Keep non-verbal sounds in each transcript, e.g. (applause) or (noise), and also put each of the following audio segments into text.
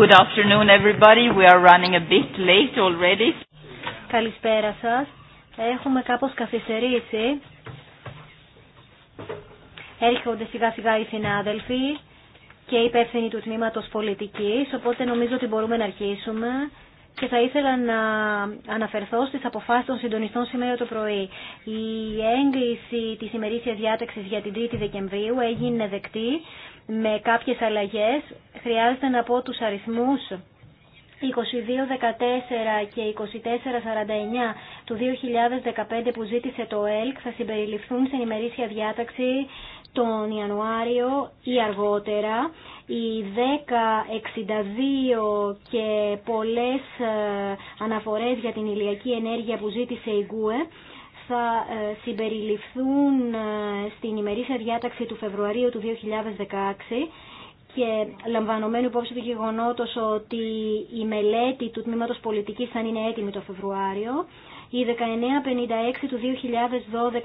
Good afternoon everybody. We are running a bit late already. Καλησπέρα σας. Έχουμε κάπως καθυστερήσει. Έρχονται σιγά σιγά οι συνάδελφοι και οι υπεύθυνοι του τμήματος πολιτικής, οπότε νομίζω ότι μπορούμε να αρχίσουμε και θα ήθελα να αναφερθώ στις αποφάσεις των συντονιστών σήμερα το πρωί. Η έγκληση της ημερήσιας διάταξης για την 3η Δεκεμβρίου έγινε δεκτή με κάποιες αλλαγές. Χρειάζεται να πω τους αριθμούς. 2214 και 2449 του 2015 που ζήτησε το ΕΛΚ θα συμπεριληφθούν στην ημερήσια διάταξη τον Ιανουάριο ή αργότερα. Οι 1062 και πολλές ε, αναφορές για την ηλιακή ενέργεια που ζήτησε η ΓΚΟΕ θα ε, συμπεριληφθούν ε, στην ημερήσια διάταξη του Φεβρουαρίου του 2016 και λαμβανομένου υπόψη του γεγονότος ότι η μελέτη του Τμήματος Πολιτικής θα είναι έτοιμη το Φεβρουάριο, η 1956 του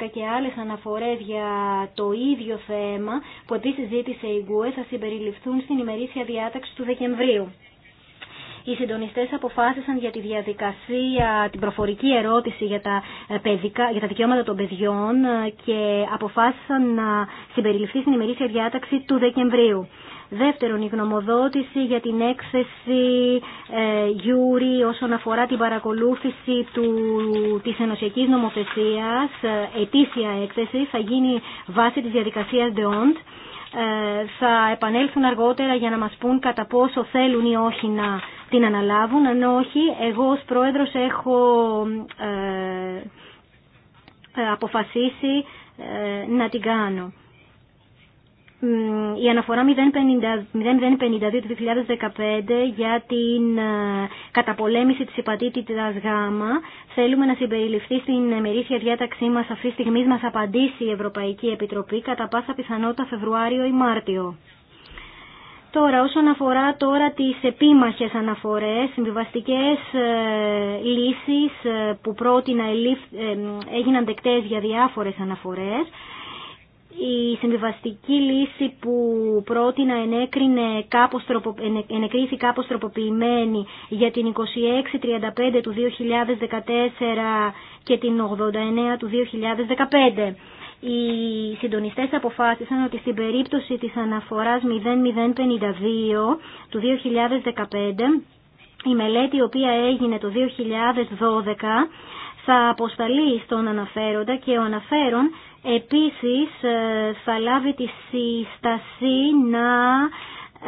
2012 και άλλες αναφορές για το ίδιο θέμα που επίσης ζήτησε η ΓΚΟΕ θα συμπεριληφθούν στην ημερήσια διάταξη του Δεκεμβρίου οι συντονιστές αποφάσισαν για τη διαδικασία, την προφορική ερώτηση για τα, ε, παιδικά, για τα δικαιώματα των παιδιών ε, και αποφάσισαν να συμπεριληφθεί στην ημερήσια διάταξη του Δεκεμβρίου. Δεύτερον, η γνωμοδότηση για την έκθεση ε, Γιούρι όσον αφορά την παρακολούθηση του, της ενωσιακής νομοθεσίας, ε, ετήσια έκθεση, θα γίνει βάση της διαδικασίας ΔΕΟΝΤ. Ε, θα επανέλθουν αργότερα για να μας πούν κατά πόσο θέλουν ή όχι να την αναλάβουν. Αν όχι, εγώ ως πρόεδρος έχω ε, ε, αποφασίσει να την κάνω η αναφορά 052 του 2015 για την ε, καταπολέμηση της υπατήτητας γάμα. Θέλουμε να συμπεριληφθεί στην μερίσια διάταξή μας αυτή τη στιγμή μας απαντήσει η Ευρωπαϊκή Επιτροπή κατά πάσα πιθανότητα Φεβρουάριο ή Μάρτιο. Τώρα, όσον αφορά τώρα τις επίμαχες αναφορές, συμβιβαστικές ε, λύσεις ε, που πρότεινα έγιναν δεκτές για διάφορες αναφορές, η συμβιβαστική λύση που πρότεινα ενέκρινε κάπως τροπο, ενεκρίθη κάπως τροποποιημένη για την 2635 του 2014 και την 89 του 2015. Οι συντονιστές αποφάσισαν ότι στην περίπτωση της αναφοράς 0052 του 2015 η μελέτη η οποία έγινε το 2012 θα αποσταλεί στον αναφέροντα και ο αναφέρον Επίσης ε, θα λάβει τη σύσταση να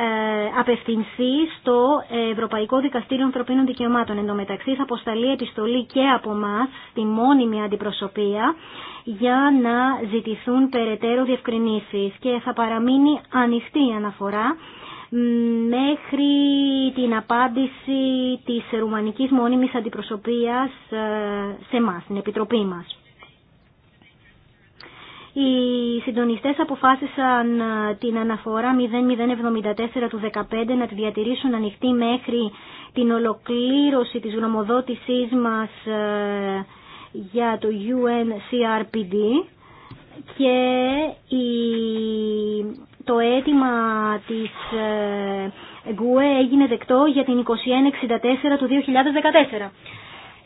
ε, απευθυνθεί στο Ευρωπαϊκό Δικαστήριο Ανθρωπίνων Δικαιωμάτων. Εν τω μεταξύ θα αποσταλεί επιστολή και από εμά στη μόνιμη αντιπροσωπεία για να ζητηθούν περαιτέρω διευκρινήσεις και θα παραμείνει ανοιχτή η αναφορά μέχρι την απάντηση της Ρουμανικής Μόνιμης Αντιπροσωπείας ε, σε μας, στην Επιτροπή μας. Οι συντονιστές αποφάσισαν ε, την αναφορά 0074 του 2015 να τη διατηρήσουν ανοιχτή μέχρι την ολοκλήρωση της γνωμοδότησής μας ε, για το UNCRPD και το αίτημα της ε, ΓΚΟΕ έγινε δεκτό για την 2164 του 2014.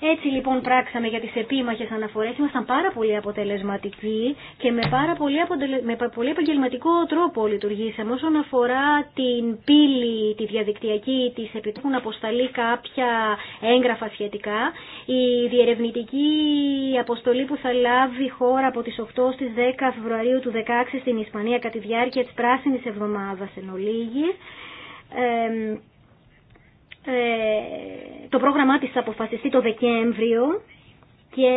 Έτσι λοιπόν πράξαμε για τις επίμαχες αναφορές, ήμασταν πάρα πολύ αποτελεσματικοί και με πάρα πολύ, με επαγγελματικό τρόπο λειτουργήσαμε όσον αφορά την πύλη, τη διαδικτυακή της επιτρέπουν αποσταλεί κάποια έγγραφα σχετικά. Η διερευνητική αποστολή που θα λάβει χώρα από τις 8 στις 10 Φεβρουαρίου του 16 στην Ισπανία κατά τη διάρκεια της πράσινης εβδομάδας εν ολίγης. Ε, το πρόγραμμά της θα αποφασιστεί το Δεκέμβριο και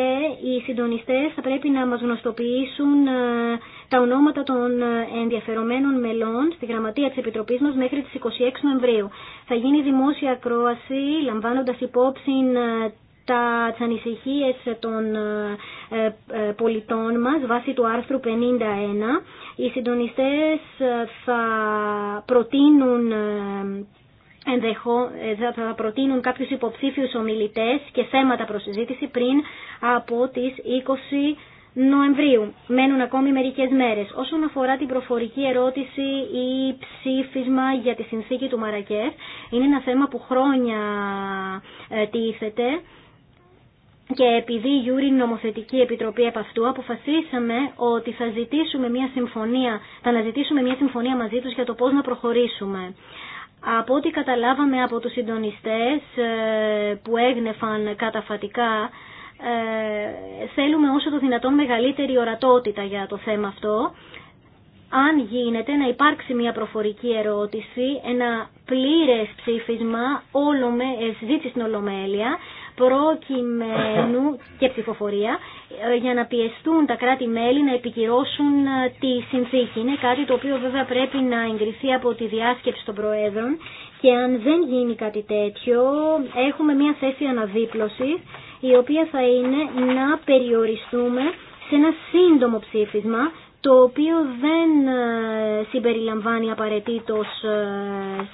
οι συντονιστές θα πρέπει να μας γνωστοποιήσουν ε, τα ονόματα των ε, ενδιαφερομένων μελών στη γραμματεία της Επιτροπής μας μέχρι τις 26 Νοεμβρίου. Θα γίνει δημόσια ακρόαση λαμβάνοντας υπόψη τα, ανησυχίε των πολιτών μας βάσει του άρθρου 51. Οι συντονιστές θα προτείνουν ενδεχό, ε, θα προτείνουν κάποιους υποψήφιους ομιλητές και θέματα προς συζήτηση πριν από τις 20 Νοεμβρίου. Μένουν ακόμη μερικές μέρες. Όσον αφορά την προφορική ερώτηση ή ψήφισμα για τη συνθήκη του Μαρακέφ, είναι ένα θέμα που χρόνια ε, τίθεται. Και επειδή η Γιούρη Νομοθετική Επιτροπή επ' αυτού αποφασίσαμε ότι θα, θα αναζητήσουμε μια συμφωνία μαζί τους για το πώς να προχωρήσουμε. Από ό,τι καταλάβαμε από τους συντονιστές ε, που έγνεφαν καταφατικά, ε, θέλουμε όσο το δυνατόν μεγαλύτερη ορατότητα για το θέμα αυτό. Αν γίνεται να υπάρξει μια προφορική ερώτηση, ένα πλήρες ψήφισμα όλο με ε, συζήτηση στην Ολομέλεια, προκειμένου και ψηφοφορία ε, για να πιεστούν τα κράτη-μέλη να επικυρώσουν ε, τη συνθήκη. Είναι κάτι το οποίο βέβαια πρέπει να εγκριθεί από τη διάσκεψη των Προέδρων και αν δεν γίνει κάτι τέτοιο έχουμε μια θέση αναδίπλωσης η οποία θα είναι να περιοριστούμε σε ένα σύντομο ψήφισμα το οποίο δεν ε, συμπεριλαμβάνει απαραίτητος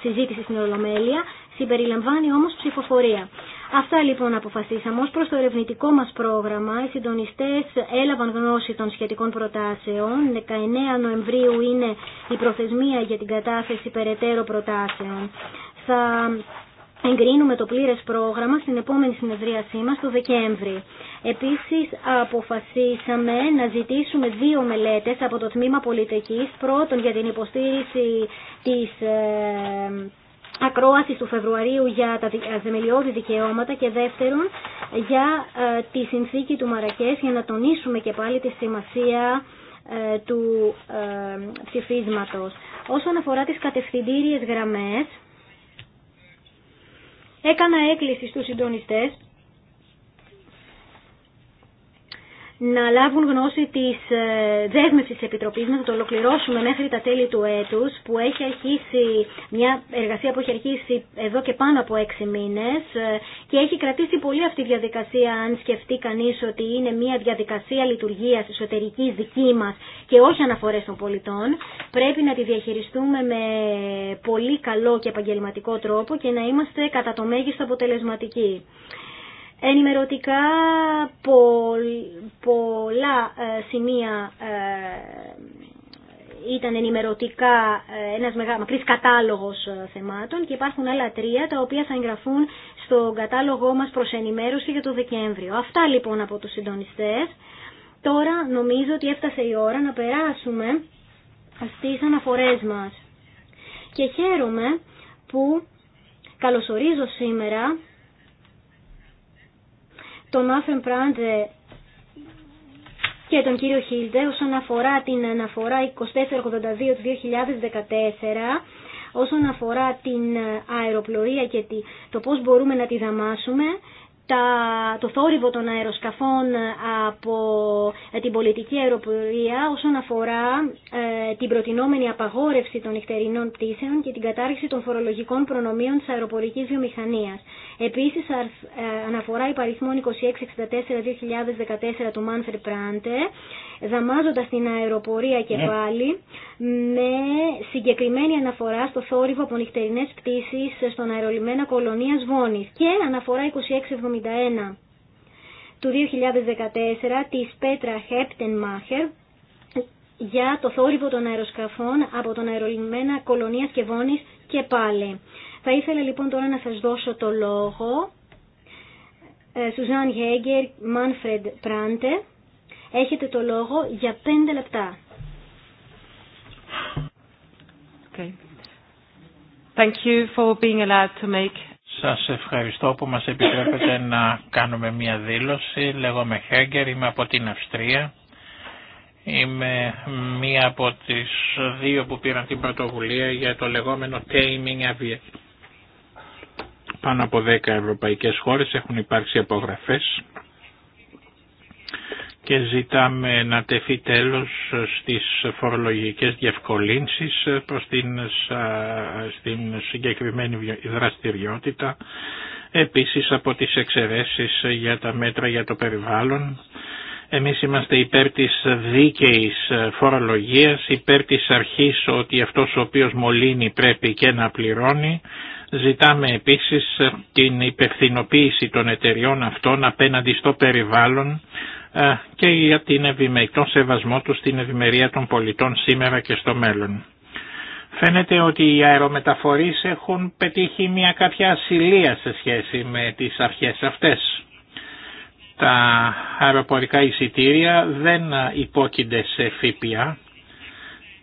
συζήτηση στην Ολομέλεια, συμπεριλαμβάνει όμως ψηφοφορία. Αυτά λοιπόν αποφασίσαμε. Ως προς το ερευνητικό μας πρόγραμμα, οι συντονιστές έλαβαν γνώση των σχετικών προτάσεων. 19 Νοεμβρίου είναι η προθεσμία για την κατάθεση περαιτέρω προτάσεων. Θα εγκρίνουμε το πλήρες πρόγραμμα στην επόμενη συνεδρίασή μας το Δεκέμβρη. Επίσης αποφασίσαμε να ζητήσουμε δύο μελέτες από το Τμήμα Πολιτικής. Πρώτον για την υποστήριξη της ε, ακρόαση του Φεβρουαρίου για τα ε, θεμελιώδη δικαιώματα και δεύτερον για ε, τη συνθήκη του Μαρακές για να τονίσουμε και πάλι τη σημασία ε, του ψηφίσματος. Όσον αφορά τις κατευθυντήριες γραμμές, έκανα έκκληση στους συντονιστές να λάβουν γνώση της ε, δέσμευσης τη Επιτροπής να το ολοκληρώσουμε μέχρι τα τέλη του έτους, που έχει αρχίσει μια εργασία που έχει αρχίσει εδώ και πάνω από έξι μήνες ε, και έχει κρατήσει πολύ αυτή η διαδικασία, αν σκεφτεί κανείς ότι είναι μια διαδικασία λειτουργίας εσωτερικής δική μας και όχι αναφορές των πολιτών, πρέπει να τη διαχειριστούμε με πολύ καλό και επαγγελματικό τρόπο και να είμαστε κατά το μέγιστο αποτελεσματικοί ενημερωτικά πολλά ε, σημεία ε, ήταν ενημερωτικά ε, ένας μεγάλος, μακρύς κατάλογος θεμάτων και υπάρχουν άλλα τρία τα οποία θα εγγραφούν στο κατάλογό μας προς ενημέρωση για το Δεκέμβριο. Αυτά λοιπόν από τους συντονιστές. Τώρα νομίζω ότι έφτασε η ώρα να περάσουμε στις αναφορές μας. Και χαίρομαι που καλωσορίζω σήμερα τον Άφεν Πράντε και τον κύριο Χίλτε, όσον αφορά την αναφορά 2482 του 2014 όσον αφορά την αεροπλοεία και το πώς μπορούμε να τη δαμάσουμε τα, το θόρυβο των αεροσκαφών ε, από ε, την πολιτική αεροπορία όσον αφορά ε, την προτινόμενη απαγόρευση των νυχτερινών πτήσεων και την κατάργηση των φορολογικών προνομίων της αεροπορικής βιομηχανίας. Επίσης αναφορά υπαριθμών 2664-2014 του Μάνφερ Πράντε, δαμάζοντας την αεροπορία και ναι. πάλι με συγκεκριμένη αναφορά στο θόρυβο από νυχτερινές πτήσεις στον αερολιμένα κολονίας Βόνης και αναφορά 2670 του 2014 της Πέτρα Χέπτενμάχερ για το θόρυβο των αεροσκαφών από τον αερολιμένα Κολονίας και και πάλι. Θα ήθελα λοιπόν τώρα να σας δώσω το λόγο. Ε, Σουζάν Γέγκερ, Μάνφρεντ Πράντε, έχετε το λόγο για 5 λεπτά. Okay. Thank you for being allowed to make σας ευχαριστώ που μας επιτρέπετε να κάνουμε μια δήλωση. Λέγομαι Χέγκερ, είμαι από την Αυστρία. Είμαι μία από τις δύο που πήραν την πρωτοβουλία για το λεγόμενο taming avia. Πάνω από 10 ευρωπαϊκές χώρες έχουν υπάρξει απογραφές και ζητάμε να τεθεί τέλος στις φορολογικές διευκολύνσεις προς την, στην συγκεκριμένη δραστηριότητα. Επίσης από τις εξαιρέσεις για τα μέτρα για το περιβάλλον. Εμείς είμαστε υπέρ της δίκαιης φορολογίας, υπέρ της αρχής ότι αυτός ο οποίος μολύνει πρέπει και να πληρώνει. Ζητάμε επίσης την υπευθυνοποίηση των εταιριών αυτών απέναντι στο περιβάλλον, ε, και για την ευημε... τον σεβασμό του στην ευημερία των πολιτών σήμερα και στο μέλλον. Φαίνεται ότι οι αερομεταφορείς έχουν πετύχει μια κάποια ασυλία σε σχέση με τις αρχές αυτές. Τα αεροπορικά εισιτήρια δεν υπόκεινται σε ΦΠΑ,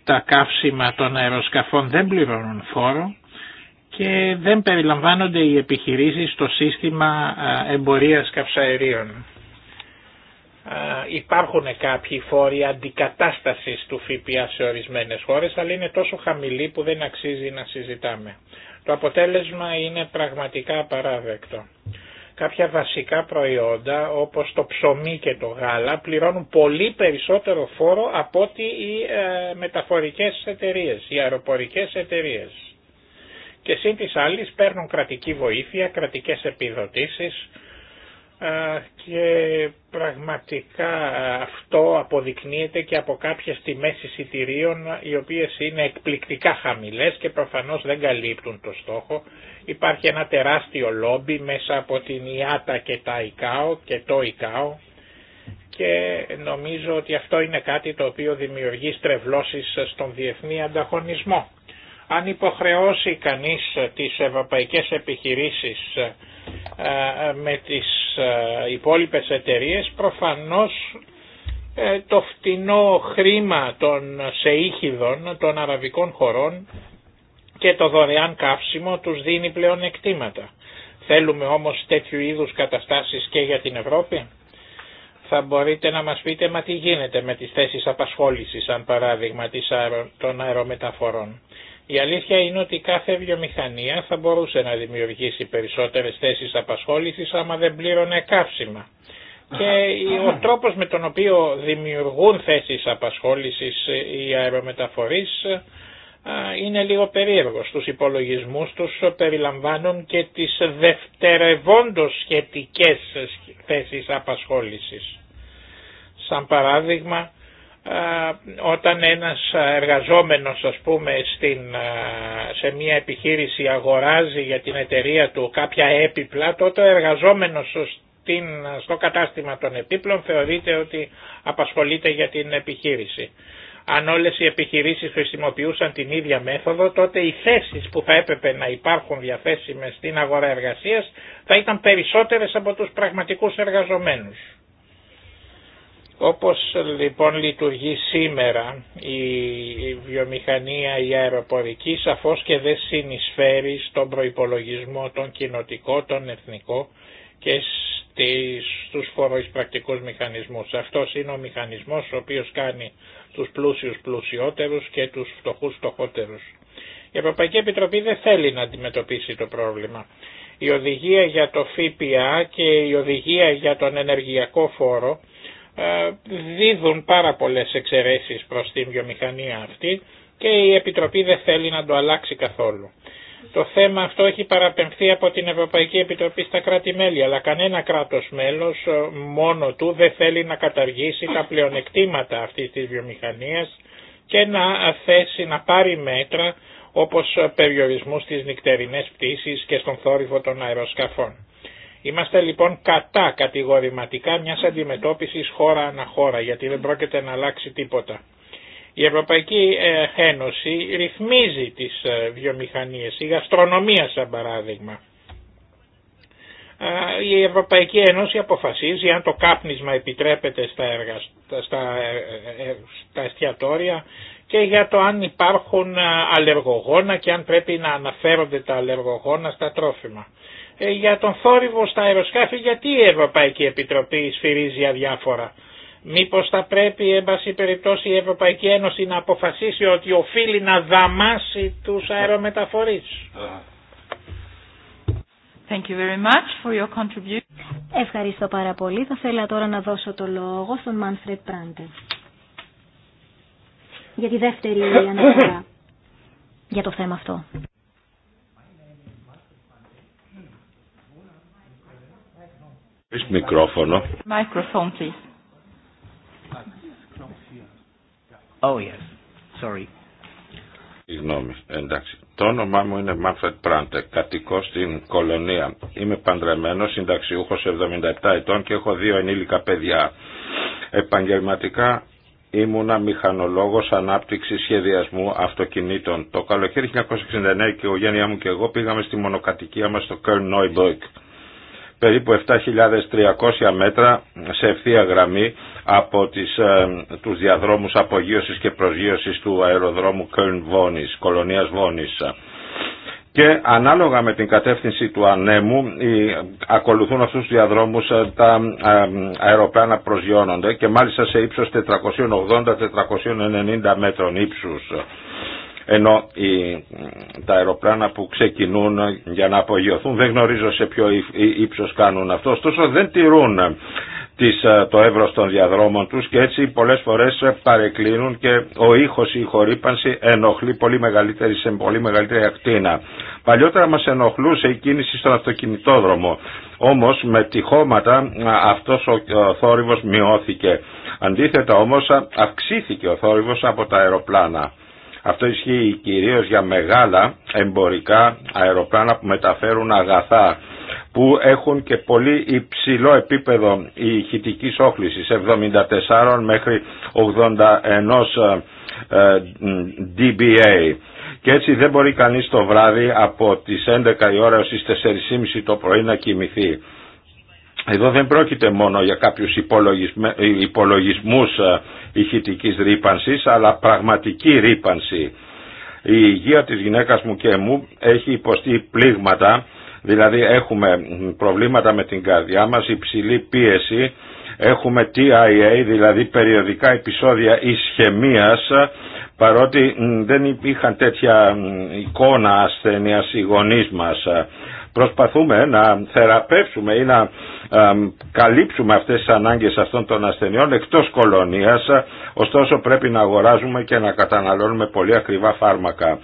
τα καύσιμα των αεροσκαφών δεν πληρώνουν φόρο και δεν περιλαμβάνονται οι επιχειρήσεις στο σύστημα ε, εμπορίας καυσαερίων υπάρχουν κάποιοι φόροι αντικατάστασης του ΦΠΑ σε ορισμένες χώρες, αλλά είναι τόσο χαμηλή που δεν αξίζει να συζητάμε. Το αποτέλεσμα είναι πραγματικά απαράδεκτο. Κάποια βασικά προϊόντα όπως το ψωμί και το γάλα πληρώνουν πολύ περισσότερο φόρο από ότι οι ε, μεταφορικές εταιρείες, οι αεροπορικές εταιρείες. Και σύν της άλλης παίρνουν κρατική βοήθεια, κρατικές επιδοτήσεις, και πραγματικά αυτό αποδεικνύεται και από κάποιες τιμές εισιτηρίων οι οποίες είναι εκπληκτικά χαμηλές και προφανώς δεν καλύπτουν το στόχο. Υπάρχει ένα τεράστιο λόμπι μέσα από την ΙΑΤΑ και τα ΙΚΑΟ και το ΙΚΑΟ και νομίζω ότι αυτό είναι κάτι το οποίο δημιουργεί στρεβλώσεις στον διεθνή ανταγωνισμό. Αν υποχρεώσει κανείς τις ευρωπαϊκές επιχειρήσεις ε, με τις ε, υπόλοιπες εταιρείες, προφανώς ε, το φτηνό χρήμα των σεΐχιδων των αραβικών χωρών και το δωρεάν καύσιμο τους δίνει πλέον Θέλουμε όμως τέτοιου είδους καταστάσεις και για την Ευρώπη. Θα μπορείτε να μας πείτε μα τι γίνεται με τις θέσεις απασχόλησης, σαν παράδειγμα των αερομεταφορών. Η αλήθεια είναι ότι κάθε βιομηχανία θα μπορούσε να δημιουργήσει περισσότερες θέσεις απασχόλησης άμα δεν πλήρωνε καύσιμα. Και ο τρόπος με τον οποίο δημιουργούν θέσεις απασχόλησης ε, οι αερομεταφορείς ε, είναι λίγο περίεργος. Τους υπολογισμούς τους περιλαμβάνουν και τις δευτερευόντως σχετικές θέσεις απασχόλησης. Σαν παράδειγμα όταν ένας εργαζόμενος ας πούμε στην, σε μια επιχείρηση αγοράζει για την εταιρεία του κάποια έπιπλα τότε ο εργαζόμενος στην, στο κατάστημα των επίπλων θεωρείται ότι απασχολείται για την επιχείρηση. Αν όλες οι επιχειρήσεις χρησιμοποιούσαν την ίδια μέθοδο τότε οι θέσεις που θα έπρεπε να υπάρχουν διαθέσιμες στην αγορά εργασίας θα ήταν περισσότερες από τους πραγματικούς εργαζομένους. Όπως λοιπόν λειτουργεί σήμερα η βιομηχανία η αεροπορική σαφώς και δεν συνεισφέρει στον προϋπολογισμό τον κοινοτικό, τον εθνικό και στους φοροϊσπρακτικούς μηχανισμούς. Αυτός είναι ο μηχανισμός ο οποίος κάνει τους πλούσιους πλουσιότερους και τους φτωχούς φτωχότερους. Η Ευρωπαϊκή Επιτροπή δεν θέλει να αντιμετωπίσει το πρόβλημα. Η οδηγία για το ΦΠΑ και η οδηγία για τον ενεργειακό φόρο ε, δίδουν πάρα πολλές εξαιρέσεις προς την βιομηχανία αυτή και η Επιτροπή δεν θέλει να το αλλάξει καθόλου. Το θέμα αυτό έχει παραπεμφθεί από την Ευρωπαϊκή Επιτροπή στα κράτη-μέλη, αλλά κανένα κράτος μέλος ε, μόνο του δεν θέλει να καταργήσει τα πλεονεκτήματα αυτής της βιομηχανίας και να θέσει να πάρει μέτρα όπως περιορισμού στις νυκτερινές πτήσεις και στον θόρυβο των αεροσκαφών. Είμαστε λοιπόν κατά κατηγορηματικά μιας αντιμετώπισης χώρα ανά χώρα γιατί δεν πρόκειται να αλλάξει τίποτα. Η Ευρωπαϊκή ε, Ένωση ρυθμίζει τις ε, βιομηχανίες, η γαστρονομία σαν παράδειγμα. Η Ευρωπαϊκή Ένωση αποφασίζει αν το κάπνισμα επιτρέπεται στα, στα, ε, στα εστιατόρια και για το αν υπάρχουν αλλεργογόνα και αν πρέπει να αναφέρονται τα αλλεργογόνα στα τρόφιμα. Ε, για τον θόρυβο στα αεροσκάφη γιατί η Ευρωπαϊκή Επιτροπή σφυρίζει αδιάφορα. Μήπως θα πρέπει εν πάση περιπτώσει η Ευρωπαϊκή Ένωση να αποφασίσει ότι οφείλει να δαμάσει τους ναι. αερομεταφορείς. Thank you very much for Ευχαριστώ πάρα πολύ. Θα θέλα τώρα να δώσω το λόγο στον Μάνφρετ Πράντε. Για τη δεύτερη (coughs) αναφορά για το θέμα αυτό. Χωρίς μικρόφωνο. Microphone, please. Oh, yes. Sorry. Συγγνώμη, εντάξει. Το όνομά μου είναι Μάνφρετ Πράντε, κατοικώ στην Κολονία. Είμαι παντρεμένος, συνταξιούχος 77 ετών και έχω δύο ενήλικα παιδιά. Επαγγελματικά ήμουνα μηχανολόγος ανάπτυξης σχεδιασμού αυτοκινήτων. Το καλοκαίρι 1969 και η οικογένειά μου και εγώ πήγαμε στη μονοκατοικία μας στο Κέρν Νόιμπερκ περίπου 7.300 μέτρα σε ευθεία γραμμή από τις, ε, τους διαδρόμους απογείωσης και προσγείωσης του αεροδρόμου Κέρν Βόνης, κολονίας Βόνης. Και ανάλογα με την κατεύθυνση του ανέμου ακολουθούν αυτούς τους διαδρόμους ε, τα ε, αεροπλάνα προσγειώνονται και μάλιστα σε ύψος 480-490 μέτρων ύψους ενώ οι, τα αεροπλάνα που ξεκινούν για να απογειωθούν δεν γνωρίζω σε ποιο ύψος κάνουν αυτό, ωστόσο δεν τηρούν ε, τις, ε, το εύρος των διαδρόμων τους και έτσι πολλές φορές παρεκκλίνουν και ο ήχος ή η χορύπανση ενοχλεί πολύ μεγαλύτερη, σε πολύ μεγαλύτερη ακτίνα. Παλιότερα μας ενοχλούσε η κίνηση στον αυτοκινητόδρομο, όμως με τυχώματα ε, αυτός ο θόρυβος μειώθηκε. Αντίθετα όμως αυξήθηκε ο θόρυβος από τα αεροπλάνα. Αυτό ισχύει κυρίως για μεγάλα εμπορικά αεροπλάνα που μεταφέρουν αγαθά που έχουν και πολύ υψηλό επίπεδο ηχητικής όχλησης 74 μέχρι 81 ε, ε, DBA και έτσι δεν μπορεί κανείς το βράδυ από τις 11 η ώρα έως τις 4.30 το πρωί να κοιμηθεί. Εδώ δεν πρόκειται μόνο για κάποιους ε, υπολογισμούς ηχητικής ρήπανσης, αλλά πραγματική ρήπανση. Η υγεία της γυναίκας μου και μου έχει υποστεί πλήγματα, δηλαδή έχουμε προβλήματα με την καρδιά μας, υψηλή πίεση, έχουμε TIA, δηλαδή περιοδικά επεισόδια ισχυμίας, παρότι δεν υπήρχαν τέτοια εικόνα ασθένειας οι γονείς μας. Προσπαθούμε να θεραπεύσουμε ή να καλύψουμε αυτές τις ανάγκες αυτών των ασθενειών εκτός κολονίας, ωστόσο πρέπει να αγοράζουμε και να καταναλώνουμε πολύ ακριβά φάρμακα.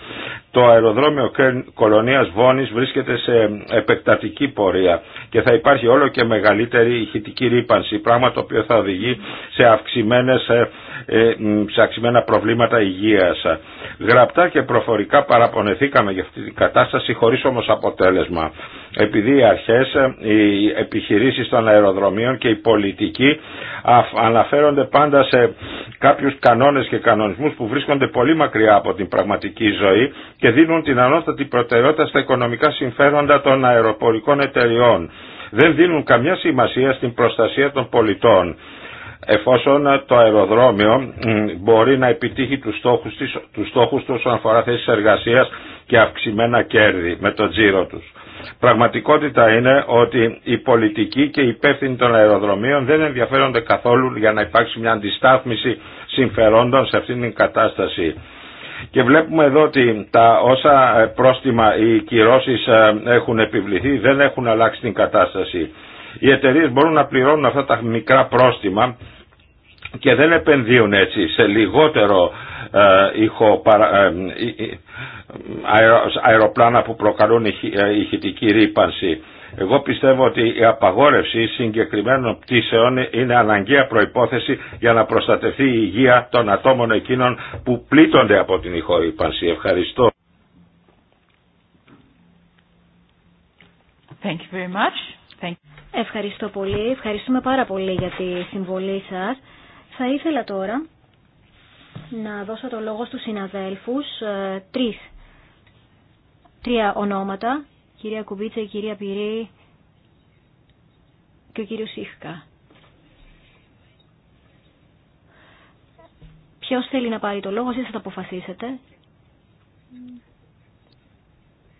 Το αεροδρόμιο κολονίας Βόνης βρίσκεται σε επεκτατική πορεία και θα υπάρχει όλο και μεγαλύτερη ηχητική ρήπανση, πράγμα το οποίο θα οδηγεί σε, αυξημένες, ε, ε, σε αυξημένα προβλήματα υγείας. Γραπτά και προφορικά παραπονεθήκαμε για αυτή την κατάσταση χωρίς όμως αποτέλεσμα. Επειδή οι αρχές, ε, οι των αεροδρομίων και οι πολιτικοί αναφέρονται πάντα σε κάποιους κανόνες και κανονισμούς που βρίσκονται πολύ μακριά από την πραγματική ζωή και δίνουν την ανώστατη προτεραιότητα στα οικονομικά συμφέροντα των αεροπορικών εταιριών. Δεν δίνουν καμιά σημασία στην προστασία των πολιτών εφόσον το αεροδρόμιο μπορεί να επιτύχει τους στόχους, τους στόχους του όσον αφορά θέσεις εργασίας και αυξημένα κέρδη με το τζίρο τους. Πραγματικότητα είναι ότι οι πολιτικοί και οι υπεύθυνοι των αεροδρομίων δεν ενδιαφέρονται καθόλου για να υπάρξει μια αντιστάθμιση συμφερόντων σε αυτήν την κατάσταση. Και βλέπουμε εδώ ότι τα όσα ε, πρόστιμα οι κυρώσεις ε, έχουν επιβληθεί δεν έχουν αλλάξει την κατάσταση. Οι εταιρείε μπορούν να πληρώνουν αυτά τα μικρά πρόστιμα και δεν επενδύουν έτσι σε λιγότερο ε, ε, ε, αεροπλάνα που προκαλούν ηχητική ρήπανση. Εγώ πιστεύω ότι η απαγόρευση συγκεκριμένων πτήσεων είναι αναγκαία προϋπόθεση για να προστατευτεί η υγεία των ατόμων εκείνων που πλήττονται από την ηχορύπανση. Ευχαριστώ. Thank you very much. Thank Ευχαριστώ πολύ. Ευχαριστούμε πάρα πολύ για τη συμβολή σας. Θα ήθελα τώρα να δώσω το λόγο στους συναδέλφους, ε, τρεις, τρία ονόματα, κυρία Κουμπίτσα, η κυρία Πυρή και ο κύριος Ίχκα. Ποιος θέλει να πάρει το λόγο, εσείς θα το αποφασίσετε.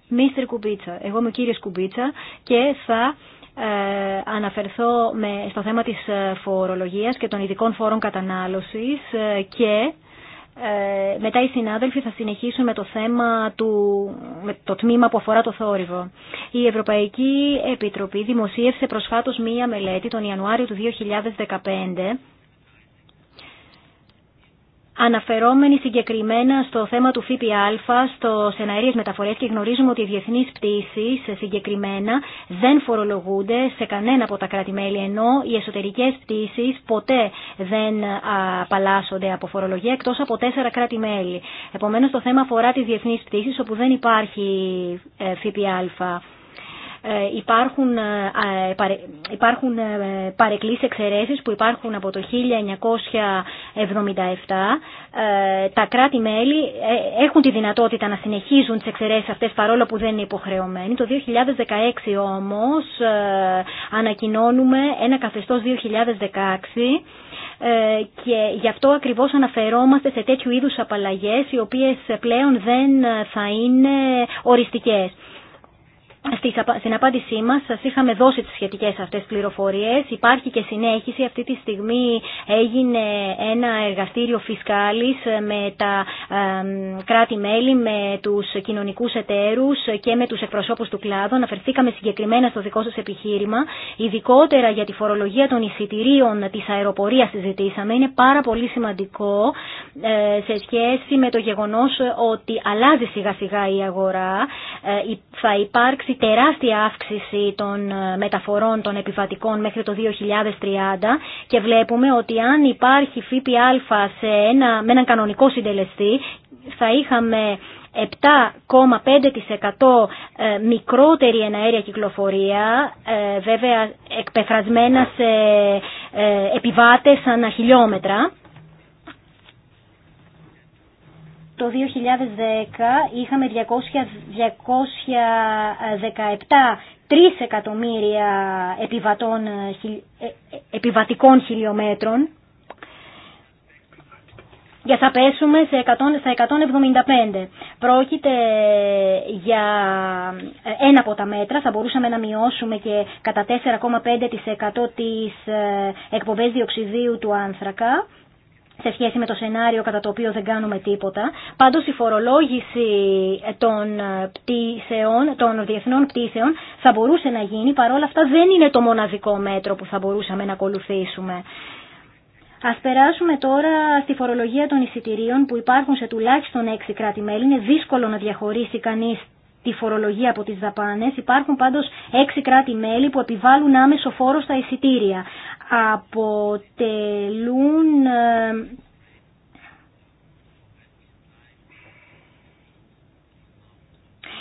Μίστερ Κουμπίτσα, εγώ είμαι ο κύριος Κουμπίτσα και θα ε, αναφερθώ με, στο θέμα της ε, φορολογίας και των ειδικών φόρων κατανάλωσης ε, και μετά οι συνάδελφοι θα συνεχίσουν με το θέμα του, με το τμήμα που αφορά το θόρυβο. Η Ευρωπαϊκή Επιτροπή δημοσίευσε προσφάτως μία μελέτη τον Ιανουάριο του 2015 αναφερόμενοι συγκεκριμένα στο θέμα του ΦΠΑ, στο εναέριες μεταφορές και γνωρίζουμε ότι οι διεθνείς πτήσεις συγκεκριμένα δεν φορολογούνται σε κανένα από τα κράτη-μέλη, ενώ οι εσωτερικές πτήσεις ποτέ δεν απαλλάσσονται από φορολογία, εκτός από τέσσερα κράτη-μέλη. Επομένως το θέμα αφορά τις διεθνείς πτήσεις, όπου δεν υπάρχει ε, ΦΠΑ. Ε, υπάρχουν, ε, ε, υπάρχουν εξαιρέσει εξαιρέσεις που υπάρχουν από το 1977. Τα κράτη-μέλη έχουν τη δυνατότητα να συνεχίζουν τις εξαιρέσεις αυτές παρόλο που δεν είναι υποχρεωμένοι. Το 2016 όμως ανακοινώνουμε ένα καθεστώς 2016 και γι' αυτό ακριβώς αναφερόμαστε σε τέτοιου είδους απαλλαγές οι οποίες πλέον δεν θα είναι οριστικές στην απάντησή μα σας είχαμε δώσει τι σχετικέ αυτέ πληροφορίε. Υπάρχει και συνέχιση. Αυτή τη στιγμή έγινε ένα εργαστήριο φυσκάλη με τα κράτη-μέλη, με του κοινωνικού εταίρους και με τους εκπροσώπους του κλάδου. Αναφερθήκαμε συγκεκριμένα στο δικό σα επιχείρημα. Ειδικότερα για τη φορολογία των εισιτηρίων της αεροπορίας συζητήσαμε. Είναι πάρα πολύ σημαντικό ε, σε σχέση με το γεγονό οτι ότι αλλάζει σιγά-σιγά η αγορά. Ε, θα υπάρξει υπάρξει τεράστια αύξηση των ε, μεταφορών των επιβατικών μέχρι το 2030 και βλέπουμε ότι αν υπάρχει ΦΠΑ σε ένα, με έναν κανονικό συντελεστή θα είχαμε 7,5% ε, μικρότερη εναέρια κυκλοφορία, ε, βέβαια εκπεφρασμένα σε επιβάτες ανά χιλιόμετρα. το 2010 είχαμε 217 3 εκατομμύρια επιβατών, ε, ε, επιβατικών χιλιόμετρων για θα πέσουμε σε 100, στα 175. Πρόκειται για ε, ένα από τα μέτρα, θα μπορούσαμε να μειώσουμε και κατά 4,5% τις εκπομπές διοξιδίου του άνθρακα σε σχέση με το σενάριο κατά το οποίο δεν κάνουμε τίποτα. Πάντως η φορολόγηση ε, των, ε, πτήσεων, των διεθνών πτήσεων θα μπορούσε να γίνει, παρόλα αυτά δεν είναι το μοναδικό μέτρο που θα μπορούσαμε να ακολουθήσουμε. Α περάσουμε τώρα στη φορολογία των εισιτηρίων που υπάρχουν σε τουλάχιστον εξι κράτη-μέλη. Είναι δύσκολο να διαχωρίσει κανεί τη φορολογία από τις δαπάνες. Υπάρχουν πάντως έξι κράτη-μέλη που επιβάλλουν άμεσο φόρο στα εισιτήρια. Αποτελούν... Ε,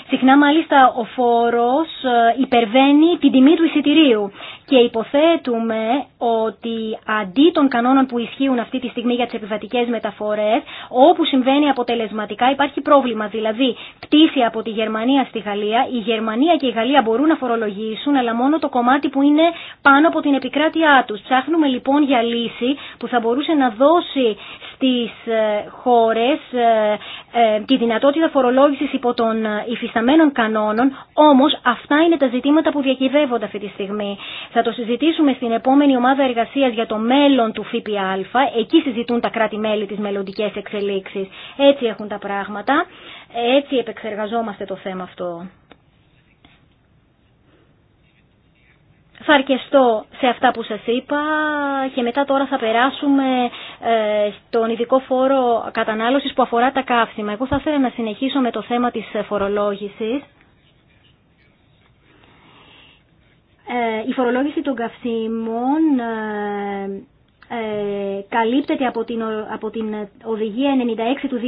συχνά μάλιστα ο φόρος ε, υπερβαίνει την τιμή του εισιτηρίου και υποθέτουμε ότι αντί των κανόνων που ισχύουν αυτή τη στιγμή για τις επιβατικές μεταφορές, όπου συμβαίνει αποτελεσματικά υπάρχει πρόβλημα. Δηλαδή, πτήση από τη Γερμανία στη Γαλλία, η Γερμανία και η Γαλλία μπορούν να φορολογήσουν, αλλά μόνο το κομμάτι που είναι πάνω από την επικράτειά τους. Ψάχνουμε λοιπόν για λύση που θα μπορούσε να δώσει στις ε, χώρες ε, ε, τη δυνατότητα φορολόγησης υπό των υφισταμένων κανόνων, όμως αυτά είναι τα ζητήματα που διακυβεύονται αυτή τη στιγμή. Θα το συζητήσουμε στην επόμενη ομάδα εργασία για το μέλλον του ΦΠΑ. Εκεί συζητούν τα κράτη-μέλη τι μελλοντικέ εξελίξει. Έτσι έχουν τα πράγματα. Έτσι επεξεργαζόμαστε το θέμα αυτό. Θα αρκεστώ σε αυτά που σας είπα και μετά τώρα θα περάσουμε ε, στον ειδικό φόρο κατανάλωσης που αφορά τα καύσιμα. Εγώ θα ήθελα να συνεχίσω με το θέμα της φορολόγησης. Ε, η φορολόγηση των καυσίμων ε, ε, καλύπτεται από την, από την Οδηγία 96 του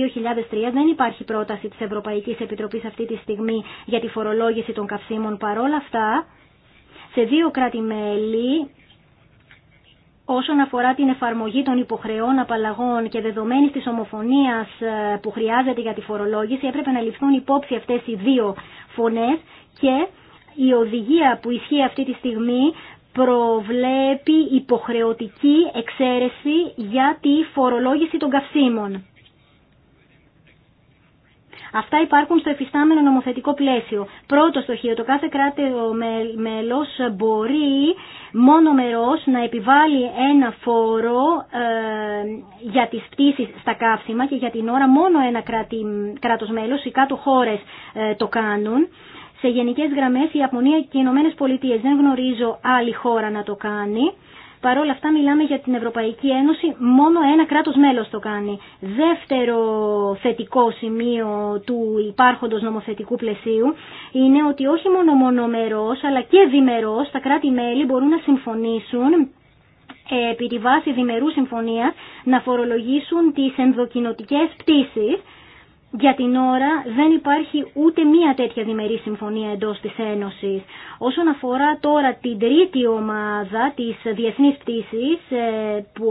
2003. Δεν υπάρχει πρόταση της Ευρωπαϊκής Επιτροπής αυτή τη στιγμή για τη φορολόγηση των καυσίμων. Παρόλα αυτά, σε δύο κράτη-μέλη όσον αφορά την εφαρμογή των υποχρεών απαλλαγών και δεδομένης της ομοφωνίας που χρειάζεται για τη φορολόγηση, έπρεπε να ληφθούν υπόψη αυτές οι δύο φωνές και η οδηγία που ισχύει αυτή τη στιγμή προβλέπει υποχρεωτική εξαίρεση για τη φορολόγηση των καυσίμων. Αυτά υπάρχουν στο εφιστάμενο νομοθετικό πλαίσιο. Πρώτο στοχείο, το κάθε κράτο μέλος μπορεί μόνο μερός να επιβάλλει ένα φόρο ε, για τις πτήσεις στα καύσιμα και για την ώρα μόνο ένα κράτη, κράτος μέλος, οι κάτω χώρες ε, το κάνουν σε γενικές γραμμές η Ιαπωνία και οι Ηνωμένε Πολιτείες. Δεν γνωρίζω άλλη χώρα να το κάνει. Παρ' όλα αυτά μιλάμε για την Ευρωπαϊκή Ένωση, μόνο ένα κράτος μέλος το κάνει. Δεύτερο θετικό σημείο του υπάρχοντος νομοθετικού πλαισίου είναι ότι όχι μόνο μονομερός αλλά και διμερός τα κράτη-μέλη μπορούν να συμφωνήσουν ε, επί τη βάση διμερού συμφωνίας να φορολογήσουν τις ενδοκινοτικές πτήσεις για την ώρα δεν υπάρχει ούτε μία τέτοια διμερή συμφωνία εντός της Ένωσης. Όσον αφορά τώρα την τρίτη ομάδα της διεθνής πτήσης ε, που,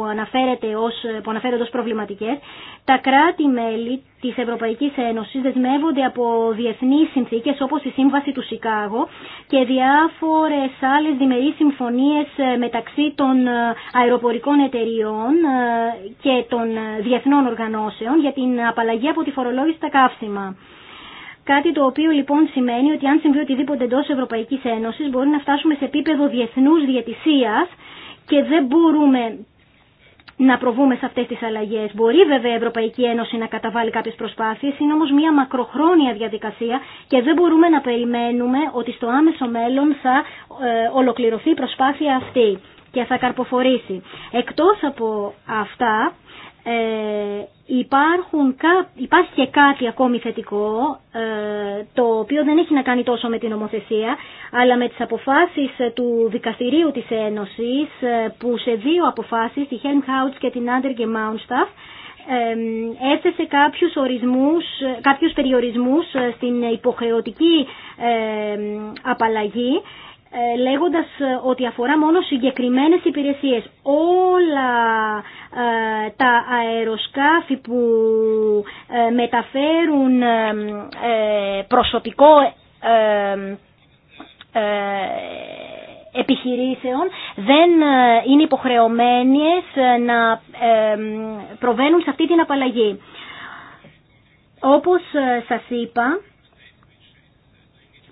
ως, που αναφέρονται ως προβληματικές, τα κράτη-μέλη της Ευρωπαϊκής Ένωσης δεσμεύονται από διεθνείς συνθήκες όπως η Σύμβαση του Σικάγο και διάφορες άλλες διμερείς συμφωνίες ε, μεταξύ των ε, αεροπορικών εταιριών και των διεθνών οργανώσεων για την απαλλαγή από τη φορολόγηση χωρίς τα καύσιμα. Κάτι το οποίο λοιπόν σημαίνει ότι αν συμβεί οτιδήποτε εντό Ευρωπαϊκή Ένωσης μπορεί να φτάσουμε σε επίπεδο διεθνούς διατησίας και δεν μπορούμε να προβούμε σε αυτές τις αλλαγές. Μπορεί βέβαια η Ευρωπαϊκή Ένωση να καταβάλει κάποιες προσπάθειες, είναι όμως μια μακροχρόνια διαδικασία και δεν μπορούμε να περιμένουμε ότι στο άμεσο μέλλον θα ε, ολοκληρωθεί η προσπάθεια αυτή και θα καρποφορήσει. Εκτός από αυτά, ε, υπάρχουν, υπάρχει και κάτι ακόμη θετικό ε, το οποίο δεν έχει να κάνει τόσο με την νομοθεσία αλλά με τις αποφάσεις του Δικαστηρίου της Ένωσης ε, που σε δύο αποφάσεις, τη Helmholtz και την Άντερ Μάουνσταφ έθεσε κάποιους, ορισμούς, ε, κάποιους περιορισμούς στην υποχρεωτική απαλλαγή ε, λέγοντας ε, ότι αφορά μόνο συγκεκριμένες υπηρεσίες. Όλα ε, τα αεροσκάφη που μεταφέρουν προσωπικό επιχειρήσεων δεν είναι υποχρεωμένες να προβαίνουν σε αυτή την απαλλαγή. Όπως σας είπα,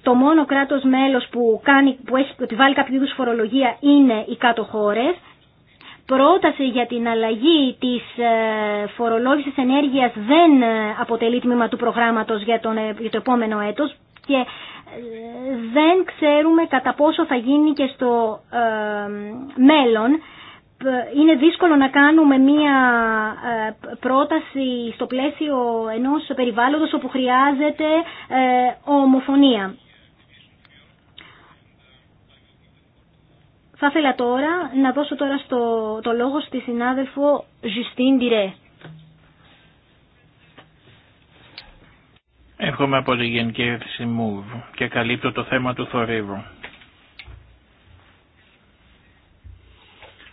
το μόνο κράτος μέλος που, κάνει, που έχει, βάλει κάποιο είδους φορολογία είναι οι κάτω χώρες. Πρόταση για την αλλαγή της ε, φορολόγησης ενέργειας δεν ε, αποτελεί τμήμα του προγράμματος για, τον, ε, το επόμενο έτος και δεν ξέρουμε κατά πόσο θα γίνει και στο μέλλον. Είναι δύσκολο να κάνουμε μία πρόταση στο πλαίσιο ενός περιβάλλοντος όπου χρειάζεται ομοφωνία. Θα ήθελα τώρα να δώσω τώρα το λόγο στη συνάδελφο Ζουστίν Τιρέ. Έρχομαι από τη Γενική Εύθυνση Μουβ και καλύπτω το θέμα του θορύβου.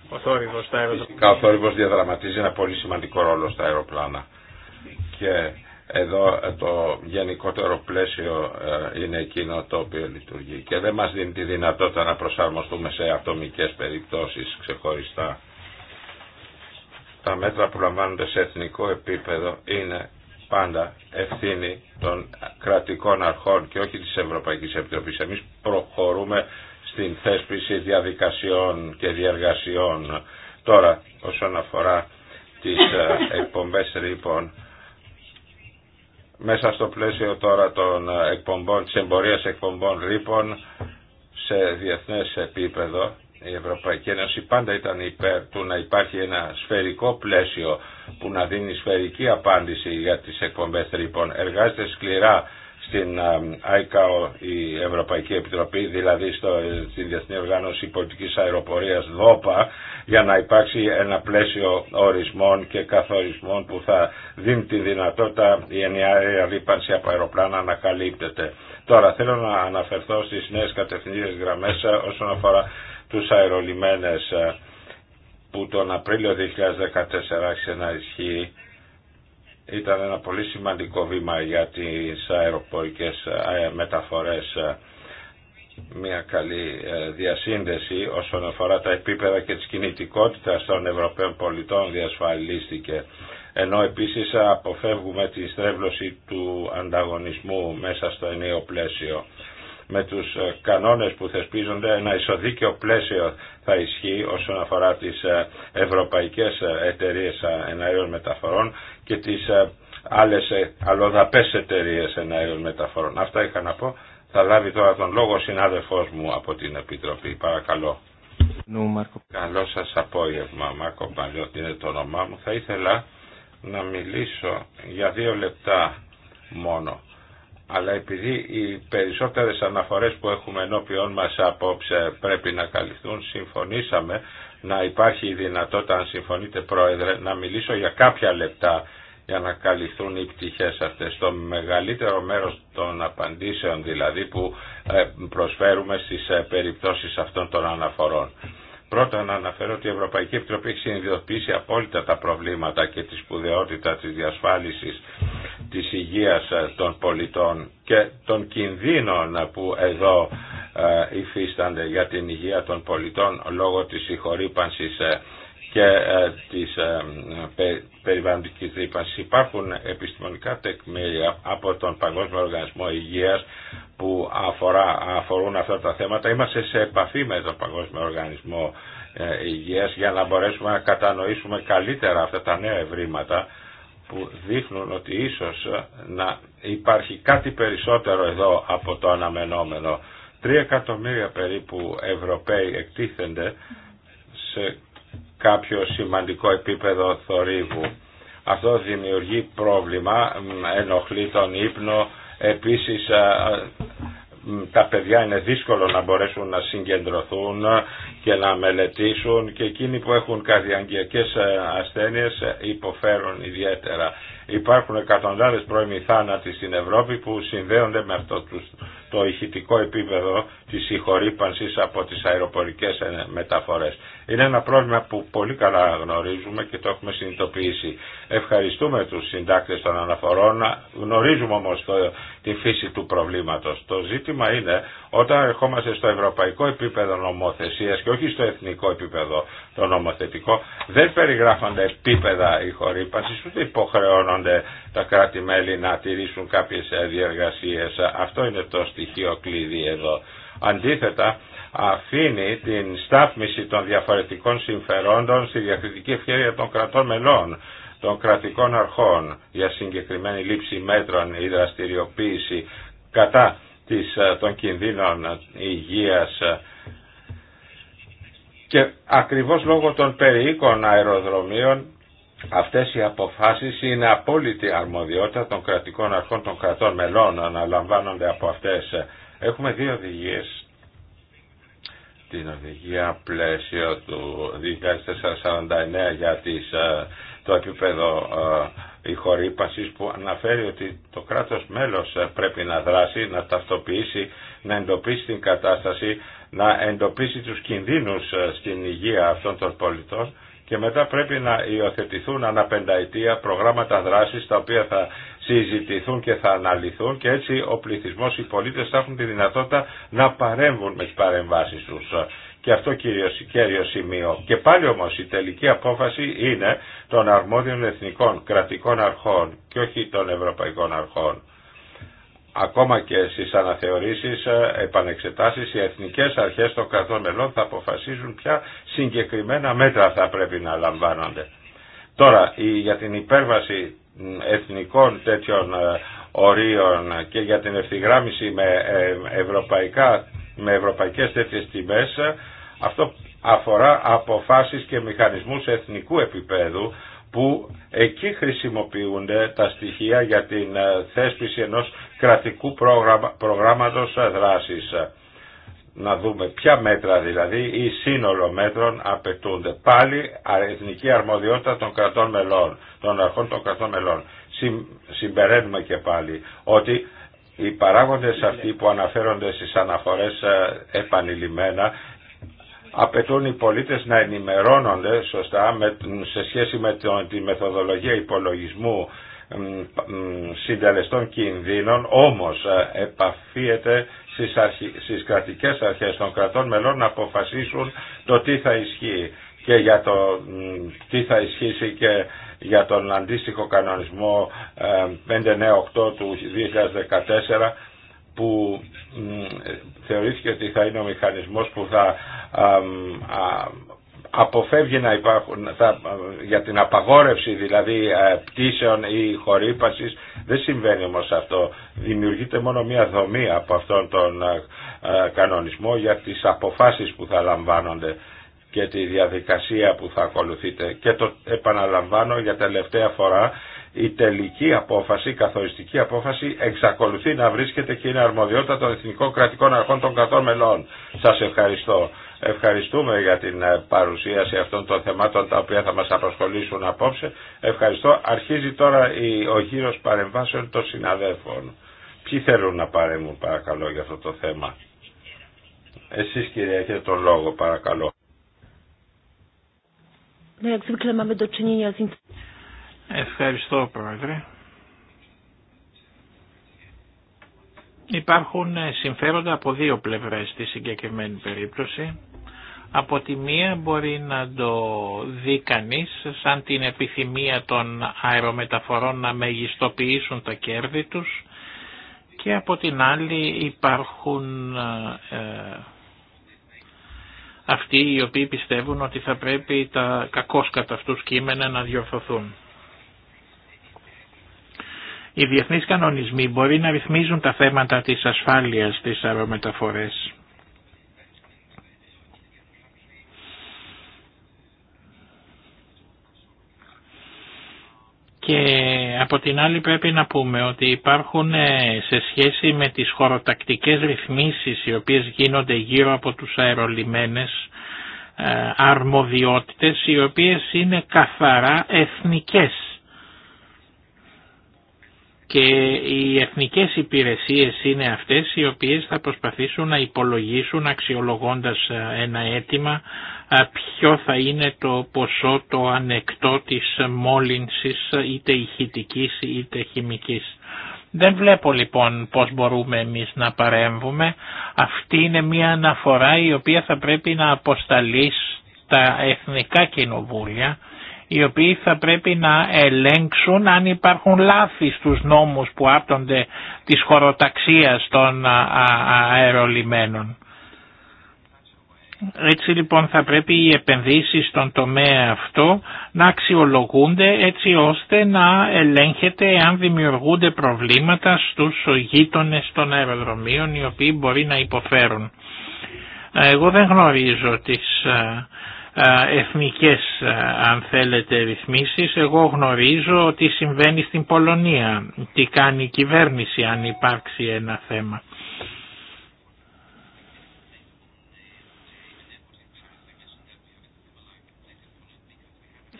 Ο θόρυβος αεροπλάνα. Ο θόρυβος διαδραματίζει ένα πολύ σημαντικό ρόλο στα αεροπλάνα. Και εδώ το γενικότερο πλαίσιο ε, είναι εκείνο το οποίο λειτουργεί και δεν μας δίνει τη δυνατότητα να προσαρμοστούμε σε ατομικές περιπτώσεις ξεχωριστά. Τα μέτρα που λαμβάνονται σε εθνικό επίπεδο είναι πάντα ευθύνη των κρατικών αρχών και όχι της Ευρωπαϊκής Επιτροπής. Εμείς προχωρούμε στην θέσπιση διαδικασιών και διεργασιών. Τώρα, όσον αφορά τις ε, εκπομπές ρήπων, μέσα στο πλαίσιο τώρα των εκπομπών, της εμπορίας εκπομπών ρήπων σε διεθνές επίπεδο η Ευρωπαϊκή Ένωση πάντα ήταν υπέρ του να υπάρχει ένα σφαιρικό πλαίσιο που να δίνει σφαιρική απάντηση για τις εκπομπές ρήπων. Εργάζεται σκληρά στην ICAO η Ευρωπαϊκή Επιτροπή, δηλαδή στο, στην Διεθνή Οργάνωση Πολιτικής Αεροπορίας ΔΟΠΑ, για να υπάρξει ένα πλαίσιο ορισμών και καθορισμών που θα δίνει τη δυνατότητα η ενιαία ρήπανση από αεροπλάνα να καλύπτεται. Τώρα θέλω να αναφερθώ στις νέες κατευθυντήρες γραμμές ε, όσον αφορά τους αερολιμένες ε, που τον Απρίλιο 2014 άρχισε να ισχύει ήταν ένα πολύ σημαντικό βήμα για τις αεροπορικές ε, μεταφορές ε, μια καλή ε, διασύνδεση όσον αφορά τα επίπεδα και της κινητικότητας των Ευρωπαίων πολιτών διασφαλίστηκε ενώ επίσης αποφεύγουμε τη στρέβλωση του ανταγωνισμού μέσα στο ενίο πλαίσιο με τους κανόνες που θεσπίζονται ένα ισοδίκαιο πλαίσιο θα ισχύει όσον αφορά τις ευρωπαϊκές εταιρείες εναέριων μεταφορών και τις ε, άλλες ε, αλλοδαπές εταιρείες εναέριων μεταφορών. Αυτά είχα να πω. Θα λάβει τώρα τον λόγο ο συνάδελφός μου από την Επιτροπή. Παρακαλώ. Καλό σας απόγευμα Μάρκο Παλιώτη είναι το όνομά μου. Θα ήθελα να μιλήσω για δύο λεπτά μόνο. Αλλά επειδή οι περισσότερες αναφορές που έχουμε ενώπιόν μας απόψε πρέπει να καλυφθούν, συμφωνήσαμε να υπάρχει η δυνατότητα, αν συμφωνείτε Πρόεδρε, να μιλήσω για κάποια λεπτά για να καλυφθούν οι πτυχές αυτές. Το μεγαλύτερο μέρος των απαντήσεων δηλαδή που ε, προσφέρουμε στις ε, περιπτώσεις αυτών των αναφορών. Πρώτα να αναφέρω ότι η Ευρωπαϊκή Επιτροπή έχει συνειδητοποιήσει απόλυτα τα προβλήματα και τη σπουδαιότητα της διασφάλισης της υγείας των πολιτών και των κινδύνων που εδώ ε, υφίστανται για την υγεία των πολιτών λόγω της συγχωρήπανσης ε, και ε, της ε, περιβαλλοντικής ρήπανσης. Υπάρχουν επιστημονικά τεκμήρια από τον Παγκόσμιο Οργανισμό Υγείας που αφορά, αφορούν αυτά τα θέματα. Είμαστε σε επαφή με τον Παγκόσμιο Οργανισμό ε, Υγείας για να μπορέσουμε να κατανοήσουμε καλύτερα αυτά τα νέα ευρήματα που δείχνουν ότι ίσως να υπάρχει κάτι περισσότερο εδώ από το αναμενόμενο. Τρία εκατομμύρια περίπου Ευρωπαίοι εκτίθενται σε κάποιο σημαντικό επίπεδο θορύβου. Αυτό δημιουργεί πρόβλημα, ενοχλεί τον ύπνο, επίσης τα παιδιά είναι δύσκολο να μπορέσουν να συγκεντρωθούν και να μελετήσουν και εκείνοι που έχουν καρδιαγγειακές ασθένειες υποφέρουν ιδιαίτερα. Υπάρχουν εκατοντάδες πρώιμοι θάνατοι στην Ευρώπη που συνδέονται με αυτό τους το ηχητικό επίπεδο της συγχωρήπανσης από τις αεροπορικές μεταφορές. Είναι ένα πρόβλημα που πολύ καλά γνωρίζουμε και το έχουμε συνειδητοποιήσει. Ευχαριστούμε τους συντάκτες των αναφορών, γνωρίζουμε όμως το, τη φύση του προβλήματος. Το ζήτημα είναι όταν ερχόμαστε στο ευρωπαϊκό επίπεδο νομοθεσίας και όχι στο εθνικό επίπεδο το νομοθετικό, δεν περιγράφονται επίπεδα η ούτε υποχρεώνονται τα κράτη-μέλη να τηρήσουν κάποιες διεργασίες. Αυτό είναι το στοιχείο κλειδί Αντίθετα, αφήνει την στάθμιση των διαφορετικών συμφερόντων στη διακριτική ευκαιρία των κρατών μελών, των κρατικών αρχών για συγκεκριμένη λήψη μέτρων ή δραστηριοποίηση κατά της, ε, των κινδύνων υγείας και ακριβώς λόγω των περιοίκων αεροδρομίων Αυτές οι αποφάσεις είναι απόλυτη αρμοδιότητα των κρατικών αρχών των κρατών μελών αναλαμβάνονται από αυτές. Έχουμε δύο οδηγίες την οδηγία πλαίσιο του 2449 για τις, ε, το επίπεδο ε, ηχορύπασης που αναφέρει ότι το κράτος μέλος ε, πρέπει να δράσει, να ταυτοποιήσει, να εντοπίσει την κατάσταση, να εντοπίσει τους κινδύνους στην υγεία αυτών των πολιτών και μετά πρέπει να υιοθετηθούν αναπενταετία προγράμματα δράσης τα οποία θα συζητηθούν και θα αναλυθούν και έτσι ο πληθυσμός, οι πολίτες θα έχουν τη δυνατότητα να παρέμβουν με τις παρεμβάσεις τους. Και αυτό κύριο κέριο σημείο. Και πάλι όμως η τελική απόφαση είναι των αρμόδιων εθνικών κρατικών αρχών και όχι των ευρωπαϊκών αρχών ακόμα και στις αναθεωρήσεις, ε, επανεξετάσεις, οι εθνικές αρχές των κρατών μελών θα αποφασίζουν ποια συγκεκριμένα μέτρα θα πρέπει να λαμβάνονται. Τώρα, για την υπέρβαση εθνικών τέτοιων ε, ορίων και για την ευθυγράμμιση με, ε, ευρωπαϊκά, με ευρωπαϊκές τέτοιες τιμές, αυτό αφορά αποφάσεις και μηχανισμούς εθνικού επίπεδου που εκεί χρησιμοποιούνται τα στοιχεία για την ε, θέσπιση ενός κρατικού προγράμματος ε, δράσης. Να δούμε ποια μέτρα δηλαδή ή σύνολο μέτρων απαιτούνται. Πάλι εθνική αρμοδιότητα των κρατών μελών, των αρχών των κρατών μελών. Συμπεραίνουμε και πάλι ότι οι παράγοντες αυτοί που αναφέρονται στις αναφορές ε, επανειλημμένα απαιτούν οι πολίτες να ενημερώνονται σωστά με, σε σχέση με τη μεθοδολογία υπολογισμού συντελεστών κινδύνων όμως ε, επαφίεται στις, αρχι... στις κρατικές αρχές των κρατών μελών να αποφασίσουν το τι θα ισχύει και για το τι θα ισχύσει και για τον αντίστοιχο κανονισμό 598 ε, ναι, του 2014 που θεωρήθηκε ότι θα είναι ο μηχανισμός που θα αποφεύγει να υπάρχουν θα, για την απαγόρευση δηλαδή πτήσεων ή χορύπασης δεν συμβαίνει όμως αυτό δημιουργείται μόνο μια δομή από αυτόν τον κανονισμό για τις αποφάσεις που θα λαμβάνονται και τη διαδικασία που θα ακολουθείτε και το επαναλαμβάνω για τελευταία φορά η τελική απόφαση, η καθοριστική απόφαση εξακολουθεί να βρίσκεται και είναι αρμοδιότητα των εθνικών κρατικών αρχών των κρατών μελών. Σας ευχαριστώ. Ευχαριστούμε για την ε, παρουσίαση αυτών των θεμάτων τα οποία θα μας απασχολήσουν απόψε. Ευχαριστώ. Αρχίζει τώρα ο γύρος παρεμβάσεων των συναδέφων. Ποιοι θέλουν να παρέμουν παρακαλώ για αυτό το θέμα. Εσείς κύριε έχετε τον λόγο παρακαλώ. Ευχαριστώ Πρόεδρε. Υπάρχουν ε, συμφέροντα από δύο πλευρές στη συγκεκριμένη περίπτωση. Από τη μία μπορεί να το δει κανεί σαν την επιθυμία των αερομεταφορών να μεγιστοποιήσουν τα κέρδη τους και από την άλλη υπάρχουν ε, αυτοί οι οποίοι πιστεύουν ότι θα πρέπει τα κακώς κατά αυτούς κείμενα να διορθωθούν. Οι διεθνείς κανονισμοί μπορεί να ρυθμίζουν τα θέματα της ασφάλειας στις αερομεταφορές. Και από την άλλη πρέπει να πούμε ότι υπάρχουν ε, σε σχέση με τις χωροτακτικές ρυθμίσεις οι οποίες γίνονται γύρω από τους αερολιμένες ε, αρμοδιότητες οι οποίες είναι καθαρά εθνικές και οι εθνικές υπηρεσίες είναι αυτές οι οποίες θα προσπαθήσουν να υπολογίσουν αξιολογώντας ε, ένα αίτημα ε, ποιο θα είναι το ποσό το ανεκτό της μόλυνσης είτε ηχητικής είτε χημικής. Δεν βλέπω λοιπόν πώς μπορούμε εμείς να παρέμβουμε. Αυτή είναι μια αναφορά η οποία θα πρέπει να αποσταλεί στα εθνικά κοινοβούλια οι οποίοι θα πρέπει να ελέγξουν αν υπάρχουν λάθη στους νόμους που άπτονται της χωροταξίας των αερολιμένων. Έτσι λοιπόν θα πρέπει οι επενδύσεις στον τομέα αυτό να αξιολογούνται έτσι ώστε να ελέγχεται αν δημιουργούνται προβλήματα στους γείτονε των αεροδρομίων οι οποίοι μπορεί να υποφέρουν. Εγώ δεν γνωρίζω τις ε, εθνικές ε, αν θέλετε ρυθμίσεις. Εγώ γνωρίζω τι συμβαίνει στην Πολωνία, τι κάνει η κυβέρνηση αν υπάρξει ένα θέμα.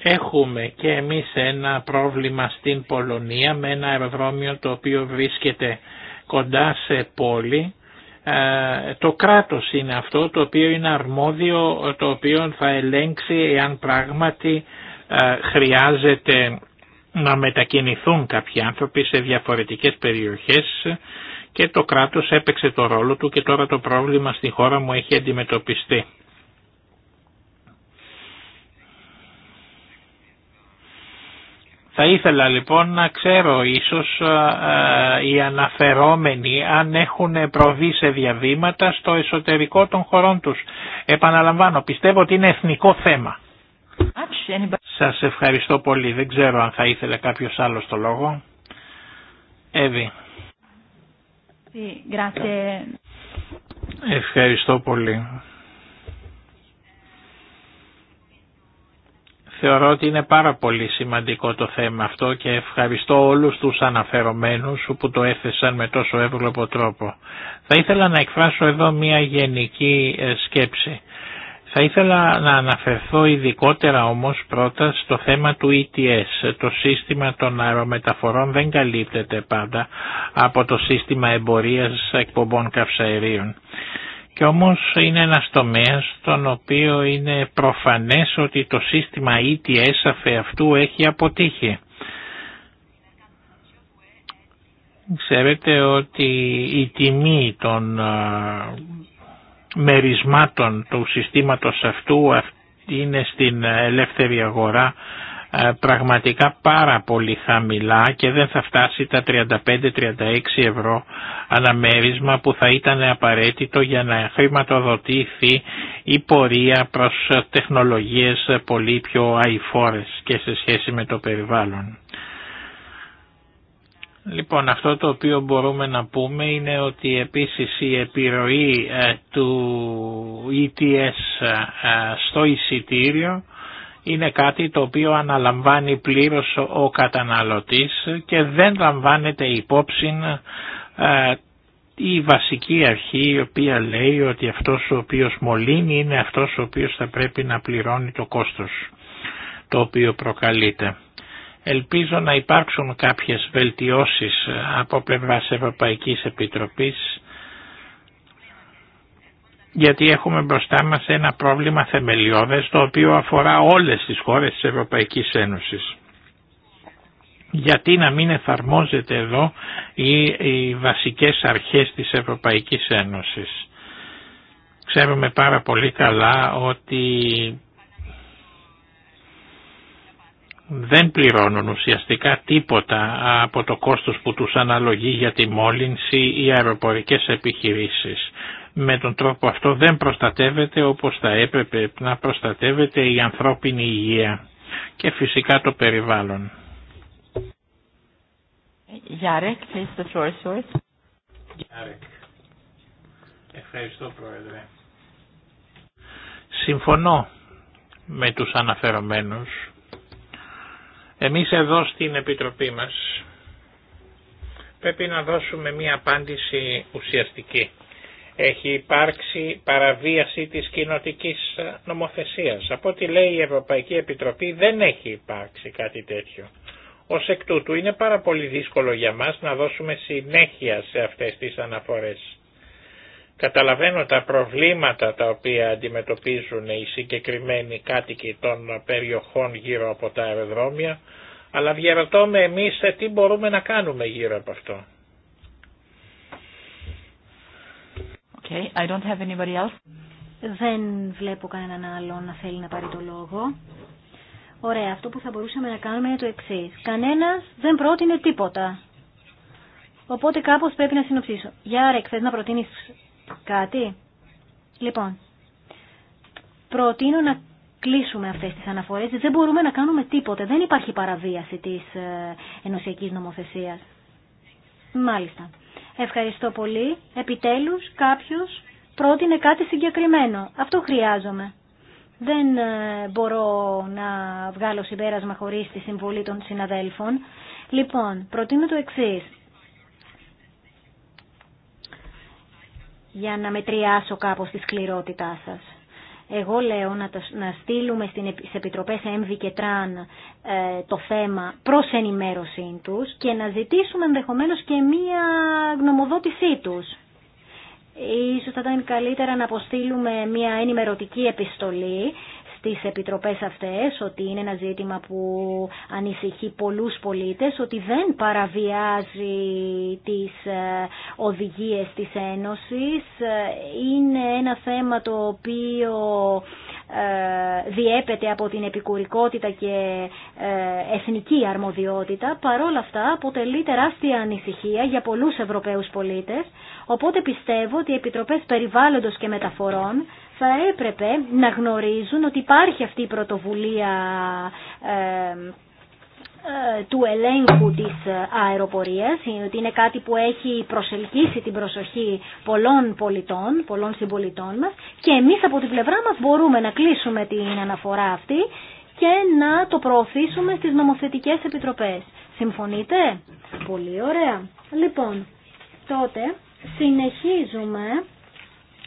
Έχουμε και εμείς ένα πρόβλημα στην Πολωνία με ένα αεροδρόμιο το οποίο βρίσκεται κοντά σε πόλη ε, το κράτος είναι αυτό το οποίο είναι αρμόδιο, το οποίο θα ελέγξει εάν πράγματι ε, χρειάζεται να μετακινηθούν κάποιοι άνθρωποι σε διαφορετικές περιοχές και το κράτος έπαιξε το ρόλο του και τώρα το πρόβλημα στη χώρα μου έχει αντιμετωπιστεί. Θα ήθελα λοιπόν να ξέρω ίσως ε, ε, οι αναφερόμενοι αν έχουν προβεί σε διαβήματα στο εσωτερικό των χωρών τους. Επαναλαμβάνω, πιστεύω ότι είναι εθνικό θέμα. Σας ευχαριστώ πολύ. Δεν ξέρω αν θα ήθελε κάποιος άλλος το λόγο. Εύη. Ευχαριστώ πολύ. Θεωρώ ότι είναι πάρα πολύ σημαντικό το θέμα αυτό και ευχαριστώ όλους τους αναφερομένους που το έθεσαν με τόσο εύγλωπο τρόπο. Θα ήθελα να εκφράσω εδώ μια γενική ε, σκέψη. Θα ήθελα να αναφερθώ ειδικότερα όμως πρώτα στο θέμα του ETS. Το σύστημα των αερομεταφορών δεν καλύπτεται πάντα από το σύστημα εμπορίας εκπομπών καυσαερίων και όμως είναι ένας τομέας στον οποίο είναι προφανές ότι το σύστημα ETS αφ' αυτού έχει αποτύχει. Ξέρετε ότι η τιμή των μερισμάτων του συστήματος αυτού είναι στην ελεύθερη αγορά ε, πραγματικά πάρα πολύ χαμηλά και δεν θα φτάσει τα 35-36 ευρώ αναμέρισμα που θα ήταν απαραίτητο για να χρηματοδοτηθεί η πορεία προς τεχνολογίες πολύ πιο αηφόρες και σε σχέση με το περιβάλλον. Λοιπόν, αυτό το οποίο μπορούμε να πούμε είναι ότι επίσης η επιρροή ε, του ETS ε, στο εισιτήριο είναι κάτι το οποίο αναλαμβάνει πλήρως ο καταναλωτής και δεν λαμβάνεται υπόψη ε, η βασική αρχή η οποία λέει ότι αυτός ο οποίος μολύνει είναι αυτός ο οποίος θα πρέπει να πληρώνει το κόστος το οποίο προκαλείται. Ελπίζω να υπάρξουν κάποιες βελτιώσεις από πλευράς Ευρωπαϊκής Επιτροπής γιατί έχουμε μπροστά μας ένα πρόβλημα θεμελιώδες το οποίο αφορά όλες τις χώρες της Ευρωπαϊκής Ένωσης. Γιατί να μην εφαρμόζεται εδώ οι, οι βασικές αρχές της Ευρωπαϊκής Ένωσης. Ξέρουμε πάρα πολύ καλά ότι δεν πληρώνουν ουσιαστικά τίποτα από το κόστος που τους αναλογεί για τη μόλυνση οι αεροπορικές επιχειρήσεις με τον τρόπο αυτό δεν προστατεύεται όπως θα έπρεπε να προστατεύεται η ανθρώπινη υγεία και φυσικά το περιβάλλον. Γιάρεκ, Ευχαριστώ, Πρόεδρε. Συμφωνώ με τους αναφερομένους. Εμείς εδώ στην Επιτροπή μας πρέπει να δώσουμε μία απάντηση ουσιαστική έχει υπάρξει παραβίαση της κοινοτικής νομοθεσίας. Από ό,τι λέει η Ευρωπαϊκή Επιτροπή δεν έχει υπάρξει κάτι τέτοιο. Ως εκ τούτου είναι πάρα πολύ δύσκολο για μας να δώσουμε συνέχεια σε αυτές τις αναφορές. Καταλαβαίνω τα προβλήματα τα οποία αντιμετωπίζουν οι συγκεκριμένοι κάτοικοι των περιοχών γύρω από τα αεροδρόμια, αλλά διαρωτώ με εμείς τι μπορούμε να κάνουμε γύρω από αυτό. Okay, I don't have anybody else. Δεν βλέπω κανέναν άλλο να θέλει να πάρει το λόγο. Ωραία, αυτό που θα μπορούσαμε να κάνουμε είναι το εξή. Κανένα δεν πρότεινε τίποτα. Οπότε κάπως πρέπει να συνοψίσω. Γιάρεκ, θες να προτείνεις κάτι. Λοιπόν, προτείνω να κλείσουμε αυτές τις αναφορές. Δεν μπορούμε να κάνουμε τίποτα. Δεν υπάρχει παραβίαση της ε, ενωσιακής νομοθεσίας. Μάλιστα. Ευχαριστώ πολύ. Επιτέλους κάποιος πρότεινε κάτι συγκεκριμένο. Αυτό χρειάζομαι. Δεν ε, μπορώ να βγάλω συμπέρασμα χωρίς τη συμβολή των συναδέλφων. Λοιπόν, προτείνω το εξής. Για να μετριάσω κάπως τη σκληρότητά σας. Εγώ λέω να, να στείλουμε στις επιτροπές ΕΜΒΙ και ΤΡΑΝ ε, το θέμα προς ενημέρωσή τους και να ζητήσουμε ενδεχομένως και μία γνωμοδότησή τους. Ίσως θα ήταν καλύτερα να αποστείλουμε μια ενημερωτική επιστολή στις επιτροπές αυτές ότι είναι ένα ζήτημα που ανησυχεί πολλούς πολίτες, ότι δεν παραβιάζει τις ε, οδηγίες της Ένωσης. Είναι ένα θέμα το οποίο ε, διέπεται από την επικουρικότητα και ε, εθνική αρμοδιότητα. Παρόλα αυτά αποτελεί τεράστια ανησυχία για πολλούς Ευρωπαίους πολίτες. Οπότε πιστεύω ότι οι Επιτροπές Περιβάλλοντος και Μεταφορών θα έπρεπε να γνωρίζουν ότι υπάρχει αυτή η πρωτοβουλία ε, ε, του ελέγχου της αεροπορίας, ε, ότι είναι κάτι που έχει προσελκύσει την προσοχή πολλών πολιτών, πολλών συμπολιτών μας και εμείς από την πλευρά μας μπορούμε να κλείσουμε την αναφορά αυτή και να το προωθήσουμε στις νομοθετικές επιτροπές. Συμφωνείτε? Πολύ ωραία. Λοιπόν, τότε συνεχίζουμε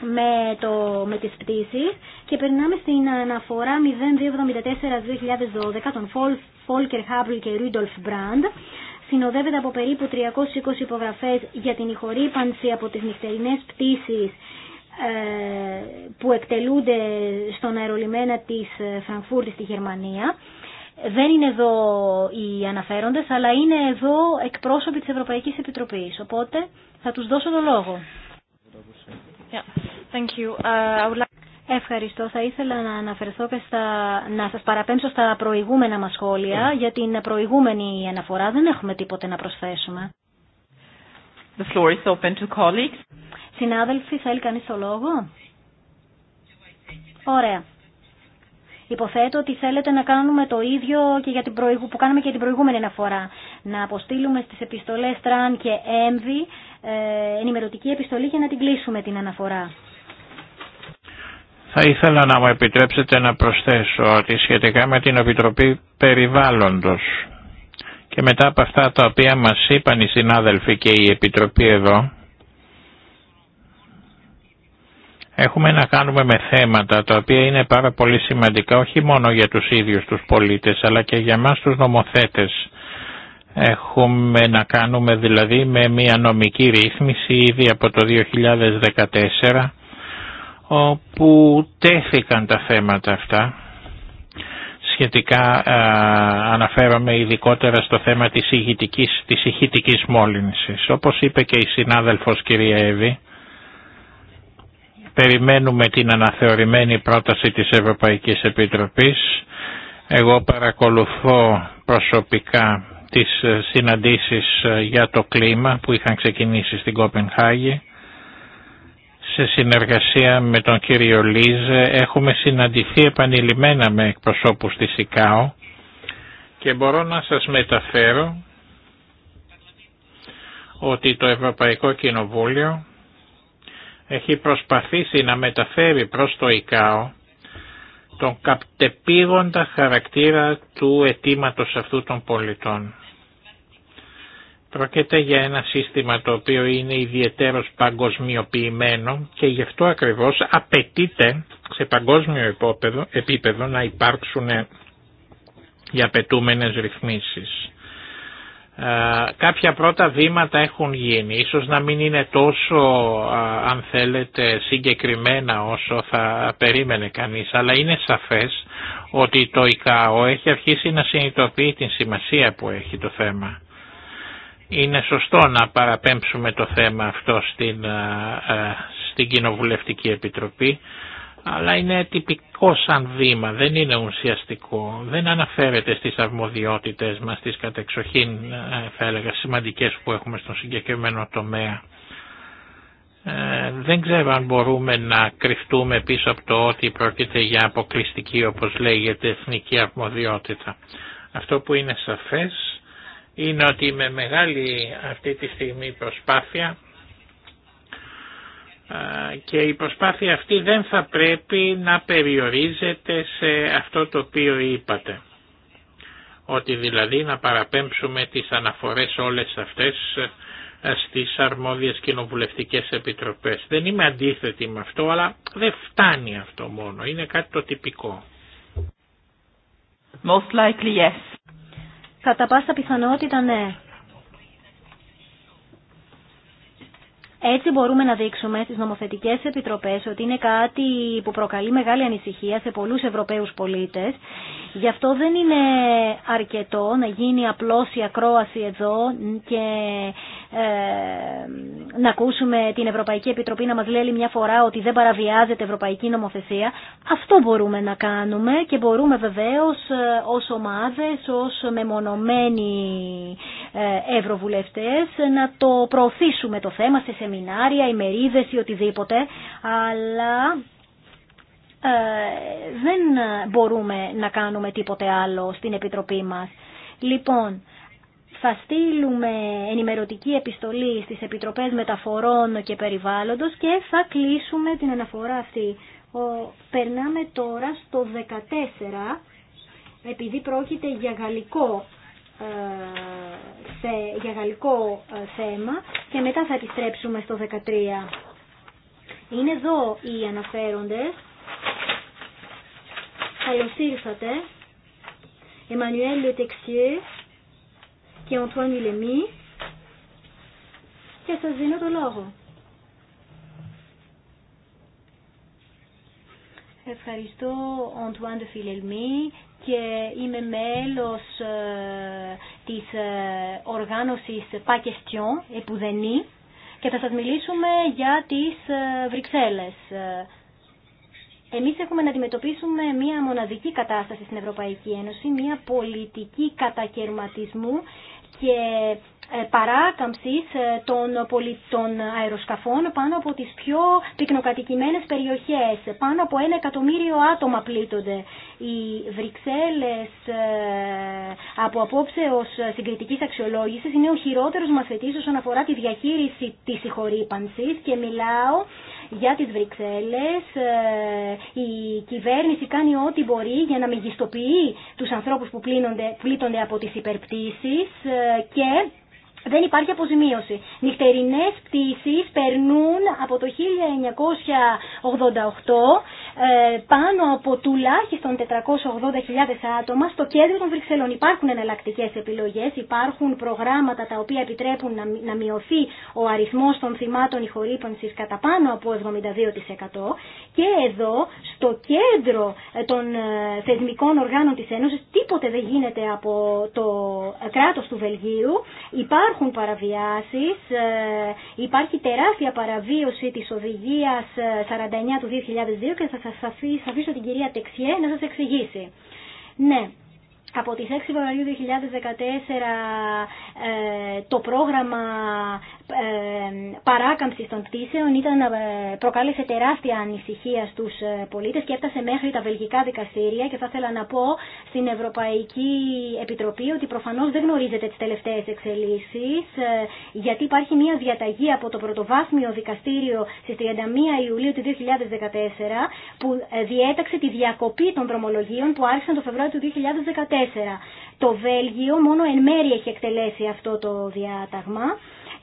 με, το, με τις πτήσεις και περνάμε στην αναφορά 0274-2012 των Φόλκερ Χάμπλ και Rudolf Μπραντ συνοδεύεται από περίπου 320 υπογραφές για την ηχορύπανση από τις νυχτερινές πτήσεις ε, που εκτελούνται στον αερολιμένα της ε, Φραγκφούρτης στη Γερμανία. Δεν είναι εδώ οι αναφέροντες, αλλά είναι εδώ εκπρόσωποι της Ευρωπαϊκής Επιτροπής. Οπότε θα τους δώσω το λόγο. Yeah. Thank you. Uh, Ευχαριστώ. Θα ήθελα να αναφερθώ και στα... να σας παραπέμψω στα προηγούμενα μας σχόλια. Yeah. Για την προηγούμενη αναφορά δεν έχουμε τίποτε να προσθέσουμε. The floor is open to colleagues. Συνάδελφοι, θέλει κανείς το λόγο? Ωραία. Υποθέτω ότι θέλετε να κάνουμε το ίδιο και για την προηγου... που κάναμε και την προηγούμενη αναφορά. Να αποστείλουμε στις επιστολές Τραν και Έμβη ε, ενημερωτική επιστολή για να την κλείσουμε την αναφορά. Θα ήθελα να μου επιτρέψετε να προσθέσω ότι σχετικά με την Επιτροπή Περιβάλλοντος και μετά από αυτά τα οποία μας είπαν οι συνάδελφοι και η Επιτροπή εδώ, έχουμε να κάνουμε με θέματα τα οποία είναι πάρα πολύ σημαντικά όχι μόνο για τους ίδιους τους πολίτες αλλά και για μας τους νομοθέτες. Έχουμε να κάνουμε δηλαδή με μια νομική ρύθμιση ήδη από το 2014 όπου τέθηκαν τα θέματα αυτά. Σχετικά αναφέραμε ειδικότερα στο θέμα της ηχητικής, της ηχητικής μόλυνσης. Όπως είπε και η συνάδελφος κυρία Εύη, περιμένουμε την αναθεωρημένη πρόταση της Ευρωπαϊκής Επιτροπής. Εγώ παρακολουθώ προσωπικά τις συναντήσεις ε, για το κλίμα που είχαν ξεκινήσει στην Κόπενχάγη σε συνεργασία με τον κύριο Λίζε έχουμε συναντηθεί επανειλημμένα με εκπροσώπους της ΙΚΑΟ και μπορώ να σας μεταφέρω ότι το Ευρωπαϊκό Κοινοβούλιο έχει προσπαθήσει να μεταφέρει προς το ΙΚΑΟ τον καπτεπίγοντα χαρακτήρα του αιτήματο αυτού των πολιτών. Πρόκειται για ένα σύστημα το οποίο είναι ιδιαίτερος παγκοσμιοποιημένο και γι' αυτό ακριβώς απαιτείται σε παγκόσμιο επίπεδο να υπάρξουν ε, οι απαιτούμενες ρυθμίσεις. Ε, κάποια πρώτα βήματα έχουν γίνει, ίσως να μην είναι τόσο αν θέλετε συγκεκριμένα όσο θα περίμενε κανείς, αλλά είναι σαφές ότι το ΙΚΑΟ έχει αρχίσει να συνειδητοποιεί την σημασία που έχει το θέμα. Είναι σωστό να παραπέμψουμε το θέμα αυτό στην, ε, ε, στην Κοινοβουλευτική Επιτροπή, αλλά είναι τυπικό σαν βήμα, δεν είναι ουσιαστικό, δεν αναφέρεται στις αρμοδιότητες μας, στις κατεξοχήν, ε, θα έλεγα, σημαντικές που έχουμε στον συγκεκριμένο τομέα. δεν ξέρω αν μπορούμε να κρυφτούμε πίσω από το ότι πρόκειται για αποκλειστική, όπως λέγεται, εθνική αρμοδιότητα. Αυτό που είναι σαφές είναι ότι με μεγάλη αυτή τη στιγμή προσπάθεια και η προσπάθεια αυτή δεν θα πρέπει να περιορίζεται σε αυτό το οποίο είπατε. Ότι δηλαδή να παραπέμψουμε τις αναφορές όλες αυτές στις αρμόδιες κοινοβουλευτικές επιτροπές. Δεν είμαι αντίθετη με αυτό, αλλά δεν φτάνει αυτό μόνο. Είναι κάτι το τυπικό. Κατά πάσα πιθανότητα ναι. Έτσι μπορούμε να δείξουμε στις νομοθετικές επιτροπές ότι είναι κάτι που προκαλεί μεγάλη ανησυχία σε πολλούς Ευρωπαίους πολίτες. Γι' αυτό δεν είναι αρκετό να γίνει απλώς η ακρόαση εδώ και ε, να ακούσουμε την Ευρωπαϊκή Επιτροπή να μας λέει μια φορά ότι δεν παραβιάζεται Ευρωπαϊκή Νομοθεσία. Αυτό μπορούμε να κάνουμε και μπορούμε βεβαίως ε, ως ομάδες, ως μεμονωμένοι ε, ευρωβουλευτές να το προωθήσουμε το θέμα σε σεμινάρια, ημερίδες ή οτιδήποτε, αλλά ε, δεν μπορούμε να κάνουμε τίποτε άλλο στην Επιτροπή μας. Λοιπόν, θα στείλουμε ενημερωτική επιστολή στις Επιτροπές Μεταφορών και Περιβάλλοντος και θα κλείσουμε την αναφορά αυτή. περνάμε τώρα στο 14, επειδή πρόκειται για γαλλικό ε, σε, για γαλλικό ε, θέμα και μετά θα επιστρέψουμε στο 13. Είναι εδώ οι αναφέροντες. Καλώς ήρθατε. Εμμανουέλ Λετεξιέ και Αντουάν Λεμί. Και σας δίνω το λόγο. Ευχαριστώ, Αντουάν Φιλελμή και είμαι μέλος ε, της ε, οργάνωσης Πακεστιόν, Επουδενή, και θα σας μιλήσουμε για τις ε, Βρυξέλλες. Εμείς έχουμε να αντιμετωπίσουμε μία μοναδική κατάσταση στην Ευρωπαϊκή Ένωση, μία πολιτική κατακαιρματισμού και ε, Παράκαμψη ε, των πολιτών αεροσκαφών πάνω από τι πιο πυκνοκατοικημένε περιοχές. Πάνω από ένα εκατομμύριο άτομα πλήττονται. Οι Βρυξέλλε, ε, από απόψε ως συγκριτικής αξιολόγησης είναι ο χειρότερος μαθητής όσον αφορά τη διαχείριση της συγχωρήπανση και μιλάω για τις Βρυξέλλες. Η κυβέρνηση κάνει ό,τι μπορεί για να μεγιστοποιεί τους ανθρώπους που πλήττονται από τις υπερπτήσεις και δεν υπάρχει αποζημίωση. Νυχτερινές πτήσεις περνούν από το 1988 ε, πάνω από τουλάχιστον 480.000 άτομα στο κέντρο των Βρυξελών. Υπάρχουν εναλλακτικέ επιλογές, υπάρχουν προγράμματα τα οποία επιτρέπουν να μειωθεί ο αριθμός των θυμάτων ηχορύπανση κατά πάνω από 72% και εδώ στο κέντρο ε, των ε, θεσμικών οργάνων της Ένωσης τίποτε δεν γίνεται από το κράτος του Βελγίου υπάρχουν παραβιάσεις, ε, υπάρχει τεράστια παραβίωση της οδηγίας 49 ε, του 2002 και θα σας αφήσω την κυρία Τεξιέ να σας εξηγήσει. Ναι, από τις 6 Φεβρουαρίου 2014 ε, το πρόγραμμα ε, παράκαμψη των πτήσεων ήταν, ε, προκάλεσε τεράστια ανησυχία στους ε, πολίτες και έφτασε μέχρι τα βελγικά δικαστήρια και θα ήθελα να πω στην Ευρωπαϊκή Επιτροπή ότι προφανώς δεν γνωρίζετε τις τελευταίες εξελίξεις γιατί υπάρχει μια διαταγή από το πρωτοβάθμιο δικαστήριο στις 31 Ιουλίου του 2014 που διέταξε τη διακοπή των δρομολογίων που άρχισαν το Φεβρουάριο του 2014. Το Βέλγιο μόνο εν μέρη έχει εκτελέσει αυτό το διάταγμα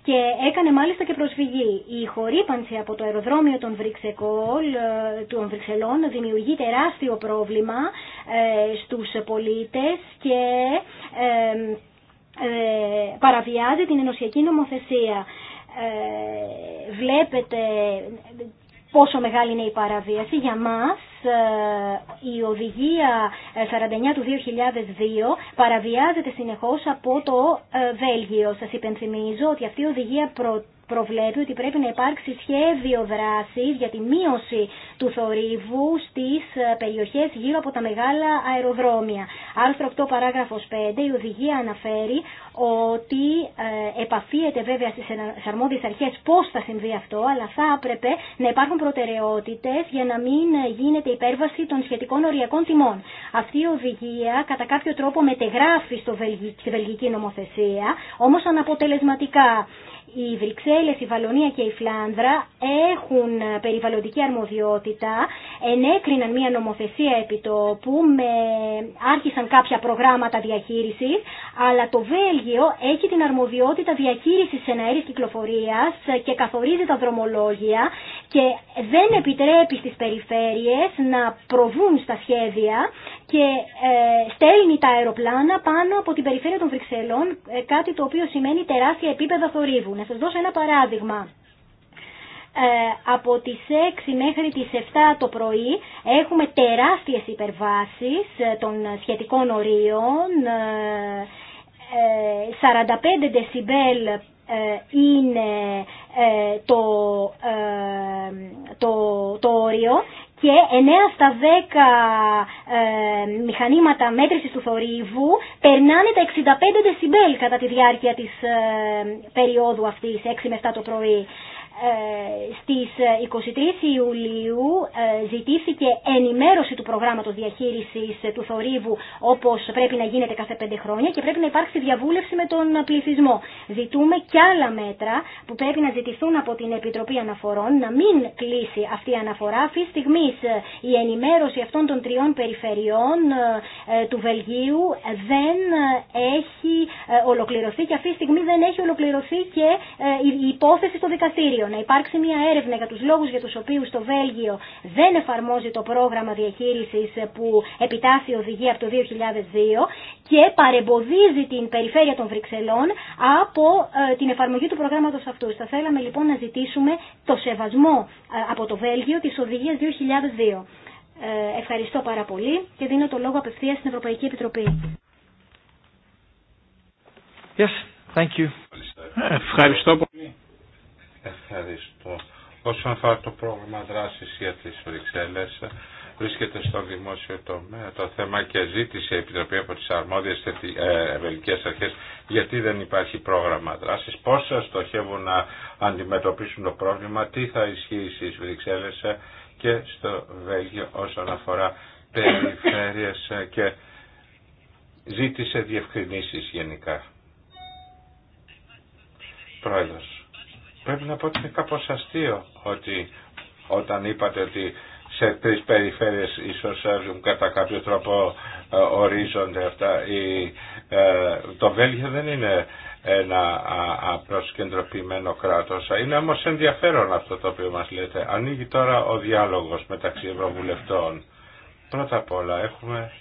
και έκανε μάλιστα και προσφυγή. Η χορύπανση από το αεροδρόμιο των, Βρυξεκόλ, ε, των Βρυξελών δημιουργεί τεράστιο πρόβλημα ε, στους πολίτες και ε, παραβιάζει την ενωσιακή νομοθεσία. Βλέπετε πόσο μεγάλη είναι η παραβίαση για μας ε, η οδηγία 49 ε, του 2002 παραβιάζεται συνεχώς από το ε, Βέλγιο. Σας υπενθυμίζω ότι αυτή η οδηγία προ προβλέπει ότι πρέπει να υπάρξει σχέδιο δράση για τη μείωση του θορύβου στις περιοχές γύρω από τα μεγάλα αεροδρόμια. Άρθρο 8 παράγραφος 5 η οδηγία αναφέρει ότι επαφίεται βέβαια στις αρμόδιες αρχές πώς θα συμβεί αυτό αλλά θα έπρεπε να υπάρχουν προτεραιότητες για να μην γίνεται και υπέρβαση των σχετικών οριακών τιμών. Αυτή η οδηγία κατά κάποιο τρόπο μετεγράφει στη βελγική νομοθεσία, όμως αναποτελεσματικά οι Βρυξέλλες, η Βαλονία και η Φλάνδρα έχουν ε, περιβαλλοντική αρμοδιότητα, ενέκριναν μια νομοθεσία επιτόπου, με... άρχισαν κάποια προγράμματα διαχείρισης, αλλά το Βέλγιο έχει την αρμοδιότητα διαχείρισης εναέρης κυκλοφορίας και καθορίζει τα δρομολόγια και δεν επιτρέπει στις περιφέρειες να προβούν στα σχέδια και ε, στέλνει τα αεροπλάνα πάνω από την περιφέρεια των Βρυξελών, ε, κάτι το οποίο σημαίνει τεράστια επίπεδα θορύβου. Να σας δώσω ένα παράδειγμα. Ε, από τις 6 μέχρι τις 7 το πρωί έχουμε τεράστιες υπερβάσεις ε, των σχετικών ορίων. 45 ε, ε, δεσιμπέλ είναι το, το, το όριο και 9 στα 10 ε, μηχανήματα μέτρησης του θορύβου περνάνε τα 65 δεσιμπέλ κατά τη διάρκεια της ε, περίοδου αυτής, 6 με 7 το πρωί. Ε, στις 23 ε, Ιουλίου ε, ζητήθηκε ενημέρωση του προγράμματος διαχείρισης του θορύβου όπως πρέπει να γίνεται κάθε πέντε χρόνια και πρέπει να υπάρξει διαβούλευση με τον πληθυσμό. Ζητούμε και άλλα μέτρα που πρέπει να ζητηθούν από την Επιτροπή Αναφορών να μην κλείσει αυτή η αναφορά. Αυτή τη στιγμή η ενημέρωση αυτών των τριών περιφερειών του Βελγίου δεν έχει ολοκληρωθεί και αυτή τη στιγμή δεν έχει ολοκληρωθεί και η υπόθεση στο δικαστήριο να υπάρξει μια έρευνα για τους λόγους για τους οποίους το Βέλγιο δεν εφαρμόζει το πρόγραμμα διαχείρισης που επιτάσσει η οδηγία από το 2002 και παρεμποδίζει την περιφέρεια των Βρυξελών από ε, την εφαρμογή του προγράμματος αυτού. Θα θέλαμε λοιπόν να ζητήσουμε το σεβασμό ε, από το Βέλγιο της οδηγίας 2002. Ε, ευχαριστώ πάρα πολύ και δίνω το λόγο απευθείας στην Ευρωπαϊκή Επιτροπή. Yes, thank you. Ευχαριστώ πολύ. Ευχαριστώ. Όσον αφορά το πρόγραμμα δράσης για τις Βρυξέλλες, βρίσκεται στο δημόσιο τομέα το θέμα και ζήτησε η Επιτροπή από τις αρμόδιες ευελικέ ε, αρχέ, γιατί δεν υπάρχει πρόγραμμα δράσης, πώς στοχεύουν να αντιμετωπίσουν το πρόβλημα, τι θα ισχύει στις Βρυξέλλες και στο Βέλγιο όσον αφορά περιφέρειες και ζήτησε διευκρινήσει γενικά. Πρόεδρος. Πρέπει να πω ότι είναι κάπως αστείο ότι όταν είπατε ότι σε τρεις περιφέρειες ίσως κατά κάποιο τρόπο ε, ορίζονται αυτά. Η, ε, το Βέλγιο δεν είναι ένα απροσκεντροποιημένο κράτος. Είναι όμως ενδιαφέρον αυτό το οποίο μας λέτε. Ανοίγει τώρα ο διάλογος μεταξύ ευρωβουλευτών. Πρώτα απ' όλα έχουμε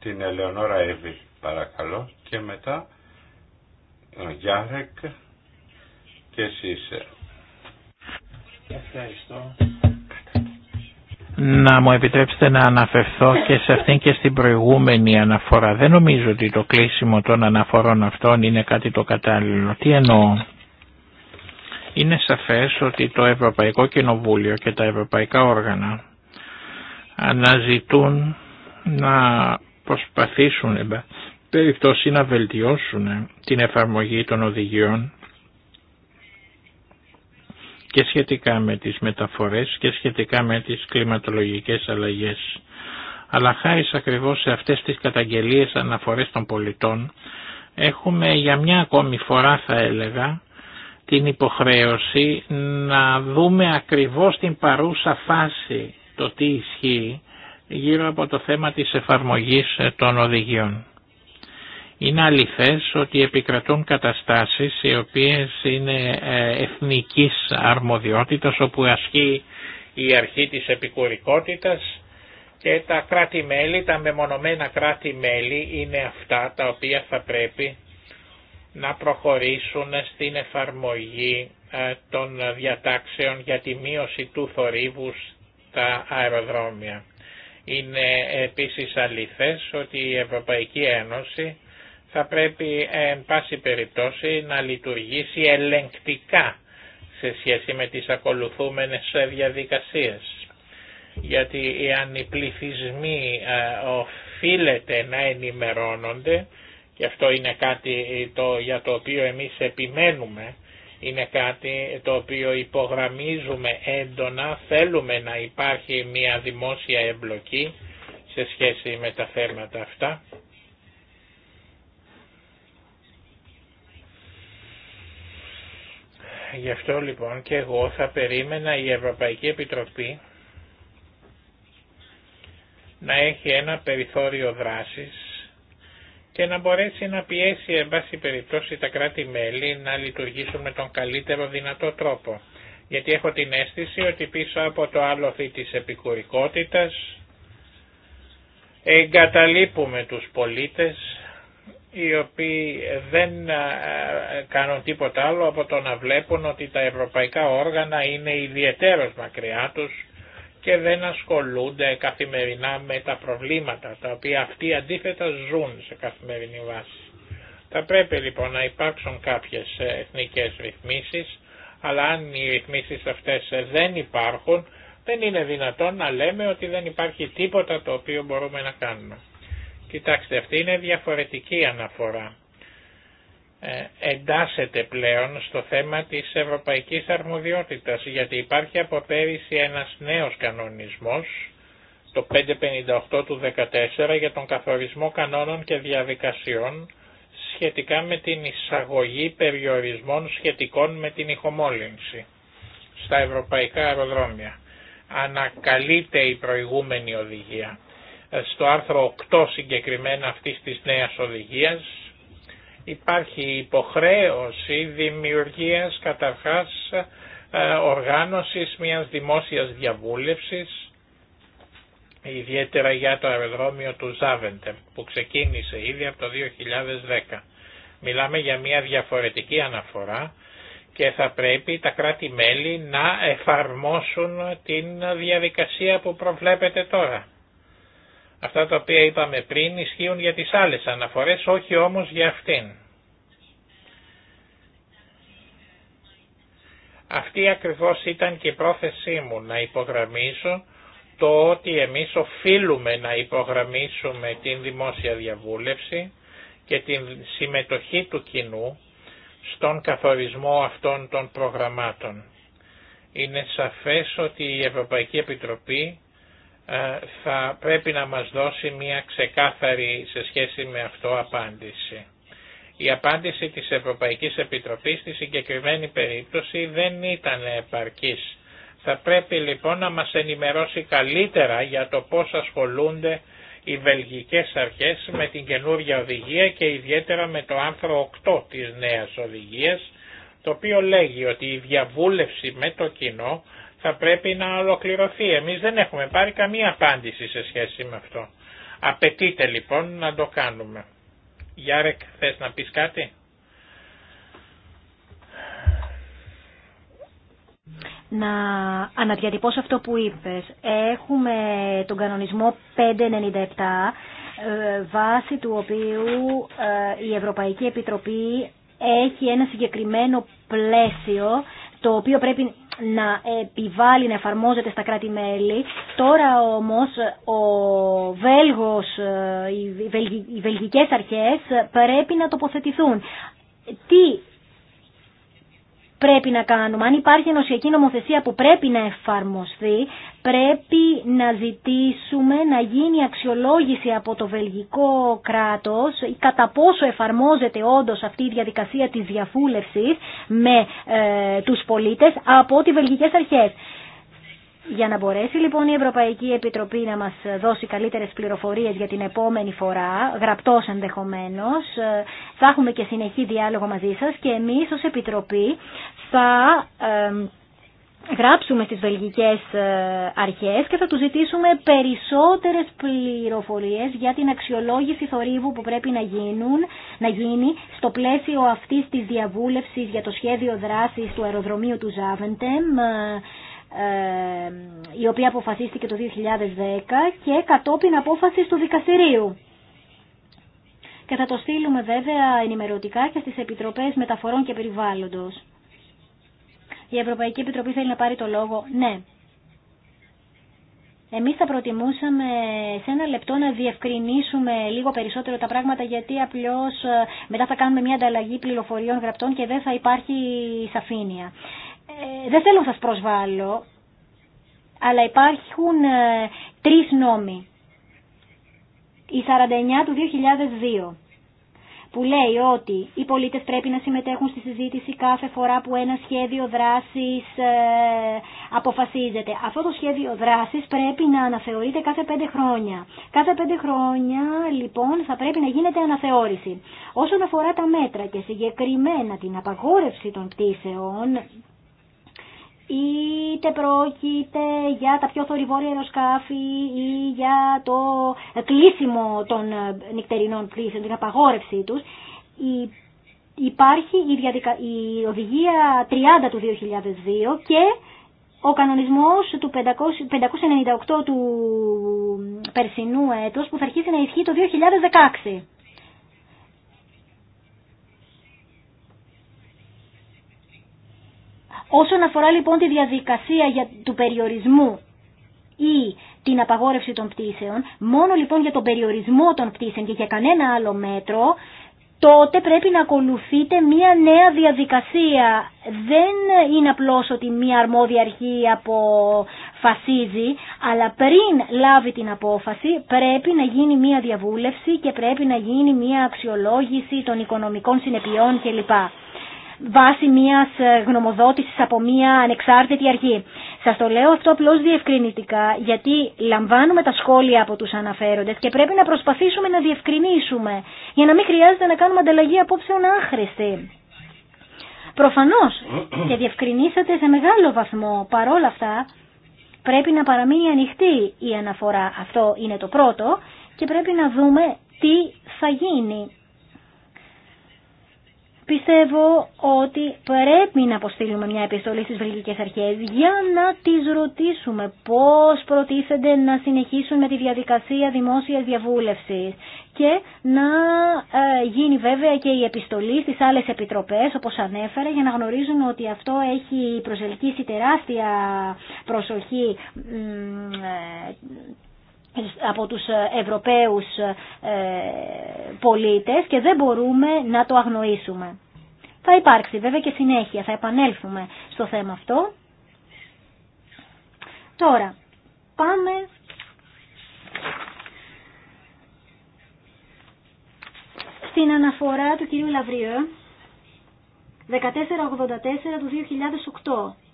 την Ελεονόρα Εύη, παρακαλώ, και μετά ο Γιάρεκ ε. Να μου επιτρέψετε να αναφερθώ και σε αυτήν και στην προηγούμενη αναφορά. Δεν νομίζω ότι το κλείσιμο των αναφορών αυτών είναι κάτι το κατάλληλο. Τι εννοώ. Είναι σαφές ότι το Ευρωπαϊκό Κοινοβούλιο και τα ευρωπαϊκά όργανα αναζητούν να προσπαθήσουν περιπτώσει να βελτιώσουν την εφαρμογή των οδηγιών και σχετικά με τις μεταφορές και σχετικά με τις κλιματολογικές αλλαγές. Αλλά χάρη ακριβώς σε αυτές τις καταγγελίες αναφορές των πολιτών έχουμε για μια ακόμη φορά θα έλεγα την υποχρέωση να δούμε ακριβώς την παρούσα φάση το τι ισχύει γύρω από το θέμα της εφαρμογής των οδηγιών. Είναι αληθές ότι επικρατούν καταστάσεις οι οποίες είναι ε, εθνικής αρμοδιότητας όπου ασκεί η αρχή της επικουρικότητας και τα κράτη-μέλη, τα μεμονωμένα κράτη-μέλη είναι αυτά τα οποία θα πρέπει να προχωρήσουν στην εφαρμογή ε, των διατάξεων για τη μείωση του θορύβου στα αεροδρόμια. Είναι επίσης αληθές ότι η Ευρωπαϊκή Ένωση θα πρέπει ε, εν πάση περιπτώσει να λειτουργήσει ελεγκτικά σε σχέση με τις ακολουθούμενες ε, διαδικασίες. Γιατί αν οι πληθυσμοί ε, οφείλεται να ενημερώνονται, και αυτό είναι κάτι το, για το οποίο εμείς επιμένουμε, είναι κάτι το οποίο υπογραμμίζουμε έντονα, θέλουμε να υπάρχει μια δημόσια εμπλοκή σε σχέση με τα θέματα αυτά Γι' αυτό λοιπόν και εγώ θα περίμενα η Ευρωπαϊκή Επιτροπή να έχει ένα περιθώριο δράσης και να μπορέσει να πιέσει εν πάση περιπτώσει τα κράτη-μέλη να λειτουργήσουν με τον καλύτερο δυνατό τρόπο. Γιατί έχω την αίσθηση ότι πίσω από το άλοθη της επικουρικότητας εγκαταλείπουμε τους πολίτες οι οποίοι δεν ε, κάνουν τίποτα άλλο από το να βλέπουν ότι τα ευρωπαϊκά όργανα είναι ιδιαίτερος μακριά τους και δεν ασχολούνται καθημερινά με τα προβλήματα τα οποία αυτοί αντίθετα ζουν σε καθημερινή βάση. Θα πρέπει λοιπόν να υπάρξουν κάποιες ε, εθνικές ρυθμίσεις, αλλά αν οι ρυθμίσεις αυτές ε, δεν υπάρχουν, δεν είναι δυνατόν να λέμε ότι δεν υπάρχει τίποτα το οποίο μπορούμε να κάνουμε. Κοιτάξτε, αυτή είναι διαφορετική αναφορά. Ε, εντάσσεται πλέον στο θέμα της ευρωπαϊκής αρμοδιότητας, γιατί υπάρχει από πέρυσι ένας νέος κανονισμός, το 558 του 14, για τον καθορισμό κανόνων και διαδικασιών σχετικά με την εισαγωγή περιορισμών σχετικών με την ηχομόλυνση στα ευρωπαϊκά αεροδρόμια. Ανακαλείται η προηγούμενη οδηγία. Ε, στο άρθρο 8 συγκεκριμένα αυτής της νέας οδηγίας υπάρχει υποχρέωση δημιουργίας καταρχάς ε, οργάνωσης μιας δημόσιας διαβούλευσης ιδιαίτερα για το αεροδρόμιο του Ζάβεντε που ξεκίνησε ήδη από το 2010. Μιλάμε για μια διαφορετική αναφορά και θα πρέπει τα κράτη-μέλη να εφαρμόσουν την διαδικασία που προβλέπεται τώρα. Αυτά τα οποία είπαμε πριν ισχύουν για τις άλλες αναφορές, όχι όμως για αυτήν. Αυτή ακριβώς ήταν και η πρόθεσή μου να υπογραμμίσω το ότι εμείς οφείλουμε να υπογραμμίσουμε την δημόσια διαβούλευση και την συμμετοχή του κοινού στον καθορισμό αυτών των προγραμμάτων. Είναι σαφές ότι η Ευρωπαϊκή Επιτροπή ε, θα πρέπει να μας δώσει μια ξεκάθαρη σε σχέση με αυτό απάντηση. Η απάντηση της Ευρωπαϊκής Επιτροπής στη συγκεκριμένη περίπτωση δεν ήταν επαρκής. Θα πρέπει λοιπόν να μας ενημερώσει καλύτερα για το πώς ασχολούνται οι βελγικές αρχές με την καινούργια οδηγία και ιδιαίτερα με το άρθρο 8 της νέας οδηγίας, το οποίο λέγει ότι η διαβούλευση με το κοινό θα πρέπει να ολοκληρωθεί. Εμείς δεν έχουμε πάρει καμία απάντηση σε σχέση με αυτό. Απαιτείται λοιπόν να το κάνουμε. Γιάρεκ, θες να πεις κάτι? να αναδιατυπώσω αυτό που είπες. Έχουμε τον κανονισμό 597 ε, βάση του οποίου ε, η Ευρωπαϊκή Επιτροπή έχει ένα συγκεκριμένο πλαίσιο το οποίο πρέπει να επιβάλλει να εφαρμόζεται στα κράτη-μέλη. Τώρα όμως ο Βέλγος, ε, οι βελγικές αρχές πρέπει να τοποθετηθούν. Τι πρέπει να κάνουμε, αν υπάρχει ενωσιακή νομοθεσία που πρέπει να εφαρμοστεί, πρέπει να ζητήσουμε να γίνει αξιολόγηση από το βελγικό κράτος κατά πόσο εφαρμόζεται όντως αυτή η διαδικασία της διαφούλευσης με ε, τους πολίτες από τις βελγικές αρχές. Για να μπορέσει λοιπόν η Ευρωπαϊκή Επιτροπή να μας δώσει καλύτερες πληροφορίες για την επόμενη φορά, γραπτός ενδεχομένως, ε, θα έχουμε και συνεχή διάλογο μαζί σας και εμείς ως Επιτροπή θα... Ε, γράψουμε στις βελγικές ε, αρχές και θα του ζητήσουμε περισσότερες πληροφορίες για την αξιολόγηση θορύβου που πρέπει να, γίνουν, να γίνει στο πλαίσιο αυτής της διαβούλευσης για το σχέδιο δράσης του αεροδρομίου του Ζάβεντεμ ε, ε, η οποία αποφασίστηκε το 2010 και κατόπιν απόφαση του δικαστηρίου. Και θα το στείλουμε βέβαια ενημερωτικά και στις Επιτροπές Μεταφορών και Περιβάλλοντος. Η Ευρωπαϊκή Επιτροπή θέλει να πάρει το λόγο. Ναι. Εμείς θα προτιμούσαμε σε ένα λεπτό να διευκρινίσουμε λίγο περισσότερο τα πράγματα γιατί απλώς ε, μετά θα κάνουμε μια ανταλλαγή πληροφοριών γραπτών και δεν θα υπάρχει σαφήνεια. Ε, δεν θέλω να σας προσβάλλω, αλλά υπάρχουν ε, τρεις νόμοι. Η 49 του 2002 που λέει ότι οι πολίτες πρέπει να συμμετέχουν στη συζήτηση κάθε φορά που ένα σχέδιο δράσης ε, αποφασίζεται. Αυτό το σχέδιο δράσης πρέπει να αναθεωρείται κάθε πέντε χρόνια. Κάθε πέντε χρόνια λοιπόν θα πρέπει να γίνεται αναθεώρηση. Όσον αφορά τα μέτρα και συγκεκριμένα την απαγόρευση των πτήσεων είτε πρόκειται για τα πιο θορυβόρια αεροσκάφη ή για το κλείσιμο των ε, νυκτερινών πλήσεων, την απαγόρευσή τους, υπάρχει η, οδηγία 30 του 2002 και ο κανονισμός του 598 του περσινού έτους που θα αρχίσει να ισχύει το 2016. Όσον αφορά λοιπόν τη διαδικασία για, του περιορισμού ή την απαγόρευση των πτήσεων, μόνο λοιπόν για τον περιορισμό των πτήσεων και για κανένα άλλο μέτρο, τότε πρέπει να ακολουθείτε μία νέα διαδικασία. Δεν είναι απλώς ότι μία αρμόδια αρχή αποφασίζει, αλλά πριν λάβει την απόφαση πρέπει να γίνει μία διαβούλευση και πρέπει να γίνει μία αξιολόγηση των οικονομικών συνεπειών κλπ βάσει μιας ε, γνωμοδότησης από μια ανεξάρτητη αρχή. Σας το λέω αυτό απλώς διευκρινητικά γιατί λαμβάνουμε τα σχόλια από τους αναφέροντες και πρέπει να προσπαθήσουμε να διευκρινίσουμε για να μην χρειάζεται να κάνουμε ανταλλαγή απόψεων άχρηστη. Προφανώς και διευκρινίσατε σε μεγάλο βαθμό παρόλα αυτά πρέπει να παραμείνει ανοιχτή η αναφορά. Αυτό είναι το πρώτο και πρέπει να δούμε τι θα γίνει. Πιστεύω ότι πρέπει να αποστείλουμε μια επιστολή στις βρυγικές αρχές για να τις ρωτήσουμε πώς προτίθενται να συνεχίσουν με τη διαδικασία δημόσιας διαβούλευσης και να ε, γίνει βέβαια και η επιστολή στις άλλες επιτροπές όπως ανέφερα για να γνωρίζουν ότι αυτό έχει προσελκύσει τεράστια προσοχή ε, από τους ε, Ευρωπαίους ε, πολίτες και δεν μπορούμε να το αγνοήσουμε. Θα υπάρξει βέβαια και συνέχεια, θα επανέλθουμε στο θέμα αυτό. Τώρα, πάμε στην αναφορά του κυρίου Λαβριέ ε, 1484 του 2008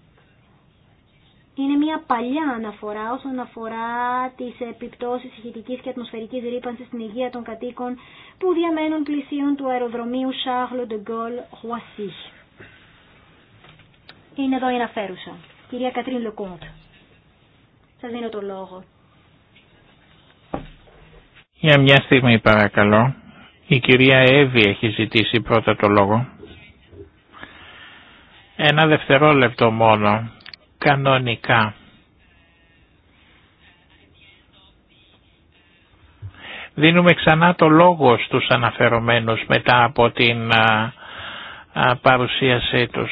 είναι μια παλιά αναφορά όσον αφορά τις επιπτώσεις ηχητικής και ατμοσφαιρικής ρήπανσης στην υγεία των κατοίκων που διαμένουν πλησίων του αεροδρομίου Charles de Gaulle Roissy. Είναι εδώ η αναφέρουσα. Κυρία Κατρίν Λεκόντ. Σας δίνω το λόγο. Για μια στιγμή παρακαλώ. Η κυρία Εύη έχει ζητήσει πρώτα το λόγο. Ένα δευτερόλεπτο μόνο κανονικά. Δίνουμε ξανά το λόγο στους αναφερομένους μετά από την παρουσίασή τους.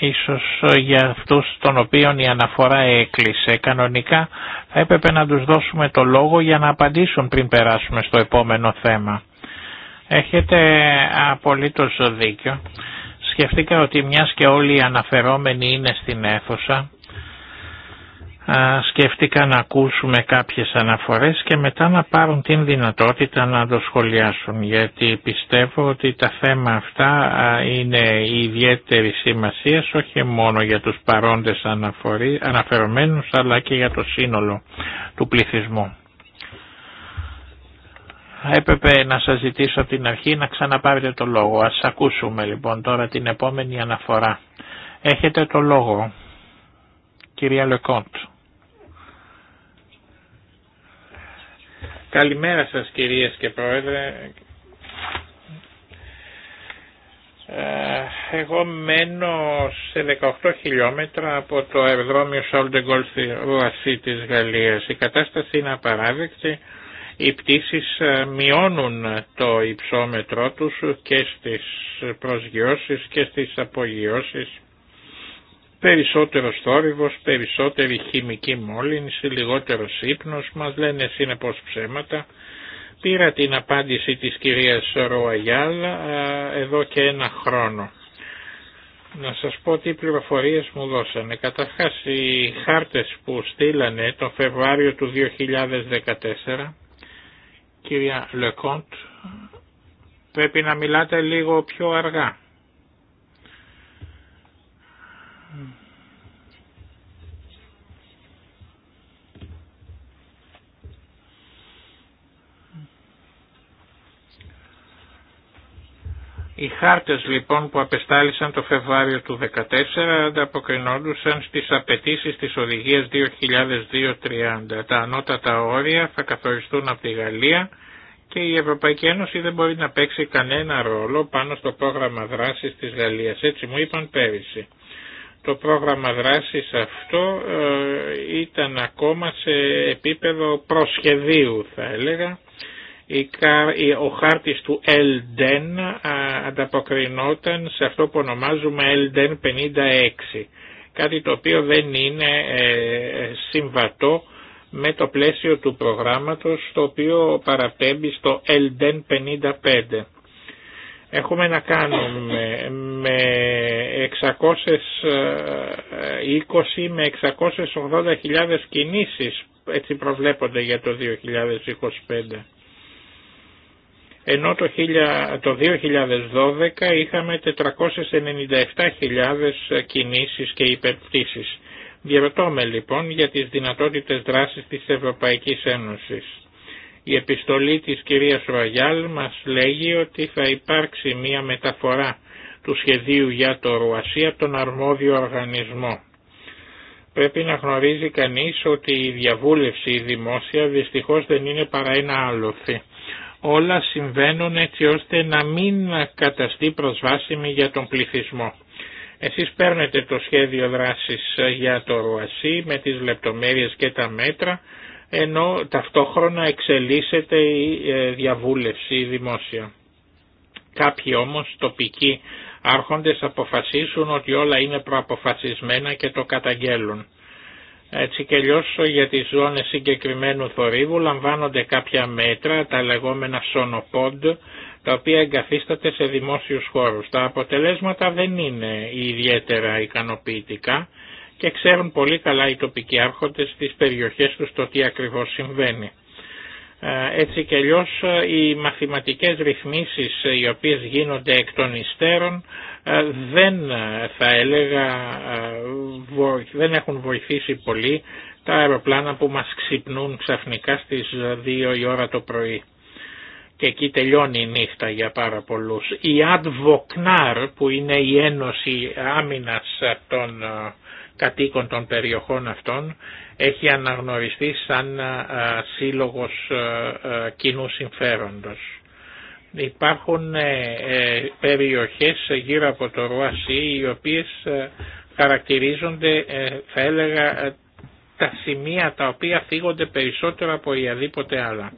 Ίσως για αυτούς των οποίων η αναφορά έκλεισε. Κανονικά θα έπρεπε να τους δώσουμε το λόγο για να απαντήσουν πριν περάσουμε στο επόμενο θέμα. Έχετε απολύτως δίκιο. Σκεφτήκα ότι μιας και όλοι οι αναφερόμενοι είναι στην αίθουσα, σκέφτηκα να ακούσουμε κάποιες αναφορές και μετά να πάρουν την δυνατότητα να το σχολιάσουν γιατί πιστεύω ότι τα θέματα αυτά είναι ιδιαίτερη σημασία όχι μόνο για τους παρόντες αναφερομένους αλλά και για το σύνολο του πληθυσμού. Έπρεπε να σας ζητήσω από την αρχή να ξαναπάρετε το λόγο. Ας ακούσουμε λοιπόν τώρα την επόμενη αναφορά. Έχετε το λόγο, κυρία Λεκόντ. Καλημέρα σας κυρίες και πρόεδρε. Ε, εγώ μένω σε 18 χιλιόμετρα από το αεροδρόμιο Σόλτεγκολ Ρουασί της Γαλλίας. Η κατάσταση είναι απαράδεκτη. Οι πτήσεις ε, μειώνουν το υψόμετρό τους και στις προσγειώσεις και στις απογειώσεις Περισσότερος θόρυβος, περισσότερη χημική μόλυνση, λιγότερος ύπνος, μας λένε σύνεπως ψέματα. Πήρα την απάντηση της κυρίας Ροαγιάλ εδώ και ένα χρόνο. Να σας πω τι πληροφορίες μου δώσανε. Καταρχάς οι χάρτες που στείλανε το Φεβρουάριο του 2014, κυρία Λεκόντ, πρέπει να μιλάτε λίγο πιο αργά. Οι χάρτες λοιπόν που απεστάλησαν το Φεβάριο του 2014 ανταποκρινόντουσαν στις απαιτήσει της οδηγίας 2002-30. Τα ανώτατα όρια θα καθοριστούν από τη Γαλλία και η Ευρωπαϊκή Ένωση δεν μπορεί να παίξει κανένα ρόλο πάνω στο πρόγραμμα δράσης της Γαλλίας. Έτσι μου είπαν πέρυσι. Το πρόγραμμα δράσης αυτό ε, ήταν ακόμα σε επίπεδο προσχεδίου θα έλεγα ο χάρτης του Elden ανταποκρινόταν σε αυτό που ονομάζουμε Elden 56, κάτι το οποίο δεν είναι ε, συμβατό με το πλαίσιο του προγράμματος το οποίο παραπέμπει στο Elden 55. Έχουμε να κάνουμε με 620 ε, με 680.000 κινήσεις, έτσι προβλέπονται για το 2025 ενώ το 2012 είχαμε 497.000 κινήσεις και υπερπτήσεις. Διερωτώμε λοιπόν για τις δυνατότητες δράσης της Ευρωπαϊκής Ένωσης. Η επιστολή της κυρίας Ρογιάλ μας λέγει ότι θα υπάρξει μία μεταφορά του σχεδίου για το Ρουασία τον αρμόδιο οργανισμό. Πρέπει να γνωρίζει κανείς ότι η διαβούλευση η δημόσια δυστυχώς δεν είναι παρά ένα άλοθη όλα συμβαίνουν έτσι ώστε να μην καταστεί προσβάσιμη για τον πληθυσμό. Εσείς παίρνετε το σχέδιο δράσης για το ΡΟΑΣΥ με τις λεπτομέρειες και τα μέτρα, ενώ ταυτόχρονα εξελίσσεται η ε, διαβούλευση δημόσια. Κάποιοι όμως τοπικοί άρχοντες αποφασίσουν ότι όλα είναι προαποφασισμένα και το καταγγέλουν. Έτσι και αλλιώς για τις ζώνες συγκεκριμένου θορύβου λαμβάνονται κάποια μέτρα, τα λεγόμενα σονοπόντ, τα οποία εγκαθίσταται σε δημόσιους χώρους. Τα αποτελέσματα δεν είναι ιδιαίτερα ικανοποιητικά και ξέρουν πολύ καλά οι τοπικοί άρχοντες στις περιοχές τους το τι ακριβώς συμβαίνει. Ε, έτσι και αλλιώς οι μαθηματικές ρυθμίσεις οι οποίες γίνονται εκ των υστέρων ε, δεν ε, θα έλεγα ε, δεν έχουν βοηθήσει πολύ τα αεροπλάνα που μας ξυπνούν ξαφνικά στις 2 η ώρα το πρωί. Και εκεί τελειώνει η νύχτα για πάρα πολλούς. Η ADVOCNAR που είναι η Ένωση Άμυνας των κατοίκων των περιοχών αυτών έχει αναγνωριστεί σαν σύλλογος κοινού συμφέροντος. Υπάρχουν ε, ε, περιοχές γύρω από το Ρουασί οι οποίες ε, χαρακτηρίζονται θα έλεγα τα σημεία τα οποία θίγονται περισσότερο από οιαδήποτε άλλα.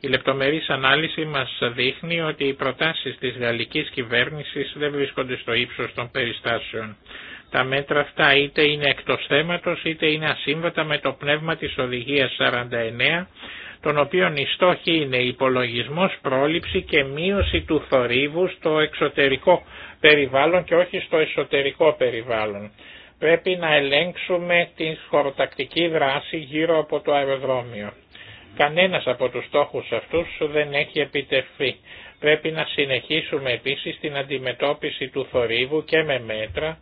Η λεπτομερής ανάλυση μας δείχνει ότι οι προτάσεις της γαλλικής κυβέρνησης δεν βρίσκονται στο ύψος των περιστάσεων. Τα μέτρα αυτά είτε είναι εκτός θέματος είτε είναι ασύμβατα με το πνεύμα της οδηγίας 49 των οποίων οι στόχοι είναι υπολογισμός, πρόληψη και μείωση του θορύβου στο εξωτερικό περιβάλλον και όχι στο εσωτερικό περιβάλλον. Πρέπει να ελέγξουμε την χωροτακτική δράση γύρω από το αεροδρόμιο. Κανένας από τους στόχους αυτούς δεν έχει επιτευχθεί. Πρέπει να συνεχίσουμε επίσης την αντιμετώπιση του θορύβου και με μέτρα,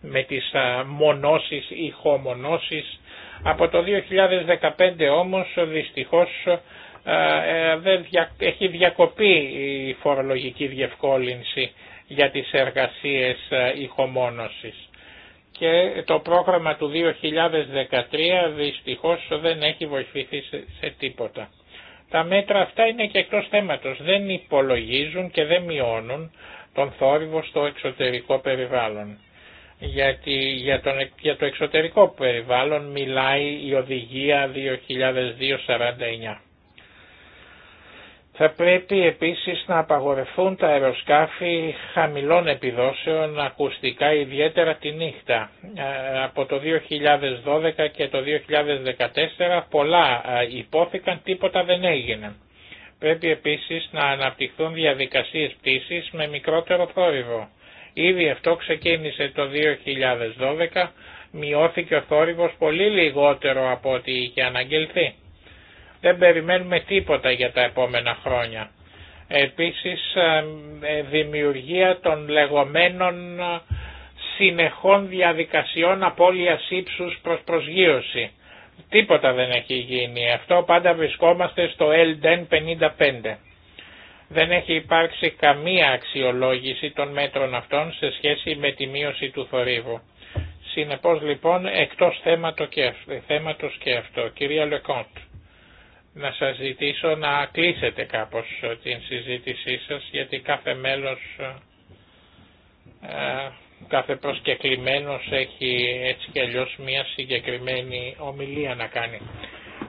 με τις μονώσεις ή από το 2015 όμως δυστυχώς ε, ε, έχει διακοπεί η φορολογική διευκόλυνση για τις εργασίες ε, ηχομόνωσης και το πρόγραμμα του 2013 δυστυχώς δεν έχει βοηθηθεί σε τίποτα. Τα μέτρα αυτά είναι και εκτός θέματος, δεν υπολογίζουν και δεν μειώνουν τον θόρυβο στο εξωτερικό περιβάλλον γιατί για, τον, για το εξωτερικό περιβάλλον μιλάει η οδηγία 2249. Θα πρέπει επίσης να απαγορευτούν τα αεροσκάφη χαμηλών επιδόσεων ακουστικά ιδιαίτερα τη νύχτα. Ε, από το 2012 και το 2014 πολλά ε, υπόθηκαν, τίποτα δεν έγινε. Πρέπει επίσης να αναπτυχθούν διαδικασίες πτήσης με μικρότερο θόρυβο. Ήδη αυτό ξεκίνησε το 2012, μειώθηκε ο θόρυβος πολύ λιγότερο από ό,τι είχε αναγγελθεί. Δεν περιμένουμε τίποτα για τα επόμενα χρόνια. Επίσης ε, ε, δημιουργία των λεγόμενων ε, συνεχών διαδικασιών απώλειας ύψους προς προσγείωση. Τίποτα δεν έχει γίνει. Αυτό πάντα βρισκόμαστε στο LDN 55. Δεν έχει υπάρξει καμία αξιολόγηση των μέτρων αυτών σε σχέση με τη μείωση του θορύβου. Συνεπώς λοιπόν εκτός θέματος και αυτό. Κυρία Λεκόντ, να σας ζητήσω να κλείσετε κάπως ε, την συζήτησή σας γιατί κάθε μέλος, ε, ε, κάθε προσκεκλημένος έχει έτσι και αλλιώς μια συγκεκριμένη ομιλία να κάνει.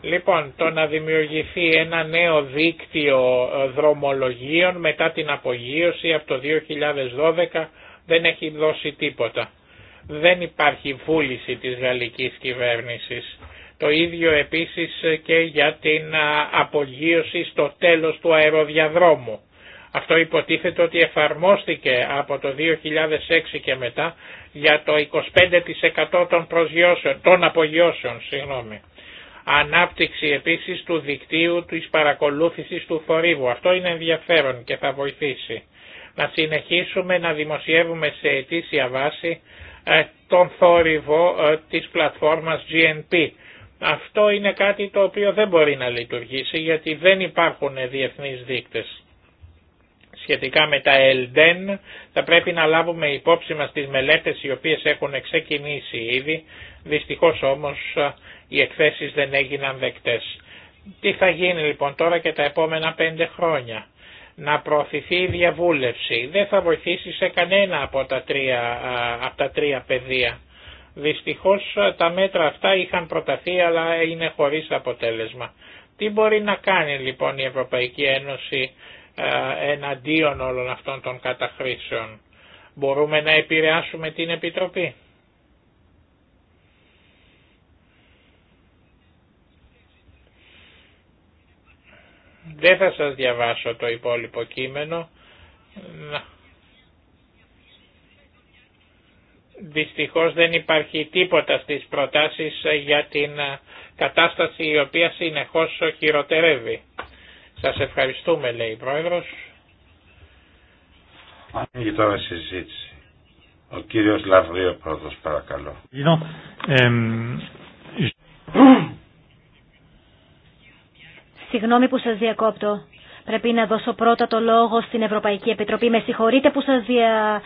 Λοιπόν, το να δημιουργηθεί ένα νέο δίκτυο ε, δρομολογίων μετά την απογείωση από το 2012 δεν έχει δώσει τίποτα. Δεν υπάρχει βούληση της γαλλικής κυβέρνησης. Το ίδιο επίσης και για την ε, απογείωση στο τέλος του αεροδιαδρόμου. Αυτό υποτίθεται ότι εφαρμόστηκε από το 2006 και μετά για το 25% των των απογειώσεων, ανάπτυξη επίσης του δικτύου της παρακολούθησης του θορύβου. Αυτό είναι ενδιαφέρον και θα βοηθήσει. Να συνεχίσουμε να δημοσιεύουμε σε αιτήσια βάση ε, τον θόρυβο ε, της πλατφόρμας GNP. Αυτό είναι κάτι το οποίο δεν μπορεί να λειτουργήσει γιατί δεν υπάρχουν διεθνείς δείκτες σχετικά με τα ΕΛΔΕΝ θα πρέπει να λάβουμε υπόψη μας τις μελέτες οι οποίες έχουν ξεκινήσει ήδη, δυστυχώς όμως ε, οι εκθέσεις δεν έγιναν δεκτές. Τι θα γίνει λοιπόν τώρα και τα επόμενα πέντε χρόνια. Να προωθηθεί η διαβούλευση. Δεν θα βοηθήσει σε κανένα από τα τρία, ε, από τα τρία πεδία. Δυστυχώς ε, τα μέτρα αυτά είχαν προταθεί αλλά είναι χωρίς αποτέλεσμα. Τι μπορεί να κάνει λοιπόν η Ευρωπαϊκή Ένωση ε, εναντίον όλων αυτών των καταχρήσεων. Μπορούμε να επηρεάσουμε την Επιτροπή. Δεν θα σας διαβάσω το υπόλοιπο κείμενο. Δυστυχώς δεν υπάρχει τίποτα στις προτάσεις για την κατάσταση η οποία συνεχώς χειροτερεύει. Σας ευχαριστούμε λέει η Πρόεδρος. Ανοίγει τώρα συζήτηση. Ο κύριος Λαβρίο Πρόεδρος, παρακαλώ. Συγγνώμη που σας διακόπτω. Πρέπει να δώσω πρώτα το λόγο στην Ευρωπαϊκή Επιτροπή. Με συγχωρείτε που σας, δια...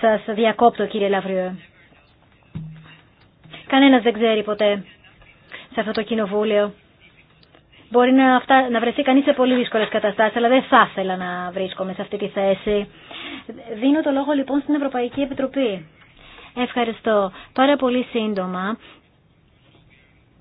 σας διακόπτω κύριε Λαβρίο. Κανένας δεν ξέρει ποτέ σε αυτό το κοινοβούλιο Μπορεί να, να βρεθεί κανείς σε πολύ δύσκολες καταστάσεις, αλλά δεν θα ήθελα να βρίσκομαι σε αυτή τη θέση. Δίνω το λόγο λοιπόν στην Ευρωπαϊκή Επιτροπή. Ευχαριστώ. Πάρα πολύ σύντομα.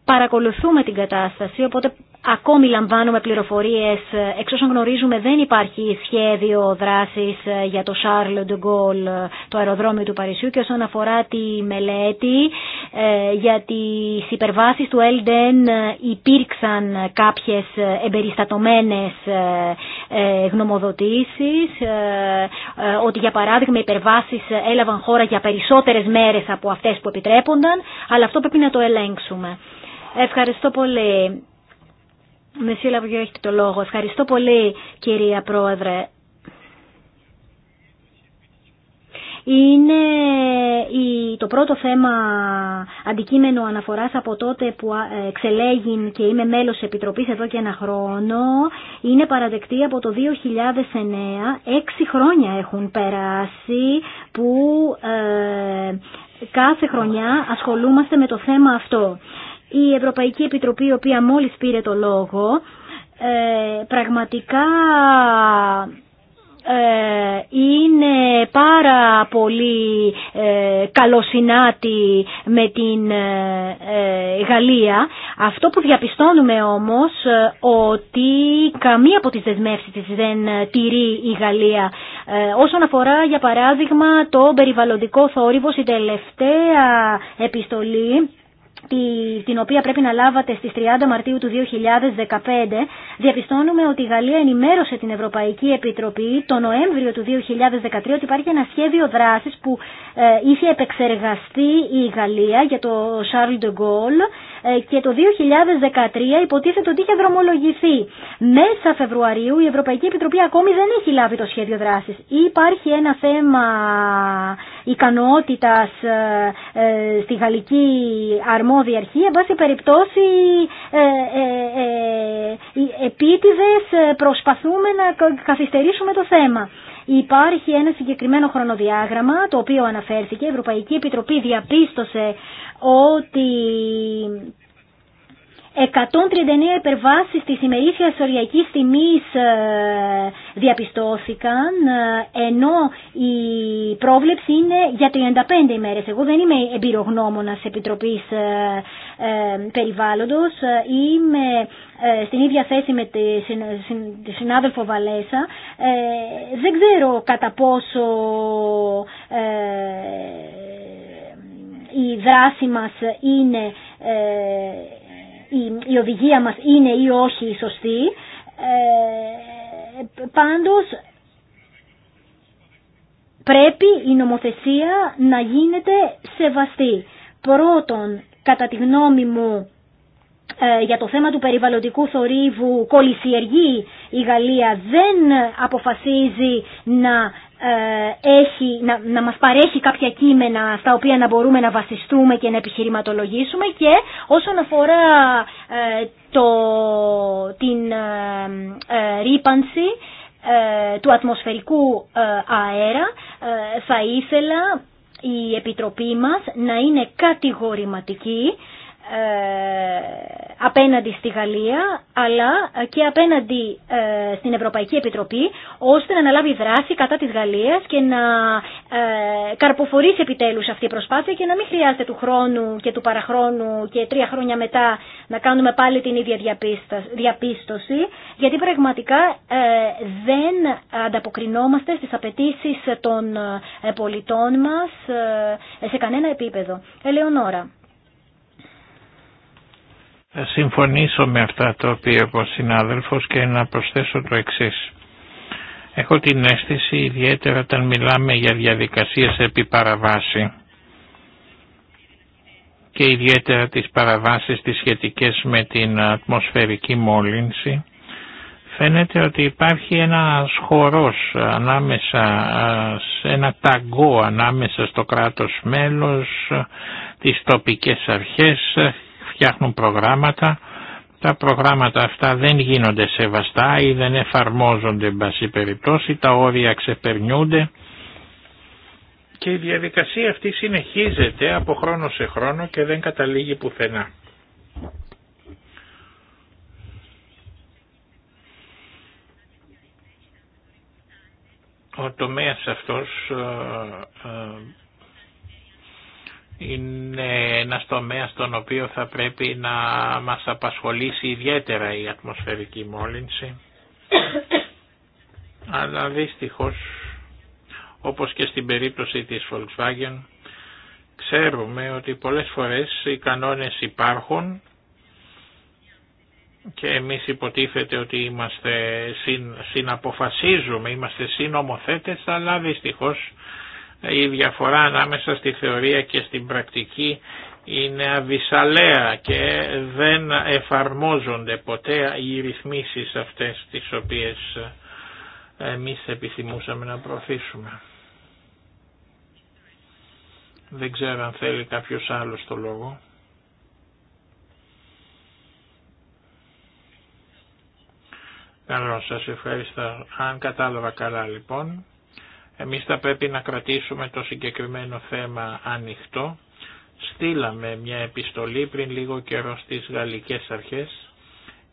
Παρακολουθούμε την κατάσταση, οπότε Ακόμη λαμβάνουμε πληροφορίες, εξ όσων γνωρίζουμε δεν υπάρχει σχέδιο δράσης ε, για το Charles de Gaulle, ε, το αεροδρόμιο του Παρισιού και όσον αφορά τη μελέτη ε, για τις υπερβάσεις του LDN υπήρξαν κάποιες εμπεριστατωμένες γνωμοδοτήσεις ότι για παράδειγμα οι υπερβάσεις έλαβαν χώρα για περισσότερες μέρες από αυτές που επιτρέπονταν αλλά αυτό πρέπει να το ελέγξουμε. Ευχαριστώ πολύ. Μεσή Λαβιό, έχετε το λόγο. Ευχαριστώ πολύ, κυρία Πρόεδρε. είναι το πρώτο θέμα αντικείμενο αναφοράς από τότε που εξελέγει και είμαι μέλος Επιτροπής εδώ και ένα χρόνο. Είναι παραδεκτή από το 2009. Έξι χρόνια έχουν περάσει που ε, κάθε χρονιά ασχολούμαστε με το θέμα αυτό η Ευρωπαϊκή Επιτροπή, η οποία μόλις πήρε το λόγο, ε, πραγματικά ε, είναι πάρα πολύ ε, καλοσυνάτη με την Γαλλία. Αυτό που διαπιστώνουμε όμως ότι καμία από τις δεσμεύσεις της δεν τηρεί η Γαλλία. Όσον αφορά για παράδειγμα το περιβαλλοντικό θόρυβο, η τελευταία επιστολή την οποία πρέπει να λάβατε στις 30 Μαρτίου του 2015, διαπιστώνουμε ότι η Γαλλία ενημέρωσε την Ευρωπαϊκή Επιτροπή το Νοέμβριο του 2013 ότι υπάρχει ένα σχέδιο δράσης που ε, είχε επεξεργαστεί η Γαλλία για το Charles de Gaulle ε, και το 2013 υποτίθεται ότι είχε δρομολογηθεί. Μέσα Φεβρουαρίου η Ευρωπαϊκή Επιτροπή ακόμη δεν έχει λάβει το σχέδιο δράσης. Υπάρχει ένα θέμα ικανότητας ε, ε, στη γαλλική αρμόδια αρχή. Εν πάση περιπτώσει επίτηδες προσπαθούμε να καθυστερήσουμε το θέμα. Υπάρχει ένα συγκεκριμένο χρονοδιάγραμμα το οποίο αναφέρθηκε. Η Ευρωπαϊκή Επιτροπή διαπίστωσε ότι 139 υπερβάσεις της ημερήσιας οριακής τιμής ε, διαπιστώθηκαν, ε, ενώ η πρόβλεψη είναι για 35 ημέρες. Εγώ δεν είμαι εμπειρογνώμονας Επιτροπής ε, Περιβάλλοντος, είμαι στην ίδια θέση με τη συνάδελφο Βαλέσα. Δεν ξέρω κατά πόσο η δράση μας είναι η, οδηγία μας είναι ή όχι η σωστή. Ε, πάντως πρέπει η νομοθεσία να γίνεται σεβαστή. Πρώτον, κατά τη γνώμη μου, ε, για το θέμα του περιβαλλοντικού θορύβου κολυσιεργεί η Γαλλία δεν αποφασίζει να ε, έχει, να, να μας παρέχει κάποια κείμενα στα οποία να μπορούμε να βασιστούμε και να επιχειρηματολογήσουμε και όσον αφορά ε, το, την ε, ε ρήπανση του ατμοσφαιρικού αέρα θα ήθελα η Επιτροπή μας να είναι κατηγορηματική ε, απέναντι στη Γαλλία αλλά και απέναντι ε, στην Ευρωπαϊκή Επιτροπή ώστε να αναλάβει δράση κατά της Γαλλίας και να ε, καρποφορήσει επιτέλους αυτή η προσπάθεια και να μην χρειάζεται του χρόνου και του παραχρόνου και τρία χρόνια μετά να κάνουμε πάλι την ίδια διαπίστωση γιατί πραγματικά δεν ανταποκρινόμαστε στις απαιτήσει των πολιτών μας σε κανένα επίπεδο. Ελεονόρα. Θα συμφωνήσω με αυτά τα οποία είπε ο συνάδελφος και να προσθέσω το εξής. Έχω την αίσθηση ιδιαίτερα όταν μιλάμε για διαδικασίες επί παραβάση και ιδιαίτερα τις παραβάσεις τις σχετικές με την ατμοσφαιρική μόλυνση φαίνεται ότι υπάρχει ένα χορός ανάμεσα σε ένα ταγκό ανάμεσα στο κράτος μέλος, τις τοπικές αρχές φτιάχνουν προγράμματα, τα προγράμματα αυτά δεν γίνονται σεβαστά ή δεν εφαρμόζονται εν πάση περιπτώσει, τα όρια ξεπερνιούνται και η διαδικασία αυτή συνεχίζεται από χρόνο σε χρόνο και δεν καταλήγει πουθενά. Ο τομέας αυτός ε, ε, είναι ένα τομέα στον οποίο θα πρέπει να μας απασχολήσει ιδιαίτερα η ατμοσφαιρική μόλυνση. Αλλά δυστυχώς, όπως και στην περίπτωση της Volkswagen, ξέρουμε ότι πολλές φορές οι κανόνες υπάρχουν και εμείς υποτίθεται ότι είμαστε συν, συναποφασίζουμε, είμαστε συνομοθέτες, αλλά δυστυχώς η διαφορά ανάμεσα στη θεωρία και στην πρακτική είναι αβυσαλαία και δεν εφαρμόζονται ποτέ οι ρυθμίσεις αυτές τις οποίες εμείς επιθυμούσαμε να προωθήσουμε. Δεν ξέρω αν θέλει κάποιος άλλος το λόγο. Καλώς σας ευχαριστώ. Αν κατάλαβα καλά λοιπόν. Εμείς θα πρέπει να κρατήσουμε το συγκεκριμένο θέμα ανοιχτό. Στείλαμε μια επιστολή πριν λίγο καιρό στις γαλλικές αρχές.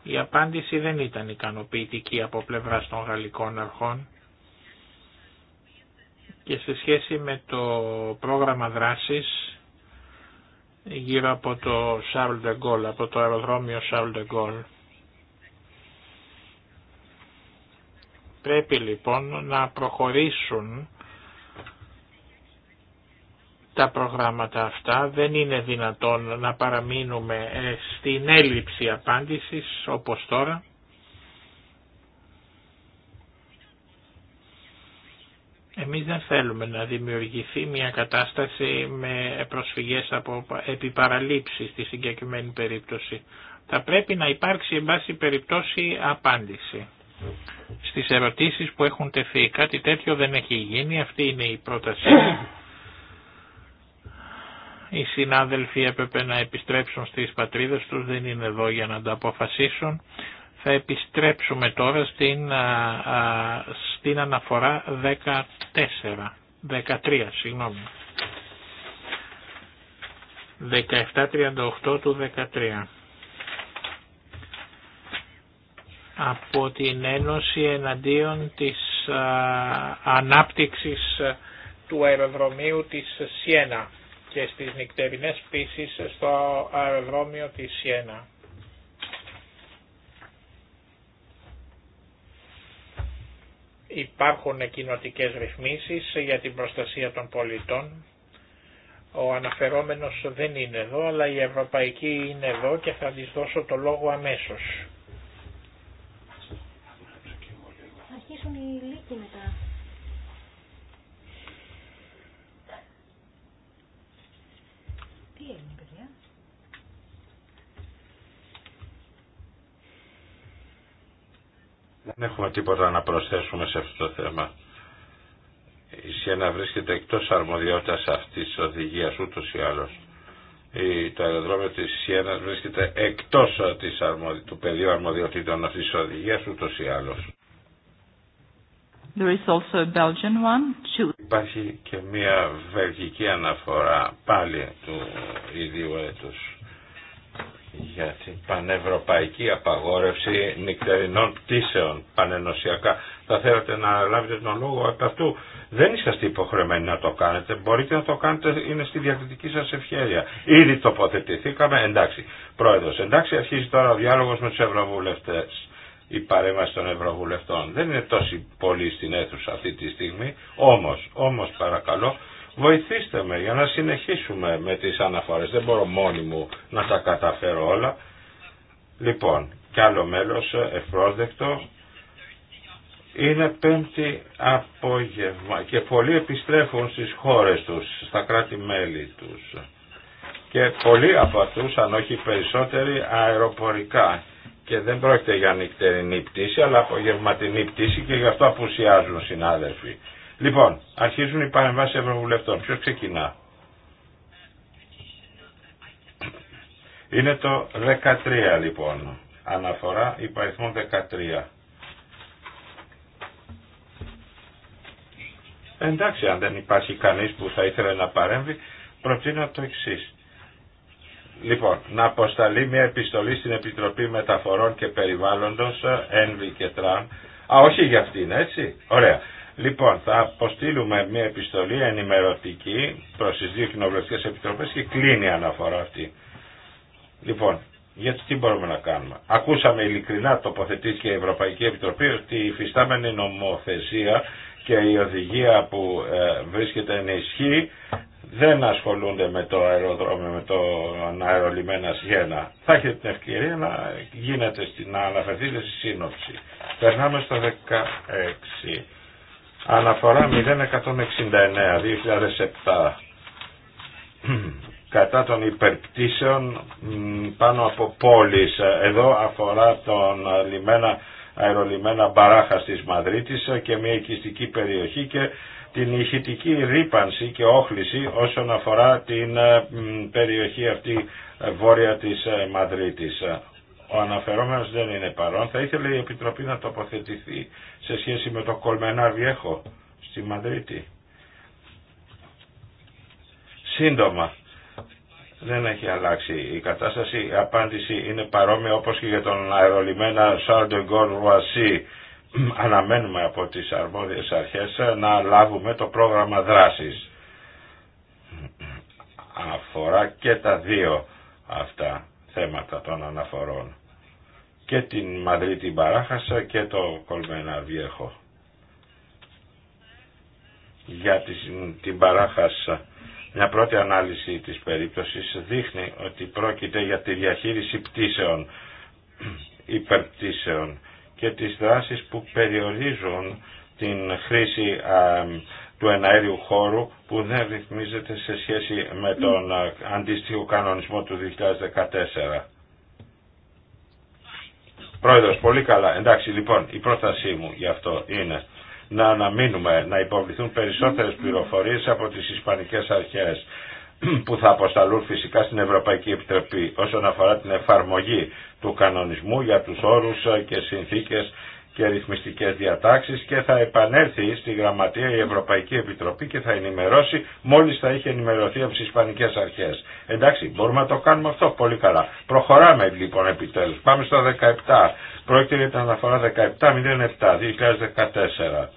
Η απάντηση δεν ήταν ικανοποιητική από πλευρά των γαλλικών αρχών και σε σχέση με το πρόγραμμα δράσης γύρω από το Charles από το αεροδρόμιο Charles de Πρέπει λοιπόν να προχωρήσουν τα προγράμματα αυτά. Δεν είναι δυνατόν να παραμείνουμε ε, στην έλλειψη απάντησης όπως τώρα. Εμείς δεν θέλουμε να δημιουργηθεί μια κατάσταση με προσφυγές από επιπαραλήψεις στη συγκεκριμένη περίπτωση. Θα πρέπει να υπάρξει εν πάση περιπτώσει απάντηση στις ερωτήσεις που έχουν τεθεί. Κάτι τέτοιο δεν έχει γίνει, αυτή είναι η πρόταση. Οι συνάδελφοι έπρεπε να επιστρέψουν στις πατρίδες τους, δεν είναι εδώ για να τα αποφασίσουν. Θα επιστρέψουμε τώρα στην, στην αναφορά 14, 13, συγγνώμη. 1738 του 13. από την Ένωση εναντίον της α, ανάπτυξης του αεροδρομίου της Σιένα και στις νυχτερινές πτήσεις στο αεροδρόμιο της Σιένα. Υπάρχουν κοινοτικές ρυθμίσεις για την προστασία των πολιτών. Ο αναφερόμενος δεν είναι εδώ, αλλά η Ευρωπαϊκή είναι εδώ και θα της δώσω το λόγο αμέσως. Δεν έχουμε τίποτα να προσθέσουμε σε αυτό το θέμα. Η Σιένα βρίσκεται εκτός αρμοδιότητας αυτής της οδηγίας ούτως ή άλλως. Το αεροδρόμιο της βρίσκεται βρίσκεται εκτός της αρμοδι... του πεδίου αρμοδιοτήτων αυτής της οδηγίας ούτως ή άλλως. There is also a Belgian one. Υπάρχει και μια βελγική αναφορά πάλι του ίδιου ετού για την πανευρωπαϊκή απαγόρευση νυχτερινών πτήσεων πανενοσιακά. Θα θέλατε να λάβετε τον λόγο από αυτού. Δεν είσαστε υποχρεωμένοι να το κάνετε. Μπορείτε να το κάνετε, είναι στη διακριτική σας ευχαίρεια. Ήδη τοποθετηθήκαμε, εντάξει. Πρόεδρος, εντάξει, αρχίζει τώρα ο διάλογος με τους ευρωβουλευτές. Η παρέμβαση των ευρωβουλευτών δεν είναι τόσο πολύ στην αίθουσα αυτή τη στιγμή. Όμως, όμως παρακαλώ, Βοηθήστε με για να συνεχίσουμε με τις αναφορές. Δεν μπορώ μόνοι μου να τα καταφέρω όλα. Λοιπόν, κι άλλο μέλος ευπρόσδεκτο είναι πέμπτη απόγευμα και πολλοί επιστρέφουν στις χώρες τους, στα κράτη-μέλη τους. Και πολλοί από αυτούς, αν όχι περισσότεροι, αεροπορικά. Και δεν πρόκειται για νυχτερινή πτήση, αλλά απογευματινή πτήση και γι' αυτό απουσιάζουν συνάδελφοι. Λοιπόν, αρχίζουν οι παρεμβάσει ευρωβουλευτών. Ποιο ξεκινά. Είναι το 13 λοιπόν. Αναφορά υπαριθμών 13. Εντάξει, αν δεν υπάρχει κανείς που θα ήθελε να παρέμβει, προτείνω το εξή. Λοιπόν, να αποσταλεί μια επιστολή στην Επιτροπή Μεταφορών και Περιβάλλοντος, ΕΝΒΙ και ΤΡΑΝ. Α, όχι για αυτήν, έτσι. Ωραία. Λοιπόν, θα αποστείλουμε μια επιστολή ενημερωτική προς τις δύο κοινοβουλευτικές επιτροπές και κλείνει η αναφορά αυτή. Λοιπόν, γιατί τι μπορούμε να κάνουμε. Ακούσαμε ειλικρινά τοποθετήθηκε η Ευρωπαϊκή Επιτροπή ότι η φυστάμενη νομοθεσία και η οδηγία που ε, βρίσκεται εν ισχύ δεν ασχολούνται με το αεροδρόμιο, με το αερολιμένα Σιένα. Θα έχετε την ευκαιρία να, γίνεται, στην αναφερθείτε στη σύνοψη. Περνάμε στο 16. Αναφορά 0169-2007 κατά των υπερπτήσεων πάνω από πόλεις. Εδώ αφορά τον λιμένα, αερολιμένα Μπαράχα της Μαδρίτης και μια οικιστική περιοχή και την ηχητική ρήπανση και όχληση όσον αφορά την ε, περιοχή αυτή ε, βόρεια της ε, Μαδρίτης ο αναφερόμενος δεν είναι παρόν. Θα ήθελε η Επιτροπή να τοποθετηθεί σε σχέση με το κολμένα Βιέχο στη Μαδρίτη. Σύντομα. Δεν έχει αλλάξει η κατάσταση. Η απάντηση είναι παρόμοια όπως και για τον αερολιμένα Σαρντεγκόρ Βουασί. (clears throat) Αναμένουμε από τις αρμόδιες αρχές να λάβουμε το πρόγραμμα δράσης. Αφορά και τα δύο αυτά θέματα των αναφορών και την Μαδρίτη Μπαράχασα και το Κολμένα Βιέχο. Για την Μπαράχασα μια πρώτη ανάλυση της περίπτωσης δείχνει ότι πρόκειται για τη διαχείριση πτήσεων, (clears throat) υπερπτήσεων και τις δράσεις που περιορίζουν την χρήση του εναέριου χώρου που δεν ρυθμίζεται σε σχέση με τον αντίστοιχο κανονισμό του 2014. Πρόεδρος, πολύ καλά. Εντάξει, λοιπόν, η πρότασή μου γι' αυτό είναι να αναμείνουμε να υποβληθούν περισσότερες πληροφορίες από τις Ισπανικές αρχές (clears throat) που θα αποσταλούν φυσικά στην Ευρωπαϊκή Επιτροπή όσον αφορά την εφαρμογή του κανονισμού για τους όρους και συνθήκες και ρυθμιστικές διατάξεις και θα επανέλθει στη Γραμματεία η Ευρωπαϊκή Επιτροπή και θα ενημερώσει μόλις θα έχει ενημερωθεί από τις Ισπανικές Αρχές. Εντάξει, μπορούμε να το κάνουμε αυτό πολύ καλά. Προχωράμε λοιπόν επιτέλους. Πάμε στο 17. Πρόκειται για την αναφορα 17.07.2014. 1707-2014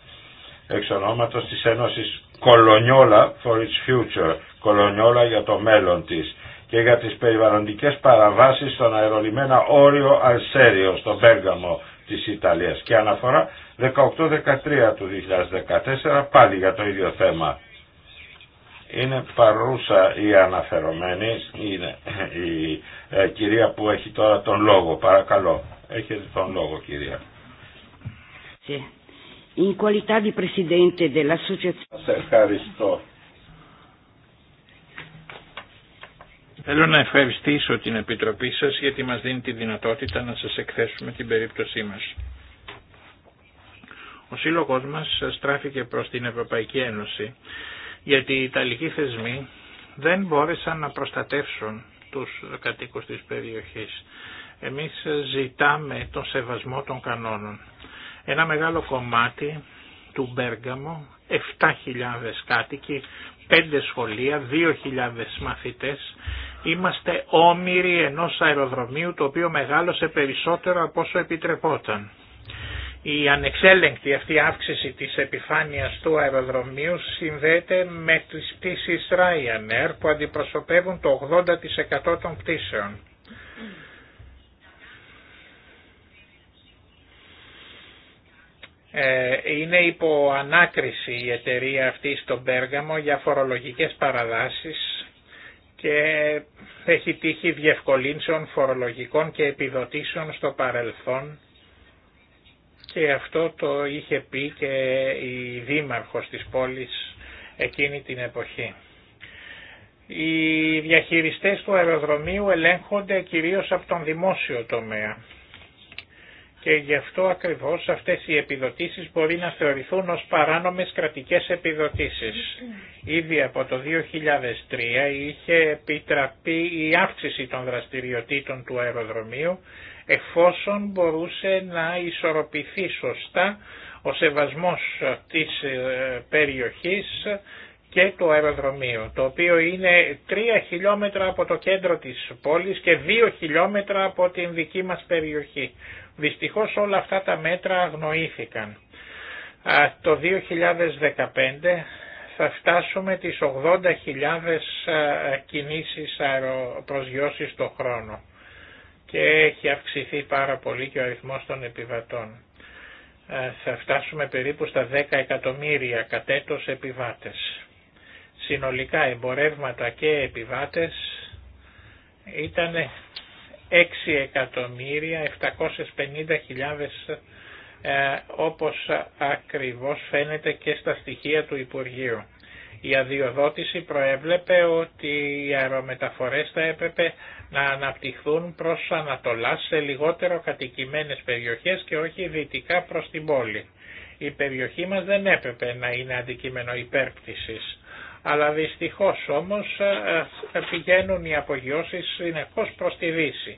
εξ ονόματος της Ένωσης Κολονιόλα for its future, Κολονιόλα για το μέλλον της και για τις περιβαλλοντικές παραβάσεις στον αερολιμένα όριο Αλσέριο στο Μπέργαμο της Ιταλίας και αναφορά 18-13 του 2014 πάλι για το ίδιο θέμα. Είναι παρούσα η αναφερομένη, είναι η ε, κυρία που έχει τώρα τον λόγο. Παρακαλώ, έχετε τον λόγο κυρία. In qualità di ευχαριστώ Θέλω να ευχαριστήσω την Επιτροπή σας γιατί μας δίνει τη δυνατότητα να σας εκθέσουμε την περίπτωσή μας. Ο σύλλογος μας στράφηκε προς την Ευρωπαϊκή Ένωση γιατί οι Ιταλικοί θεσμοί δεν μπόρεσαν να προστατεύσουν τους κατοίκους της περιοχής. Εμείς ζητάμε τον σεβασμό των κανόνων. Ένα μεγάλο κομμάτι του Μπέργαμο, 7.000 κάτοικοι, 5 σχολεία, 2.000 μαθητές Είμαστε όμοιροι ενός αεροδρομίου το οποίο μεγάλωσε περισσότερο από όσο επιτρεπόταν. Η ανεξέλεγκτη αυτή αύξηση της επιφάνειας του αεροδρομίου συνδέεται με τις πτήσεις Ryanair που αντιπροσωπεύουν το 80% των πτήσεων. Ε, είναι υπό ανάκριση η εταιρεία αυτή στον Πέργαμο για φορολογικές παραδάσεις και έχει τύχει διευκολύνσεων φορολογικών και επιδοτήσεων στο παρελθόν και αυτό το είχε πει και η δήμαρχος της πόλης εκείνη την εποχή. Οι διαχειριστές του αεροδρομίου ελέγχονται κυρίως από τον δημόσιο τομέα και γι' αυτό ακριβώς αυτές οι επιδοτήσεις μπορεί να θεωρηθούν ως παράνομες κρατικές επιδοτήσεις. Ήδη από το 2003 είχε επιτραπεί η αύξηση των δραστηριοτήτων του αεροδρομίου εφόσον μπορούσε να ισορροπηθεί σωστά ο σεβασμός της ε, περιοχής και του αεροδρομίου, το οποίο είναι 3 χιλιόμετρα από το κέντρο της πόλης και 2 χιλιόμετρα από την δική μας περιοχή. Δυστυχώς όλα αυτά τα μέτρα αγνοήθηκαν. Το 2015 θα φτάσουμε τις 80.000 κινήσεις αεροπροσγειώσεις το χρόνο και έχει αυξηθεί πάρα πολύ και ο αριθμός των επιβατών. Θα φτάσουμε περίπου στα 10 εκατομμύρια κατέτος επιβάτες. Συνολικά εμπορεύματα και επιβάτες ήταν 6.750.000 ε, όπως ακριβώς φαίνεται και στα στοιχεία του Υπουργείου. Η αδειοδότηση προέβλεπε ότι οι αερομεταφορές θα έπρεπε να αναπτυχθούν προς Ανατολά σε λιγότερο κατοικημένες περιοχές και όχι δυτικά προς την πόλη. Η περιοχή μας δεν έπρεπε να είναι αντικείμενο υπέρπτυσης. Αλλά δυστυχώς όμως ε, ε, πηγαίνουν οι απογειώσεις συνεχώς προς τη Δύση.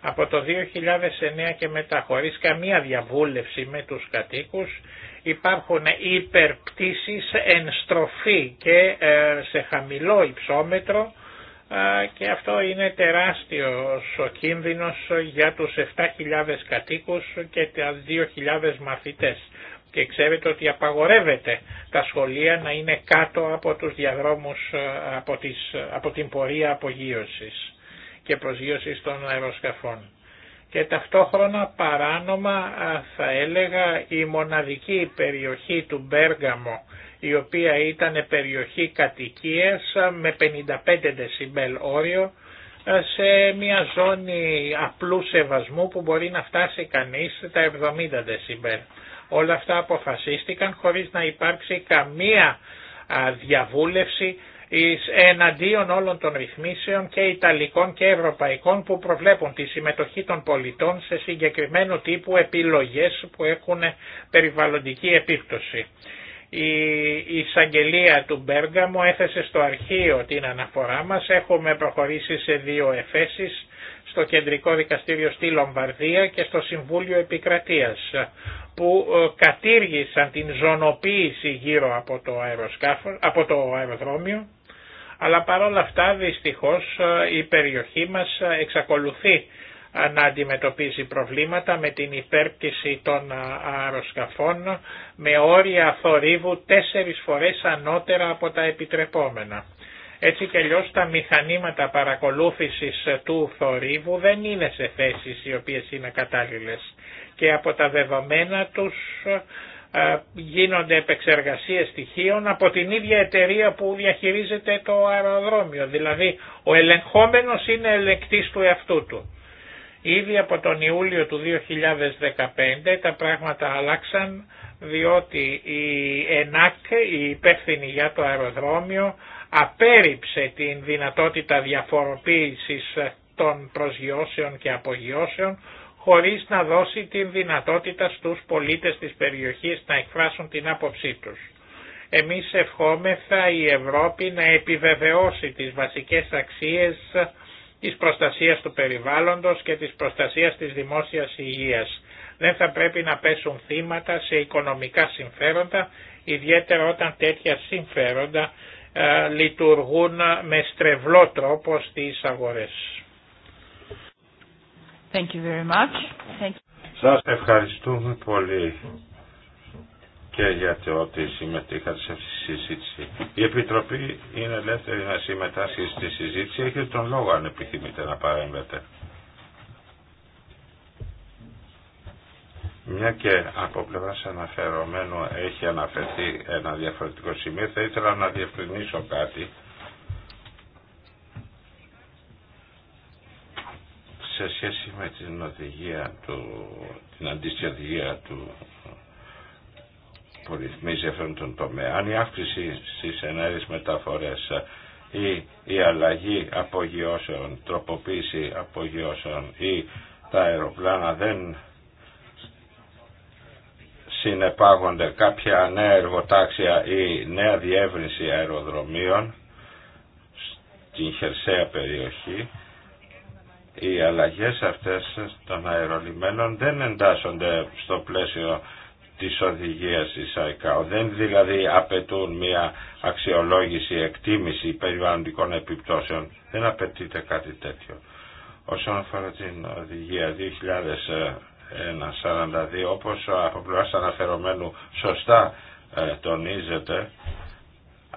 Από το 2009 και μετά, χωρίς καμία διαβούλευση με τους κατοίκους, υπάρχουν υπερπτήσεις εν στροφή και ε, σε χαμηλό υψόμετρο και αυτό είναι τεράστιο ο κίνδυνος για τους 7.000 κατοίκους και τα 2.000 μαθητές και ξέρετε ότι απαγορεύεται τα σχολεία να είναι κάτω από τους διαδρόμους, ε, από, τις, την πορεία απογείωσης και προσγείωσης των αεροσκαφών. Και ταυτόχρονα παράνομα θα έλεγα η μοναδική περιοχή του Μπέργαμο η οποία ήταν περιοχή κατοικίας με 55 δεσιμπέλ όριο σε μια ζώνη απλού σεβασμού που μπορεί να φτάσει κανείς τα 70 δεσιμπέλ. Όλα αυτά αποφασίστηκαν χωρίς να υπάρξει καμία διαβούλευση εις εναντίον όλων των ρυθμίσεων και Ιταλικών και Ευρωπαϊκών που προβλέπουν τη συμμετοχή των πολιτών σε συγκεκριμένου τύπου επιλογές που έχουν περιβαλλοντική επίπτωση. Η εισαγγελία του Μπέργαμο έθεσε στο αρχείο την αναφορά μας. Έχουμε προχωρήσει σε δύο εφέσεις στο Κεντρικό Δικαστήριο στη Λομβαρδία και στο Συμβούλιο Επικρατείας που ε, κατήργησαν την ζωνοποίηση γύρω από το, αεροσκάφο, από το αεροδρόμιο, αλλά παρόλα αυτά δυστυχώς ε, η περιοχή μας ε, εξακολουθεί να αντιμετωπίζει προβλήματα με την υπέρπτυση των αεροσκαφών με όρια θορύβου τέσσερις φορές ανώτερα από τα επιτρεπόμενα. Έτσι και αλλιώ τα μηχανήματα παρακολούθησης του θορύβου δεν είναι σε θέσεις οι οποίες είναι κατάλληλες και από τα δεδομένα τους ε, ε, γίνονται επεξεργασίες στοιχείων από την ίδια εταιρεία που διαχειρίζεται το αεροδρόμιο. Δηλαδή ο ελεγχόμενος είναι ελεκτής του εαυτού του. Ήδη από τον Ιούλιο του 2015 τα πράγματα αλλάξαν διότι η ΕΝΑΚ, η υπεύθυνη για το αεροδρόμιο, απέριψε την δυνατότητα διαφοροποίησης των προσγειώσεων και απογειώσεων χωρίς να δώσει την δυνατότητα στους πολίτες της περιοχής να εκφράσουν την άποψή τους. Εμείς ευχόμεθα η Ευρώπη να επιβεβαιώσει τις βασικές αξίες της προστασίας του περιβάλλοντος και της προστασίας της δημόσιας υγείας. Δεν θα πρέπει να πέσουν θύματα σε οικονομικά συμφέροντα, ιδιαίτερα όταν τέτοια συμφέροντα ε, λειτουργούν με στρεβλό τρόπο στις αγορές. Thank you very much. Σας ευχαριστούμε πολύ και για το ότι συμμετείχατε σε αυτή τη συζήτηση. Η Επιτροπή είναι ελεύθερη να συμμετάσχει στη συζήτηση. Έχετε τον λόγο αν επιθυμείτε να παρέμβετε. Μια και από πλευρά αναφερομένου έχει αναφερθεί ένα διαφορετικό σημείο, θα ήθελα να διευκρινίσω κάτι σε σχέση με την οδηγία του, την αντίστοιχη οδηγία του που ρυθμίζει αυτόν τον τομέα. Αν η αύξηση στις ενέργειε μεταφορές ή η αλλαγή απογειώσεων, τροποποίηση απογειώσεων ή τα αεροπλάνα δεν συνεπάγονται κάποια νέα εργοτάξια ή νέα διεύρυνση αεροδρομίων στην χερσαία περιοχή, οι αλλαγές αυτές των αερολιμένων δεν εντάσσονται στο πλαίσιο της οδηγίας της ΑΕΚΑΟ. Δεν δηλαδή απαιτούν μια αξιολόγηση, εκτίμηση περιβαλλοντικών επιπτώσεων. Δεν απαιτείται κάτι τέτοιο. Όσον αφορά την οδηγία 2001-42, όπως από πλευράς αναφερομένου σωστά ε, τονίζεται,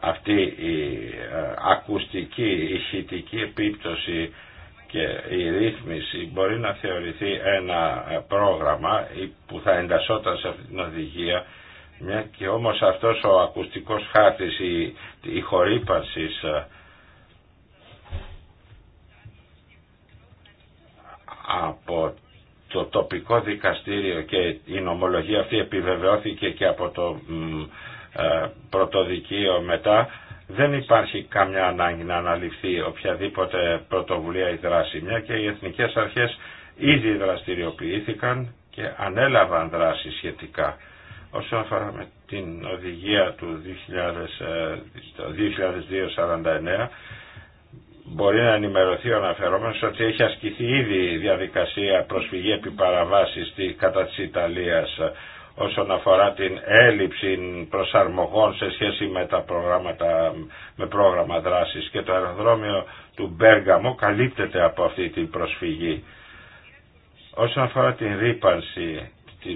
αυτή η ε, ακουστική, ηχητική επίπτωση και η ρύθμιση μπορεί να θεωρηθεί ένα ε, πρόγραμμα που θα εντασσόταν σε αυτή την οδηγία μια και όμως αυτός ο ακουστικός χάρτης η, η ε, από το τοπικό δικαστήριο και η νομολογία αυτή επιβεβαιώθηκε και από το ε, πρωτοδικείο μετά δεν υπάρχει καμιά ανάγκη να αναλυφθεί οποιαδήποτε πρωτοβουλία ή δράση, μια και οι εθνικές αρχές ήδη δραστηριοποιήθηκαν και ανέλαβαν δράση σχετικά. Όσον αφορά με την οδηγία του 2002-49, ε, μπορεί να ενημερωθεί ο αναφερόμενος ότι έχει ασκηθεί ήδη διαδικασία προσφυγή επί κατά της Ιταλίας όσον αφορά την έλλειψη προσαρμογών σε σχέση με τα προγράμματα, με πρόγραμμα δράσης και το αεροδρόμιο του Μπέργαμο καλύπτεται από αυτή την προσφυγή. Όσον αφορά την ρήπανση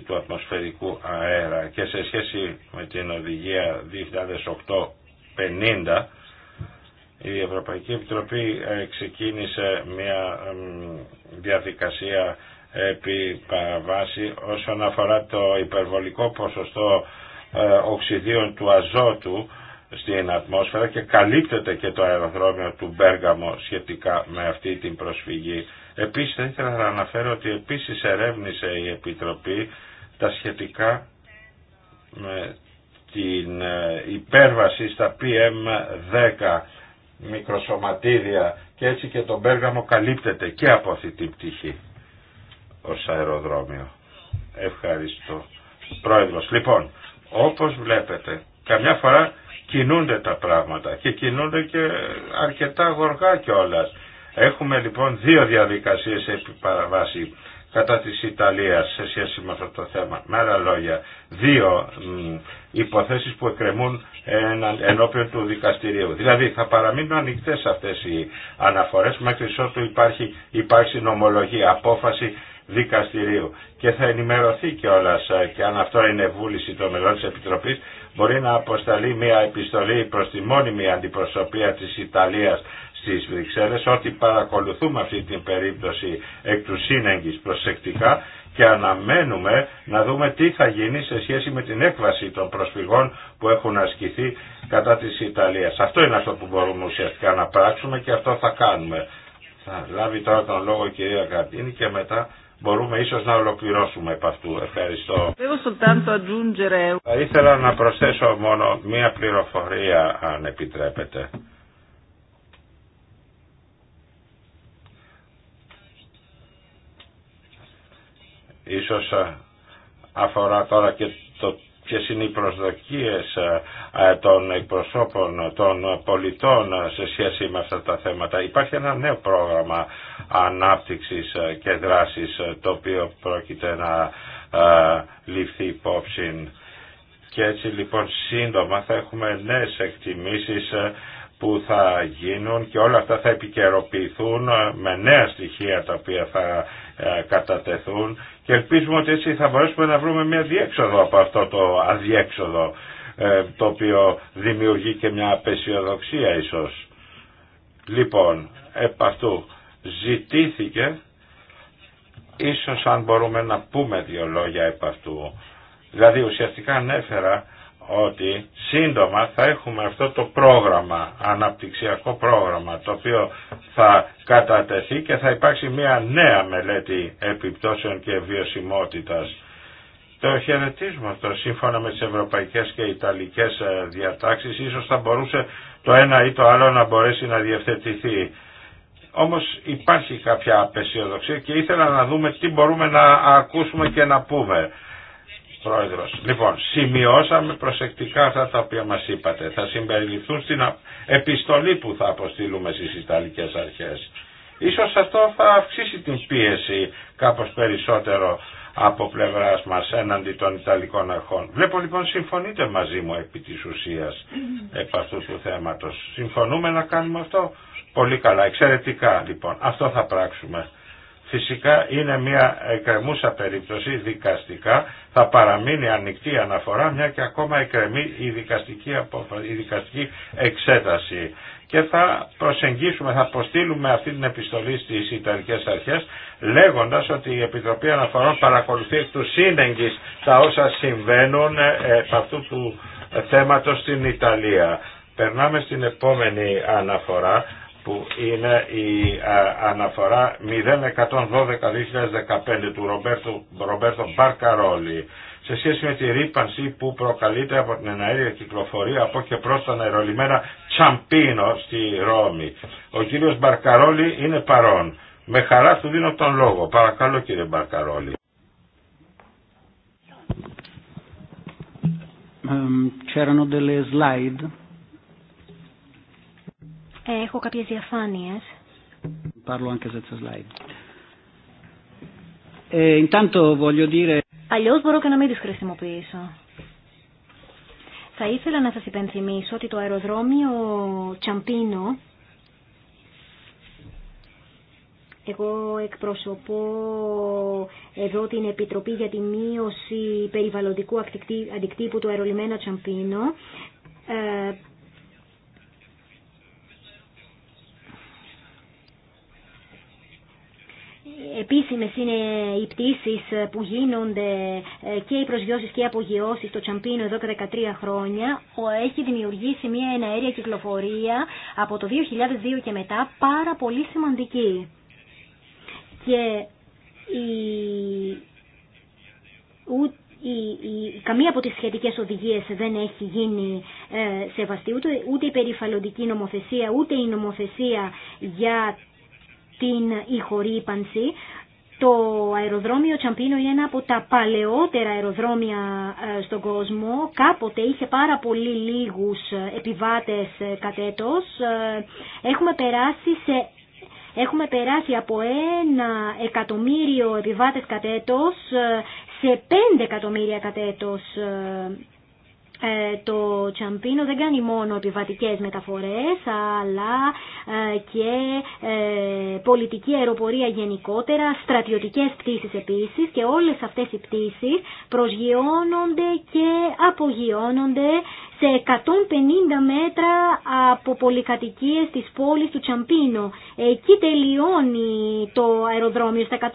του ατμοσφαιρικού αέρα και σε σχέση με την οδηγία 2008-50 η Ευρωπαϊκή Επιτροπή ε, ξεκίνησε μια διαδικασία επί παραβάση όσον αφορά το υπερβολικό ποσοστό ε, οξυδίων του αζότου στην ατμόσφαιρα και καλύπτεται και το αεροδρόμιο του Μπέργαμο σχετικά με αυτή την προσφυγή. Επίσης θα ήθελα να αναφέρω ότι επίσης ερεύνησε η Επιτροπή τα σχετικά με την ε, υπέρβαση στα PM10 μικροσωματίδια και έτσι και το Μπέργαμο καλύπτεται και από αυτή την πτυχή ως αεροδρόμιο. Ευχαριστώ. Πρόεδρος, λοιπόν, όπως βλέπετε, καμιά φορά κινούνται τα πράγματα και κινούνται και αρκετά γοργά κιόλα. Έχουμε λοιπόν δύο διαδικασίες επί παραβάση κατά της Ιταλίας σε σχέση με αυτό το θέμα. Με άλλα λόγια, δύο μ, υποθέσεις που εκκρεμούν ενώπιον του δικαστηρίου. Δηλαδή θα παραμείνουν ανοιχτές αυτές οι αναφορές μέχρι ότου υπάρχει, υπάρχει νομολογία, απόφαση δικαστηρίου. Και θα ενημερωθεί κιόλα ε, και αν αυτό είναι βούληση των μελών τη Επιτροπή, μπορεί να αποσταλεί μια επιστολή προ τη μόνιμη αντιπροσωπεία τη Ιταλία στι Βρυξέλλες ότι παρακολουθούμε αυτή την περίπτωση εκ του σύνεγγυ προσεκτικά και αναμένουμε να δούμε τι θα γίνει σε σχέση με την έκβαση των προσφυγών που έχουν ασκηθεί κατά της Ιταλίας. Αυτό είναι αυτό που μπορούμε ουσιαστικά να πράξουμε και αυτό θα κάνουμε. Θα λάβει τώρα τον λόγο η κυρία Καρτίνη και μετά μπορούμε ίσως να ολοκληρώσουμε επ' αυτού. Ευχαριστώ. Θα ήθελα να προσθέσω μόνο μία πληροφορία αν επιτρέπετε. Ίσως αφορά τώρα και ποιες είναι οι προσδοκίες ε, ε, των εκπροσώπων των πολιτών ε, σε σχέση με αυτά τα θέματα. Υπάρχει ένα νέο πρόγραμμα ανάπτυξης και δράσης το οποίο πρόκειται να ληφθεί υπόψη. Και έτσι λοιπόν σύντομα θα έχουμε νέες εκτιμήσεις που θα γίνουν και όλα αυτά θα επικαιροποιηθούν με νέα στοιχεία τα οποία θα ε, κατατεθούν και ελπίζουμε ότι έτσι θα μπορέσουμε να βρούμε μια διέξοδο από αυτό το αδιέξοδο ε, το οποίο δημιουργεί και μια απεσιοδοξία ίσως. Λοιπόν, επ' αυτού ζητήθηκε ίσως αν μπορούμε να πούμε δύο λόγια επ' αυτού. Δηλαδή ουσιαστικά ανέφερα ότι σύντομα θα έχουμε αυτό το πρόγραμμα, αναπτυξιακό πρόγραμμα, το οποίο θα κατατεθεί και θα υπάρξει μια νέα μελέτη επιπτώσεων και βιωσιμότητας. Το χαιρετίζουμε αυτό σύμφωνα με τις ευρωπαϊκές και ιταλικές ε, διατάξεις, ίσως θα μπορούσε το ένα ή το άλλο να μπορέσει να διευθετηθεί. Όμως υπάρχει κάποια απεσιοδοξία και ήθελα να δούμε τι μπορούμε να ακούσουμε και να πούμε. Πρόεδρος. Λοιπόν, σημειώσαμε προσεκτικά αυτά τα οποία μας είπατε. Θα συμπεριληφθούν στην επιστολή που θα αποστείλουμε στις Ιταλικές Αρχές. Ίσως αυτό θα αυξήσει την πίεση κάπως περισσότερο από πλευράς μας έναντι των Ιταλικών αρχών. Βλέπω λοιπόν συμφωνείτε μαζί μου επί της ουσίας επ' αυτού του θέματος. Συμφωνούμε να κάνουμε αυτό. Πολύ καλά, εξαιρετικά λοιπόν. Αυτό θα πράξουμε. Φυσικά είναι μια εκκρεμούσα περίπτωση δικαστικά, θα παραμείνει ανοιχτή αναφορά μια και ακόμα εκκρεμεί η δικαστική, η δικαστική εξέταση. Και θα προσεγγίσουμε, θα αποστείλουμε αυτή την επιστολή στις Ιταλικές Αρχές λέγοντας ότι η Επιτροπή Αναφορών παρακολουθεί του σύνεγγυς τα όσα συμβαίνουν σε αυτού του ε, θέματος στην Ιταλία. Περνάμε στην επόμενη αναφορά που είναι η ε, αναφορά 0112-2015 του Ρομπέρτο, Μπαρκαρόλη σε σχέση με τη ρήπανση που προκαλείται από την εναέρια κυκλοφορία από και προς τα αερολιμένα Τσαμπίνο στη Ρώμη. Ο κύριος Μπαρκαρόλη είναι παρόν. Με χαρά του δίνω τον λόγο. Παρακαλώ κύριε Μπαρκαρόλη. Um, Έχω κάποιες διαφάνειες. Parlo anche senza slide. E, intanto Αλλιώς μπορώ και να μην τις χρησιμοποιήσω. Θα ήθελα να σας υπενθυμίσω ότι το αεροδρόμιο Τσαμπίνο εγώ εκπροσωπώ εδώ την Επιτροπή για τη Μείωση Περιβαλλοντικού Αντικτύπου του Αερολιμένου Τσαμπίνο επίσημες είναι οι πτήσεις που γίνονται ε, και οι προσγειώσεις και οι απογειώσεις στο Τσαμπίνο εδώ και 13 χρόνια έχει δημιουργήσει μια εναέρια κυκλοφορία από το 2002 και μετά πάρα πολύ σημαντική. Και η... καμία από τις σχετικές οδηγίες δεν έχει γίνει ε, σεβαστή, ούτε, ούτε η περιφαλλοντική νομοθεσία, ούτε η νομοθεσία για την ηχορύπανση. Το αεροδρόμιο Τσαμπίνο είναι ένα από τα παλαιότερα αεροδρόμια ε, στον κόσμο. Κάποτε είχε πάρα πολύ λίγους ε, επιβάτες ε, κατ' Έχουμε περάσει σε Έχουμε περάσει από ένα εκατομμύριο επιβάτες κατέτος σε πέντε εκατομμύρια κατέτος. Ε, το Τσαμπίνο δεν κάνει μόνο επιβατικές μεταφορές αλλά ε, και ε, πολιτική αεροπορία γενικότερα, στρατιωτικές πτήσεις επίσης και όλες αυτές οι πτήσεις προσγειώνονται και απογειώνονται σε 150 μέτρα από πολυκατοικίε τη πόλη του Τσαμπίνο. Εκεί τελειώνει το αεροδρόμιο, στα 150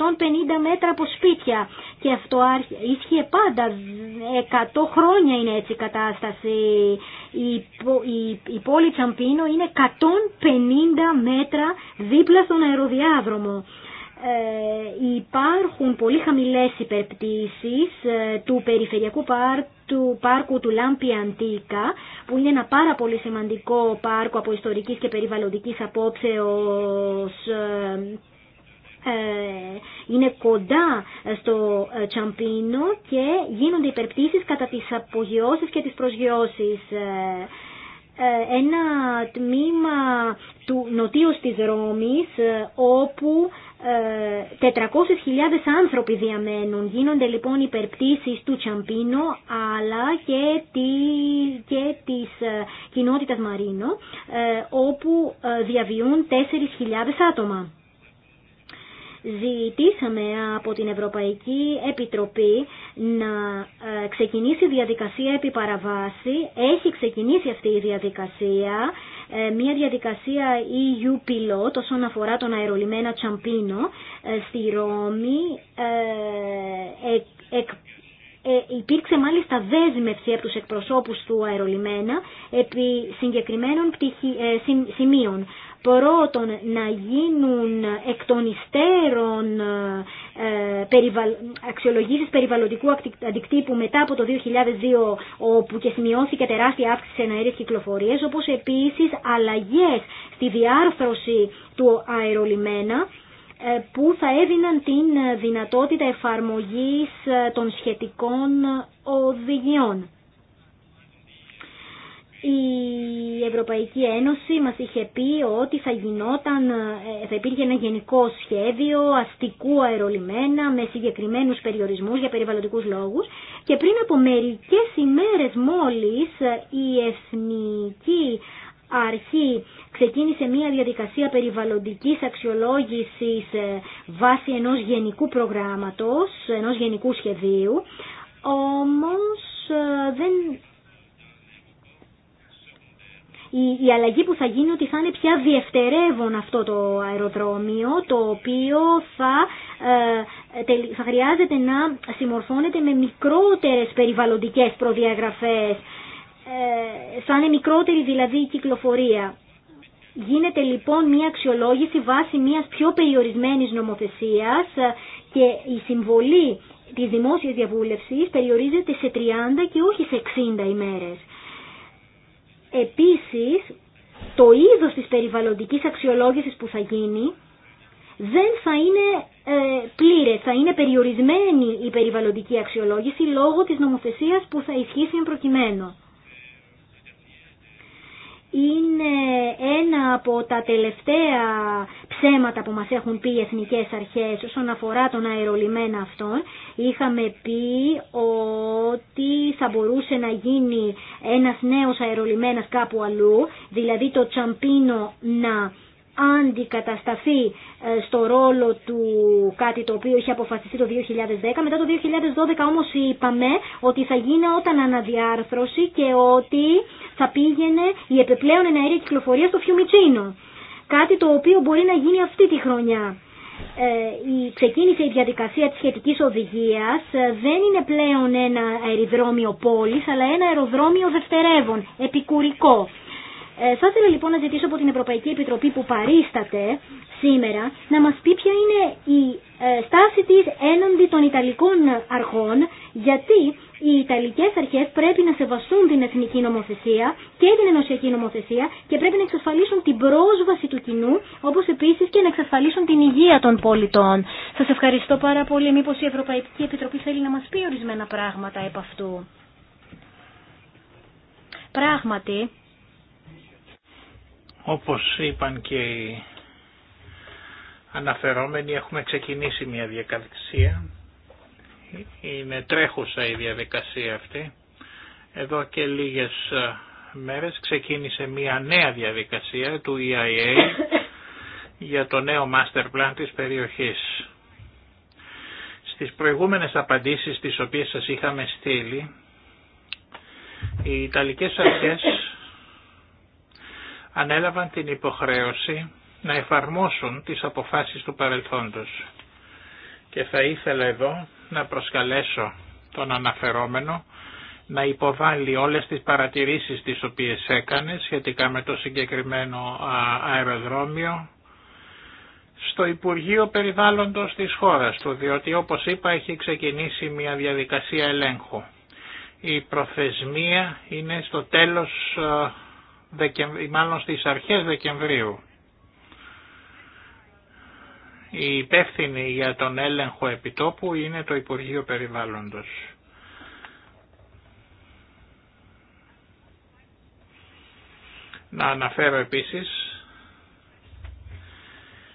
μέτρα από σπίτια. Και αυτό ίσχυε πάντα, 100 χρόνια είναι έτσι η κατάσταση. Η πόλη Τσαμπίνο είναι 150 μέτρα δίπλα στον αεροδιάδρομο. Ε, υπάρχουν πολύ χαμηλές υπερπτήσεις ε, του περιφερειακού του πάρκου του Λάμπη Αντίκα, που είναι ένα πάρα πολύ σημαντικό πάρκο από ιστορικής και περιβαλλοντικής απόψεως ε, είναι κοντά στο Τσαμπίνο και γίνονται υπερπτήσεις κατά τις απογειώσεις και τις προσγειώσεις. Ένα τμήμα του νοτίου της Ρώμης όπου 400.000 ε, άνθρωποι διαμένουν. Γίνονται λοιπόν υπερπτήσει του Τσαμπίνο αλλά και, τη, και της ε, κοινότητας Μαρίνο ε, όπου διαβιούν 4.000 άτομα ζητήσαμε από την Ευρωπαϊκή Επιτροπή να ε, ξεκινήσει διαδικασία επί παραβάση. Έχει ξεκινήσει αυτή η διαδικασία, ε, μια διαδικασία EU Pilot όσον αφορά τον αερολιμένα Τσαμπίνο ε, στη Ρώμη. ε, υπήρξε μάλιστα δέσμευση από τους εκπροσώπους του αερολιμένα επί συγκεκριμένων σημείων πρώτον να γίνουν εκ των υστέρων ε, αξιολογήσεις περιβαλλοντικού αντικτύπου μετά από το 2002 όπου και σημειώθηκε τεράστια αύξηση σε αέριες κυκλοφορίες όπως επίσης αλλαγές στη διάρθρωση του αερολιμένα ε, που θα έδιναν την δυνατότητα εφαρμογής ε, των σχετικών οδηγιών η Ευρωπαϊκή Ένωση μας είχε πει ότι θα γινόταν, ε, θα υπήρχε ένα γενικό σχέδιο αστικού αερολιμένα με συγκεκριμένους περιορισμούς για περιβαλλοντικούς λόγους και πριν από μερικές ημέρες μόλις ε, η Εθνική Αρχή ξεκίνησε μια διαδικασία περιβαλλοντικής αξιολόγησης ε, βάσει ενός γενικού προγράμματος, ενός γενικού σχεδίου, όμως δεν η, αλλαγή που θα γίνει ότι θα είναι πια διευτερεύον αυτό το αεροδρόμιο το οποίο θα, ε, θα χρειάζεται να συμμορφώνεται με μικρότερες περιβαλλοντικές προδιαγραφές ε, θα είναι μικρότερη δηλαδή η κυκλοφορία. Γίνεται λοιπόν μια αξιολόγηση βάσει μιας πιο περιορισμένης νομοθεσίας ε, και η συμβολή της δημόσιας διαβούλευσης περιορίζεται σε 30 και όχι σε 60 ημέρες. Επίσης, το είδος της περιβαλλοντικής αξιολόγησης που θα γίνει δεν θα είναι ε, πλήρε, θα είναι περιορισμένη η περιβαλλοντική αξιολόγηση λόγω της νομοθεσίας που θα ισχύσει εν προκειμένου είναι ένα από τα τελευταία ψέματα που μας έχουν πει οι εθνικές αρχές όσον αφορά τον αερολιμένα αυτόν. Είχαμε πει ότι θα μπορούσε να γίνει ένας νέος αερολιμένας κάπου αλλού, δηλαδή το τσαμπίνο να αντικατασταθεί ε, στο ρόλο του κάτι το οποίο είχε αποφασιστεί το 2010. Μετά το 2012 όμως είπαμε ότι θα γίνει όταν αναδιάρθρωση και ότι θα πήγαινε η επιπλέον εναέρια κυκλοφορία στο Φιουμιτσίνο. Κάτι το οποίο μπορεί να γίνει αυτή τη χρονιά. Ε, η, ξεκίνησε η διαδικασία της σχετικής οδηγίας, ε, δεν είναι πλέον ένα αεροδρόμιο πόλης, αλλά ένα αεροδρόμιο δευτερεύων, επικουρικό. Ε, θα ήθελα λοιπόν να ζητήσω από την Ευρωπαϊκή Επιτροπή που παρίσταται σήμερα να μας πει ποια είναι η ε, στάση της έναντι των Ιταλικών αρχών γιατί οι Ιταλικές αρχές πρέπει να σεβαστούν την εθνική νομοθεσία και την ενωσιακή νομοθεσία και πρέπει να εξασφαλίσουν την πρόσβαση του κοινού όπως επίσης και να εξασφαλίσουν την υγεία των πολιτών. Σας ευχαριστώ πάρα πολύ. Μήπως η Ευρωπαϊκή Επιτροπή θέλει να μας πει ορισμένα πράγματα επ' αυτού. Πράγματι, όπως είπαν και οι αναφερόμενοι έχουμε ξεκινήσει μια διαδικασία. Είναι τρέχουσα η διαδικασία αυτή. Εδώ και λίγες ε, μέρες ξεκίνησε μια νέα διαδικασία του EIA για το νέο master plan της περιοχής. Στις προηγούμενες απαντήσεις τις οποίες σας είχαμε στείλει, οι Ιταλικές αρχές ανέλαβαν την υποχρέωση να εφαρμόσουν τις αποφάσεις του παρελθόντος. Και θα ήθελα εδώ να προσκαλέσω τον αναφερόμενο να υποβάλει όλες τις παρατηρήσεις τις οποίες έκανε σχετικά με το συγκεκριμένο αεροδρόμιο στο Υπουργείο Περιβάλλοντος της χώρας του, διότι όπως είπα έχει ξεκινήσει μια διαδικασία ελέγχου. Η προθεσμία είναι στο τέλος μάλλον στις αρχές Δεκεμβρίου. Η υπεύθυνη για τον έλεγχο επιτόπου είναι το Υπουργείο Περιβάλλοντος. Να αναφέρω επίσης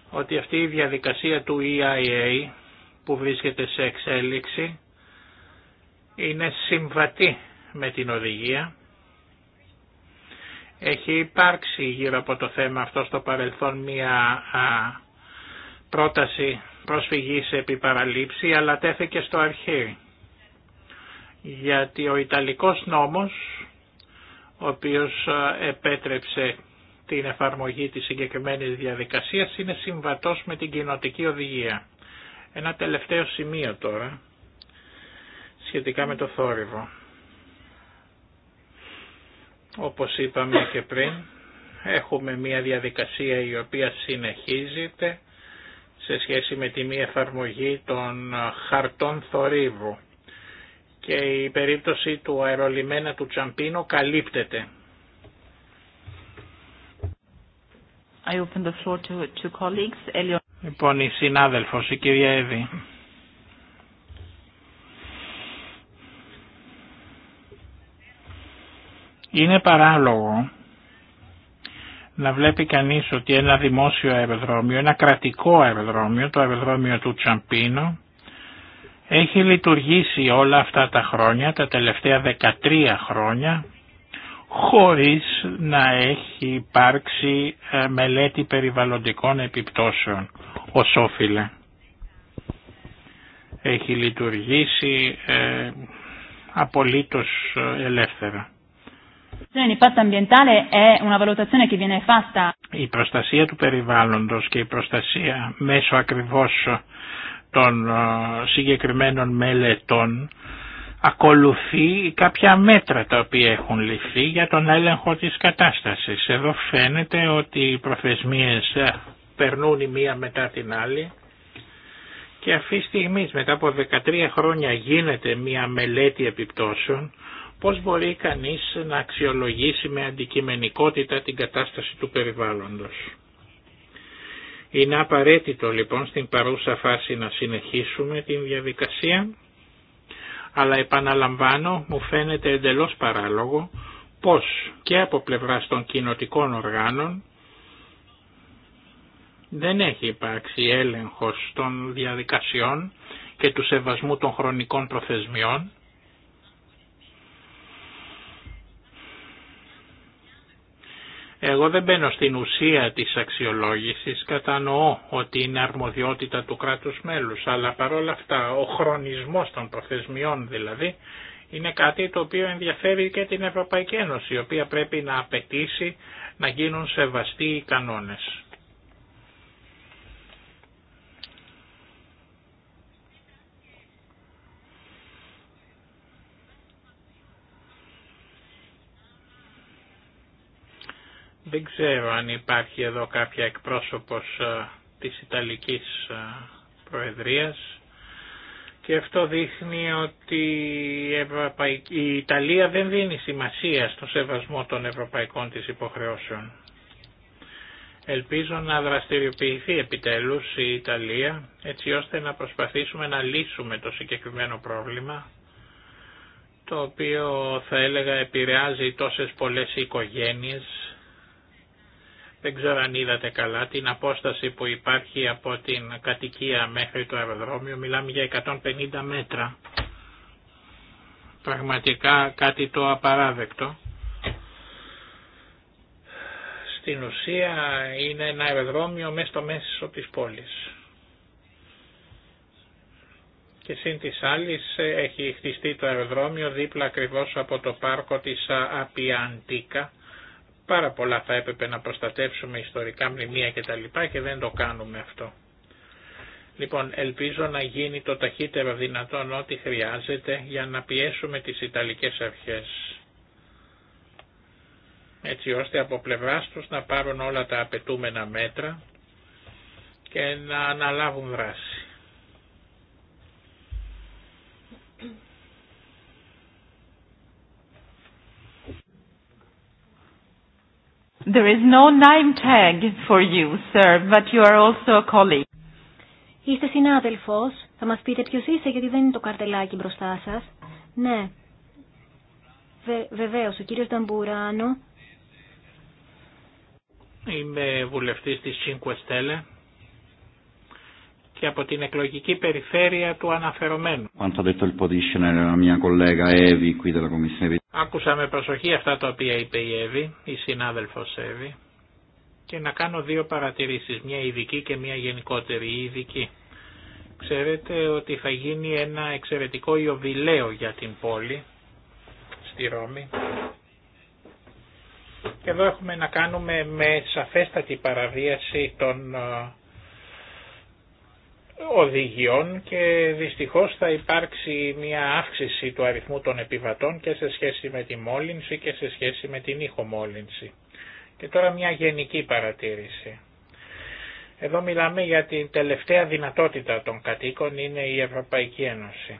ότι αυτή η διαδικασία του EIA που βρίσκεται σε εξέλιξη είναι συμβατή με την οδηγία έχει υπάρξει γύρω από το θέμα αυτό στο παρελθόν μία πρόταση προσφυγής επί παραλήψη, αλλά τέθηκε στο αρχή. Γιατί ο Ιταλικός νόμος, ο οποίος επέτρεψε την εφαρμογή της συγκεκριμένης διαδικασίας, είναι συμβατός με την κοινοτική οδηγία. Ένα τελευταίο σημείο τώρα, σχετικά με το θόρυβο. Όπως είπαμε και πριν, έχουμε μια διαδικασία η οποία συνεχίζεται σε σχέση με τη μη εφαρμογή των χαρτών θορύβου και η περίπτωση του αερολιμένα του Τσαμπίνο καλύπτεται. Λοιπόν, η συνάδελφος, η κυρία Εύη. Είναι παράλογο να βλέπει κανείς ότι ένα δημόσιο αεροδρόμιο, ένα κρατικό αεροδρόμιο, το αεροδρόμιο του Τσαμπίνο, έχει λειτουργήσει όλα αυτά τα χρόνια, τα τελευταία 13 χρόνια, χωρίς να έχει υπάρξει ε, μελέτη περιβαλλοντικών επιπτώσεων ως όφιλε. Έχει λειτουργήσει ε, απολύτως ε, ελεύθερα. Η προστασία του περιβάλλοντος και η προστασία μέσω ακριβώς των ε, συγκεκριμένων μελετών ακολουθεί κάποια μέτρα τα οποία έχουν ληφθεί για τον έλεγχο της κατάστασης. Εδώ φαίνεται ότι οι προθεσμίες ε, περνούν η μία μετά την άλλη και αυτή τη στιγμή μετά από 13 χρόνια γίνεται μία μελέτη επιπτώσεων Πώς μπορεί κανείς να αξιολογήσει με αντικειμενικότητα την κατάσταση του περιβάλλοντος. Είναι απαραίτητο λοιπόν στην παρούσα φάση να συνεχίσουμε την διαδικασία, αλλά επαναλαμβάνω μου φαίνεται εντελώς παράλογο πως και από πλευράς των κοινοτικών οργάνων δεν έχει υπάρξει έλεγχος των διαδικασιών και του σεβασμού των χρονικών προθεσμιών Εγώ δεν μπαίνω στην ουσία της αξιολόγησης, κατανοώ ότι είναι αρμοδιότητα του κράτους μέλους, αλλά παρόλα αυτά ο χρονισμός των προθεσμιών δηλαδή είναι κάτι το οποίο ενδιαφέρει και την Ευρωπαϊκή Ένωση, η οποία πρέπει να απαιτήσει να γίνουν σεβαστοί οι κανόνες. Δεν ξέρω αν υπάρχει εδώ κάποια εκπρόσωπος ε, της Ιταλικής ε, Προεδρίας και αυτό δείχνει ότι η Ιταλία δεν δίνει σημασία στο σεβασμό των ευρωπαϊκών της υποχρεώσεων. Ελπίζω να δραστηριοποιηθεί επιτέλους η Ιταλία έτσι ώστε να προσπαθήσουμε να λύσουμε το συγκεκριμένο πρόβλημα το οποίο θα έλεγα επηρεάζει τόσες πολλές οικογένειες δεν ξέρω αν είδατε καλά την απόσταση που υπάρχει από την κατοικία μέχρι το αεροδρόμιο. Μιλάμε για 150 μέτρα. Πραγματικά κάτι το απαράδεκτο. Στην ουσία είναι ένα αεροδρόμιο μέσα στο μέσο της πόλης. Και σύν της άλλης έχει χτιστεί το αεροδρόμιο δίπλα ακριβώς από το πάρκο της Απιαντίκα Πάρα πολλά θα έπρεπε να προστατεύσουμε ιστορικά μνημεία Και, τα λοιπά και δεν το κάνουμε αυτό. Λοιπόν, ελπίζω να γίνει το ταχύτερο δυνατόν ό,τι χρειάζεται για να πιέσουμε τις Ιταλικές αρχές. Έτσι ώστε από πλευρά τους να πάρουν όλα τα απαιτούμενα μέτρα και να αναλάβουν δράση. Είστε συνάδελφος. Θα μας πείτε ποιος είστε γιατί δεν είναι το καρτελάκι μπροστά σας. Ναι. Βε, βεβαίως, ο κύριος Νταμπουράνο. Είμαι βουλευτής της Cinque Stelle από την εκλογική περιφέρεια του αναφερομένου. Άκουσα με προσοχή αυτά τα οποία είπε η Εύη, η συνάδελφος Εύη, και να κάνω δύο παρατηρήσεις, μια ειδική και μια γενικότερη. ειδική. Ξέρετε ότι θα γίνει ένα εξαιρετικό ιοβιλέο για την πόλη, στη Ρώμη, και εδώ έχουμε να κάνουμε με σαφέστατη παραβίαση των ε, οδηγιών και δυστυχώς θα υπάρξει μια αύξηση του αριθμού των επιβατών και σε σχέση με τη μόλυνση και σε σχέση με την ηχομόλυνση. Και τώρα μια γενική παρατήρηση. Εδώ μιλάμε για την τελευταία δυνατότητα των κατοίκων είναι η Ευρωπαϊκή Ένωση.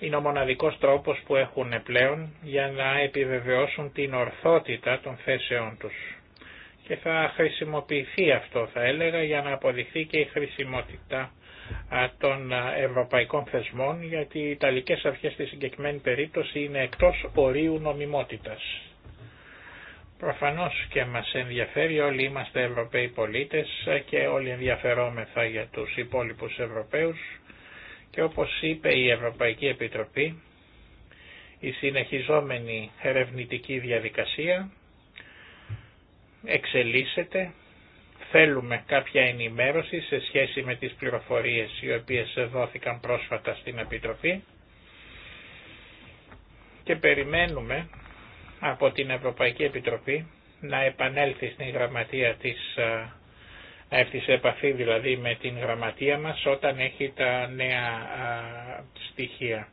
Είναι ο μοναδικός τρόπος που έχουν πλέον για να επιβεβαιώσουν την ορθότητα των θέσεών τους και θα χρησιμοποιηθεί αυτό θα έλεγα για να αποδειχθεί και η χρησιμότητα των ευρωπαϊκών θεσμών γιατί οι Ιταλικές αρχές στη συγκεκριμένη περίπτωση είναι εκτός ορίου νομιμότητας. Προφανώς και μας ενδιαφέρει, όλοι είμαστε Ευρωπαίοι πολίτες και όλοι ενδιαφερόμεθα για τους υπόλοιπους Ευρωπαίους και όπως είπε η Ευρωπαϊκή Επιτροπή, η συνεχιζόμενη ερευνητική διαδικασία εξελίσσεται. Θέλουμε κάποια ενημέρωση σε σχέση με τις πληροφορίες οι οποίες δόθηκαν πρόσφατα στην Επιτροπή και περιμένουμε από την Ευρωπαϊκή Επιτροπή να επανέλθει στην γραμματεία της να έρθει σε επαφή δηλαδή με την γραμματεία μας όταν έχει τα νέα στοιχεία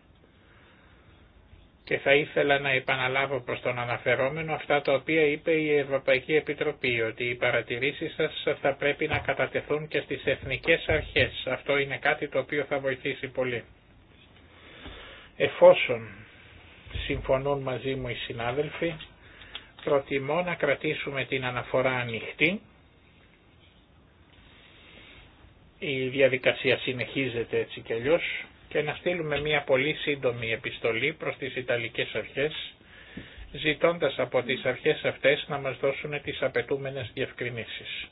και θα ήθελα να επαναλάβω προς τον αναφερόμενο αυτά τα οποία είπε η Ευρωπαϊκή Επιτροπή, ότι οι παρατηρήσεις σας θα πρέπει να κατατεθούν και στις εθνικές αρχές. Αυτό είναι κάτι το οποίο θα βοηθήσει πολύ. Εφόσον συμφωνούν μαζί μου οι συνάδελφοι, προτιμώ να κρατήσουμε την αναφορά ανοιχτή. Η διαδικασία συνεχίζεται έτσι κι αλλιώς και να στείλουμε μια πολύ σύντομη επιστολή προς τις Ιταλικές αρχές ζητώντας από τις αρχές αυτές να μας δώσουν τις απαιτούμενες διευκρινήσεις.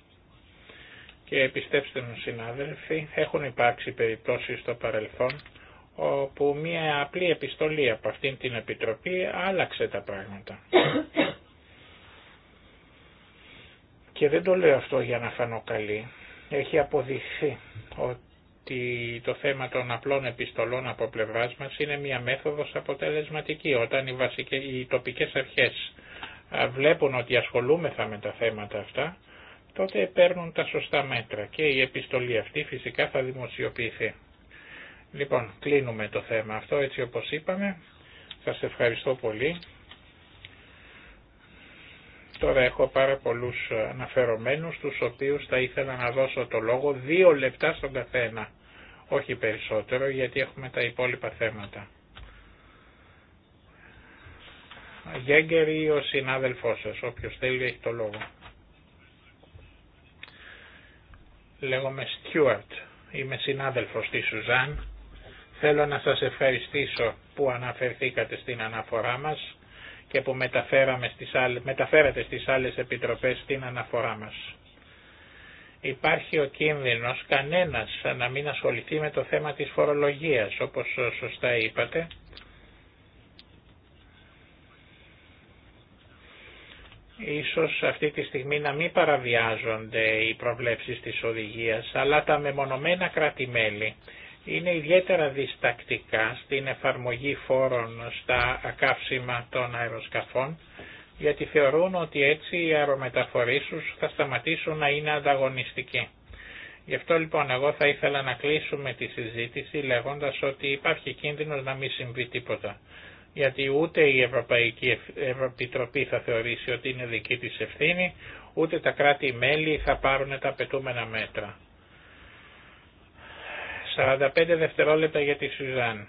Και επιστέψτε μου συνάδελφοι, έχουν υπάρξει περιπτώσεις στο παρελθόν όπου μια απλή επιστολή από αυτήν την Επιτροπή άλλαξε τα πράγματα. Και δεν το λέω αυτό για να φανώ καλή. Έχει αποδειχθεί ότι ότι το θέμα των απλών επιστολών από πλευράς μας είναι μια μέθοδος αποτελεσματική όταν οι, βασικές, οι τοπικές αρχές βλέπουν ότι ασχολούμεθα με τα θέματα αυτά τότε παίρνουν τα σωστά μέτρα και η επιστολή αυτή φυσικά θα δημοσιοποιηθεί. Λοιπόν, κλείνουμε το θέμα αυτό έτσι όπως είπαμε. Σας ευχαριστώ πολύ. Τώρα έχω πάρα πολλούς αναφερομένους, τους οποίους θα ήθελα να δώσω το λόγο δύο λεπτά στον καθένα. Όχι περισσότερο, γιατί έχουμε τα υπόλοιπα θέματα. Γέγκερ ή ο συνάδελφός σας, όποιος θέλει έχει το λόγο. Λέγομαι Στιούαρτ, είμαι συνάδελφος της Σουζάν. Θέλω να σας ευχαριστήσω που αναφερθήκατε στην αναφορά μας και που μεταφέραμε στις άλλες, μεταφέρατε στις άλλες επιτροπές την αναφορά μας. Υπάρχει ο κίνδυνος κανένας να μην ασχοληθεί με το θέμα της φορολογίας, όπως σωστά είπατε. Ίσως αυτή τη στιγμή να μην παραβιάζονται οι προβλέψεις της οδηγίας, αλλά τα μεμονωμένα κράτη-μέλη είναι ιδιαίτερα διστακτικά στην εφαρμογή φόρων στα καύσιμα των αεροσκαφών, γιατί θεωρούν ότι έτσι οι αερομεταφορεί του θα σταματήσουν να είναι ανταγωνιστικοί. Γι' αυτό λοιπόν εγώ θα ήθελα να κλείσουμε τη συζήτηση λέγοντας ότι υπάρχει κίνδυνος να μην συμβεί τίποτα. Γιατί ούτε η Ευρωπαϊκή Επιτροπή θα θεωρήσει ότι είναι δική της ευθύνη, ούτε τα κράτη-μέλη θα πάρουν τα απαιτούμενα μέτρα. 45 δευτερόλεπτα για τη Σουζάν.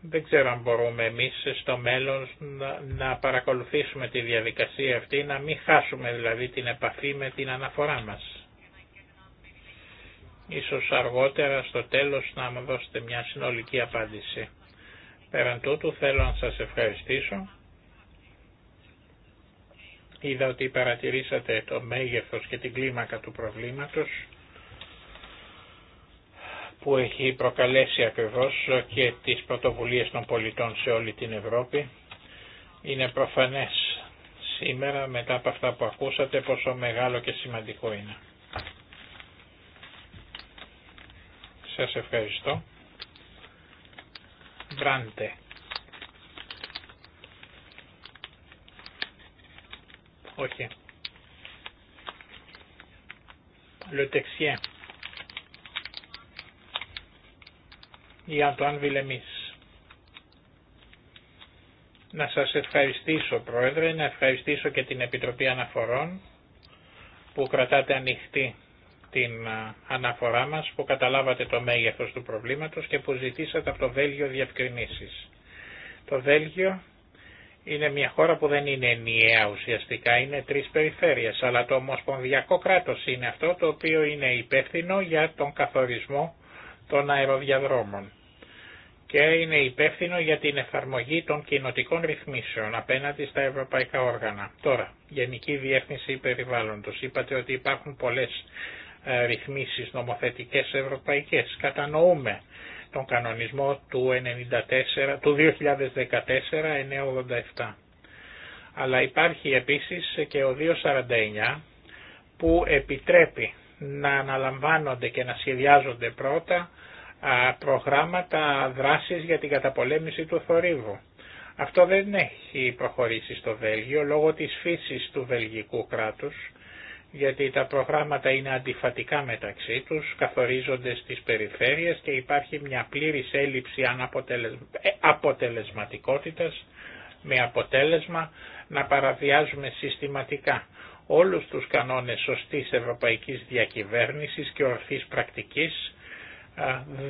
Δεν ξέρω αν μπορούμε εμείς στο μέλλον να παρακολουθήσουμε τη διαδικασία αυτή, να μην χάσουμε δηλαδή την επαφή με την αναφορά μας. Ίσως αργότερα στο τέλος να μου δώσετε μια συνολική απάντηση. Πέραν τούτου θέλω να σας ευχαριστήσω Είδα ότι παρατηρήσατε το μέγεθος και την κλίμακα του προβλήματος που έχει προκαλέσει ακριβώς και τις πρωτοβουλίες των πολιτών σε όλη την Ευρώπη. Είναι προφανές σήμερα μετά από αυτά που ακούσατε πόσο μεγάλο και σημαντικό είναι. Σας ευχαριστώ. Μπράντε. Όχι. Le Για Η Αντουάν Βιλεμής. Να σας ευχαριστήσω Πρόεδρε, να ευχαριστήσω και την Επιτροπή Αναφορών που κρατάτε ανοιχτή την αναφορά μας, που καταλάβατε το μέγεθος του προβλήματος και που ζητήσατε από το Βέλγιο διευκρινήσεις. Το Βέλγιο είναι μια χώρα που δεν είναι ενιαία ουσιαστικά, είναι τρεις περιφέρειες, αλλά το Ομοσπονδιακό κράτος είναι αυτό το οποίο είναι υπεύθυνο για τον καθορισμό των αεροδιαδρόμων και είναι υπεύθυνο για την εφαρμογή των κοινοτικών ρυθμίσεων απέναντι στα ευρωπαϊκά όργανα. Τώρα, Γενική Διεύθυνση Περιβάλλοντος. Είπατε ότι υπάρχουν πολλές ε, ρυθμίσεις νομοθετικές ευρωπαϊκές. Κατανοούμε τον κανονισμό του, 94, του 2014-987. Αλλά υπάρχει επίσης και ο 249 που επιτρέπει να αναλαμβάνονται και να σχεδιάζονται πρώτα προγράμματα δράσης για την καταπολέμηση του θορύβου. Αυτό δεν έχει προχωρήσει στο Βέλγιο λόγω της φύσης του βελγικού κράτους γιατί τα προγράμματα είναι αντιφατικά μεταξύ τους, καθορίζονται στις περιφέρειες και υπάρχει μια πλήρης έλλειψη ε, αποτελεσματικότητας με αποτέλεσμα να παραβιάζουμε συστηματικά όλους τους κανόνες σωστής ευρωπαϊκής διακυβέρνησης και ορθής πρακτικής,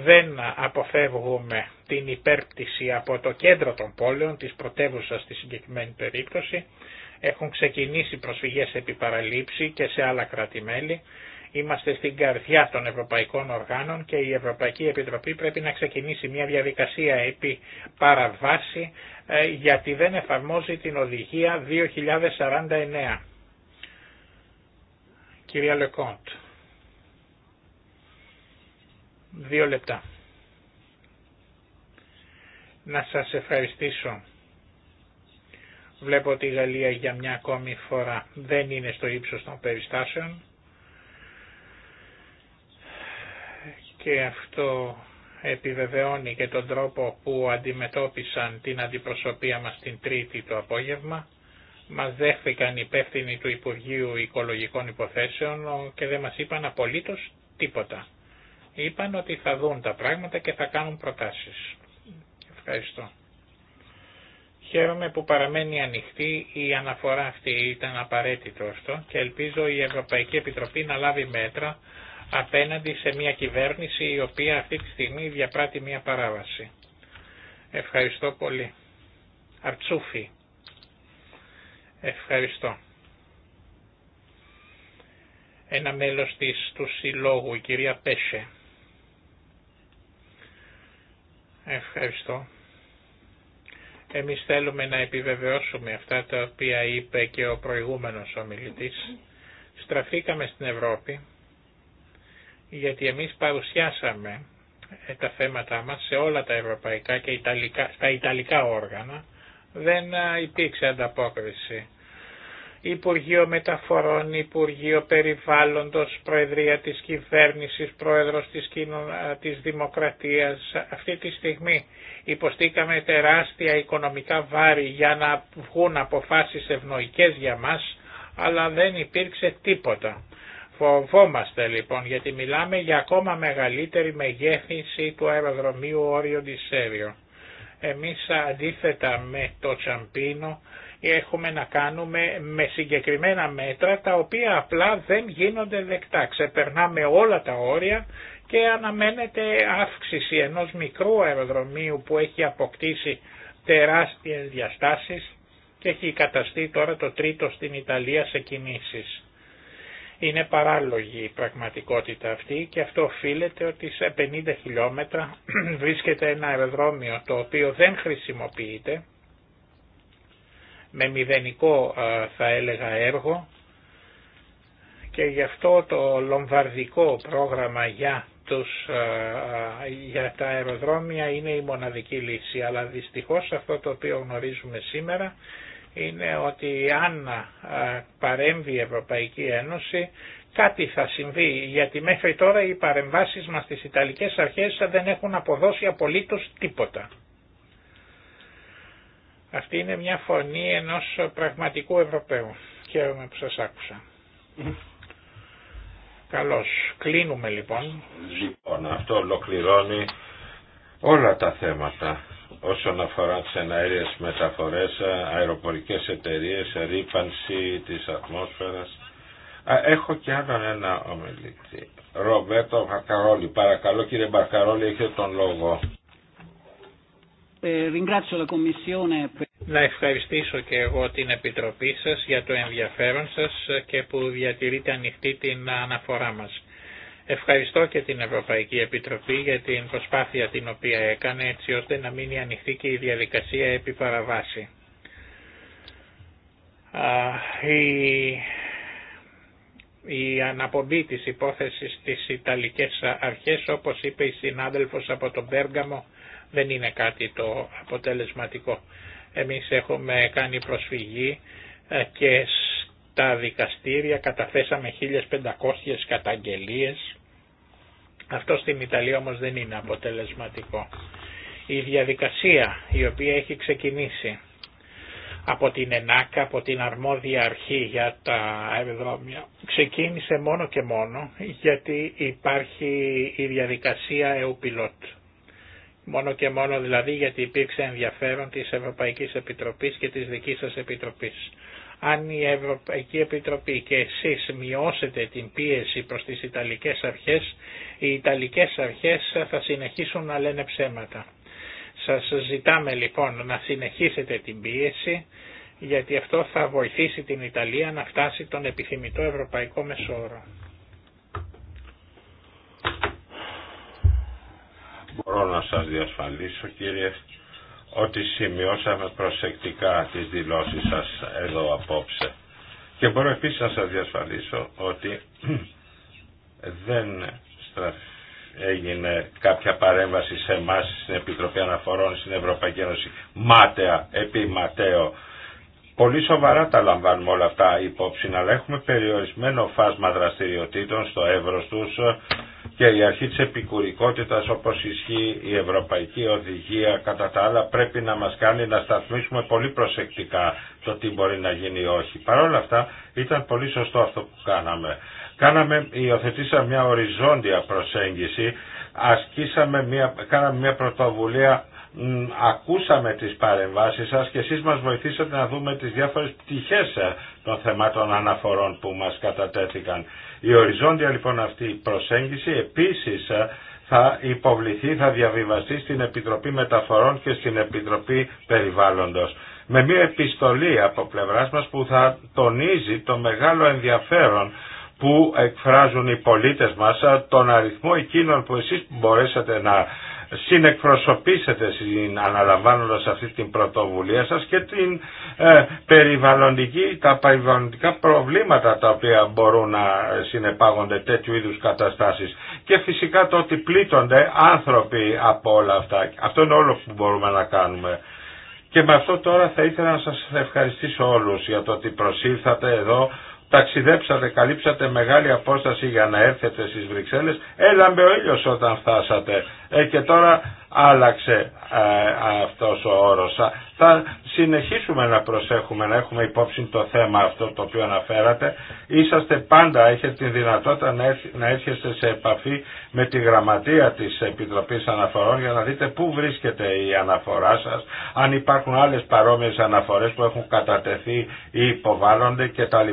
δεν αποφεύγουμε την υπέρπτυση από το κέντρο των πόλεων, της πρωτεύουσα στη συγκεκριμένη περίπτωση, έχουν ξεκινήσει προσφυγές επί παραλήψη και σε άλλα κράτη-μέλη. Είμαστε στην καρδιά των ευρωπαϊκών οργάνων και η Ευρωπαϊκή Επιτροπή πρέπει να ξεκινήσει μια διαδικασία επί παραβάση ε, γιατί δεν εφαρμόζει την οδηγία 2049. Κυρία Λεκόντ, δύο λεπτά. Να σας ευχαριστήσω Βλέπω ότι η Γαλλία για μια ακόμη φορά δεν είναι στο ύψος των περιστάσεων και αυτό επιβεβαιώνει και τον τρόπο που αντιμετώπισαν την αντιπροσωπεία μας την Τρίτη το απόγευμα. Μας δέχθηκαν υπεύθυνοι του Υπουργείου Οικολογικών Υποθέσεων και δεν μας είπαν απολύτως τίποτα. Είπαν ότι θα δουν τα πράγματα και θα κάνουν προτάσεις. Ευχαριστώ. Χαίρομαι που παραμένει ανοιχτή η αναφορά αυτή, ήταν απαραίτητο αυτό και ελπίζω η Ευρωπαϊκή Επιτροπή να λάβει μέτρα απέναντι σε μια κυβέρνηση η οποία αυτή τη στιγμή διαπράττει μια παράβαση. Ευχαριστώ πολύ. Αρτσούφι. Ευχαριστώ. Ένα μέλος της, του συλλόγου, η κυρία Πέσε. Ευχαριστώ. Εμείς θέλουμε να επιβεβαιώσουμε αυτά τα οποία είπε και ο προηγούμενος ομιλητής. Στραφήκαμε στην Ευρώπη γιατί εμείς παρουσιάσαμε τα θέματα μας σε όλα τα ευρωπαϊκά και ιταλικά, στα ιταλικά όργανα. Δεν υπήρξε ανταπόκριση. Υπουργείο Μεταφορών, Υπουργείο Περιβάλλοντος, Προεδρία της Κυβέρνησης, Πρόεδρος της, της Δημοκρατίας. Αυτή τη στιγμή υποστήκαμε τεράστια οικονομικά βάρη για να βγουν αποφάσεις ευνοϊκές για μας, αλλά δεν υπήρξε τίποτα. Φοβόμαστε λοιπόν γιατί μιλάμε για ακόμα μεγαλύτερη μεγέθυνση του αεροδρομίου Όριο Ντισέριο. Εμείς αντίθετα με το Τσαμπίνο έχουμε να κάνουμε με συγκεκριμένα μέτρα τα οποία απλά δεν γίνονται δεκτά. Ξεπερνάμε όλα τα όρια και αναμένεται αύξηση ενός μικρού αεροδρομίου που έχει αποκτήσει τεράστιες διαστάσεις και έχει καταστεί τώρα το τρίτο στην Ιταλία σε κινήσεις. Είναι παράλογη η πραγματικότητα αυτή και αυτό οφείλεται ότι σε 50 χιλιόμετρα (clears throat) βρίσκεται ένα αεροδρόμιο το οποίο δεν χρησιμοποιείται με μηδενικό θα έλεγα έργο και γι' αυτό το λομβαρδικό πρόγραμμα για, τους, για τα αεροδρόμια είναι η μοναδική λύση. Αλλά δυστυχώς αυτό το οποίο γνωρίζουμε σήμερα είναι ότι αν παρέμβει η Ευρωπαϊκή Ένωση κάτι θα συμβεί, γιατί μέχρι τώρα οι παρεμβάσεις μας στις Ιταλικές αρχές δεν έχουν αποδώσει απολύτως τίποτα. Αυτή είναι μια φωνή ενός πραγματικού Ευρωπαίου. Χαίρομαι που σας άκουσα. Καλώς. Κλείνουμε λοιπόν. Λοιπόν, αυτό ολοκληρώνει όλα τα θέματα όσον αφορά τις εναέριες μεταφορές, αεροπορικές εταιρείες, ρήπανση της ατμόσφαιρας. Έχω και άλλο ένα ομιλητή. Ρομπέτο Μπαρκαρόλη. Παρακαλώ κύριε Μπαρκαρόλη, έχετε τον λόγο. Ε, να ευχαριστήσω και εγώ την Επιτροπή σας για το ενδιαφέρον σας και που διατηρείτε ανοιχτή την αναφορά μας. Ευχαριστώ και την Ευρωπαϊκή Επιτροπή για την προσπάθεια την οποία έκανε έτσι ώστε να μείνει ανοιχτή και η διαδικασία επί παραβάση η αναπομπή της υπόθεσης στις Ιταλικές αρχές, όπως είπε η συνάδελφος από τον Πέργαμο, δεν είναι κάτι το αποτελεσματικό. Εμείς έχουμε κάνει προσφυγή ε, και στα δικαστήρια καταθέσαμε 1500 καταγγελίες. Αυτό στην Ιταλία όμως δεν είναι αποτελεσματικό. Η διαδικασία η οποία έχει ξεκινήσει από την ΕΝΑΚΑ, από την αρμόδια αρχή για τα αεροδρόμια. Ξεκίνησε μόνο και μόνο γιατί υπάρχει η διαδικασία EUPILOT. Μόνο και μόνο δηλαδή γιατί υπήρξε ενδιαφέρον της Ευρωπαϊκής Επιτροπής και της δικής σας Επιτροπής. Αν η Ευρωπαϊκή Επιτροπή και εσείς μειώσετε την πίεση προς τις Ιταλικές αρχές, οι Ιταλικές αρχές θα συνεχίσουν να λένε ψέματα. Σας ζητάμε λοιπόν να συνεχίσετε την πίεση γιατί αυτό θα βοηθήσει την Ιταλία να φτάσει τον επιθυμητό ευρωπαϊκό μεσόρο. Μπορώ να σας διασφαλίσω κύριε ότι σημειώσαμε προσεκτικά τις δηλώσεις σας εδώ απόψε. Και μπορώ επίσης να σας διασφαλίσω ότι (clears throat) δεν στραφεί έγινε κάποια παρέμβαση σε εμά στην Επιτροπή Αναφορών στην Ευρωπαϊκή Ένωση. Μάταια, επί Ματέο. Πολύ σοβαρά τα λαμβάνουμε όλα αυτά υπόψη, αλλά έχουμε περιορισμένο φάσμα δραστηριοτήτων στο εύρος τους και η αρχή της επικουρικότητας όπως ισχύει η Ευρωπαϊκή Οδηγία κατά τα άλλα πρέπει να μας κάνει να σταθμίσουμε πολύ προσεκτικά το τι μπορεί να γίνει ή όχι. Παρ' όλα αυτά ήταν πολύ σωστό αυτό που κάναμε. Κάναμε, υιοθετήσαμε μια οριζόντια προσέγγιση, ασκήσαμε μια, κάναμε μια πρωτοβουλία ακούσαμε τις παρεμβάσεις σας και εσείς μας βοηθήσατε να δούμε τις διάφορες πτυχές ε, των θεμάτων αναφορών που μας κατατέθηκαν. Η οριζόντια λοιπόν αυτή προσέγγιση επίσης ε, θα υποβληθεί, θα διαβιβαστεί στην Επιτροπή Μεταφορών και στην Επιτροπή Περιβάλλοντος. Με μια επιστολή από πλευράς μας που θα τονίζει το μεγάλο ενδιαφέρον που εκφράζουν οι πολίτες μας τον αριθμό εκείνων που εσείς μπορέσατε να συνεκπροσωπήσετε αναλαμβάνοντας αυτή την πρωτοβουλία σας και την ε, περιβαλλοντική, τα περιβαλλοντικά προβλήματα τα οποία μπορούν να συνεπάγονται τέτοιου είδους καταστάσεις και φυσικά το ότι πλήττονται άνθρωποι από όλα αυτά. Αυτό είναι όλο που μπορούμε να κάνουμε. Και με αυτό τώρα θα ήθελα να σας ευχαριστήσω όλους για το ότι προσήλθατε εδώ ταξιδέψατε, καλύψατε μεγάλη απόσταση για να έρθετε στις Βρυξέλλες, έλαμπε ο ήλιος όταν φτάσατε ε, και τώρα άλλαξε ε, αυτός ο όρος. Θα συνεχίσουμε να προσέχουμε, να έχουμε υπόψη το θέμα αυτό το οποίο αναφέρατε. Είσαστε πάντα, έχετε τη δυνατότητα να έρχεστε σε επαφή με τη γραμματεία της Επιτροπής Αναφορών για να δείτε πού βρίσκεται η αναφορά σας, αν υπάρχουν άλλες παρόμοιες αναφορές που έχουν κατατεθεί ή υποβάλλονται κτλ.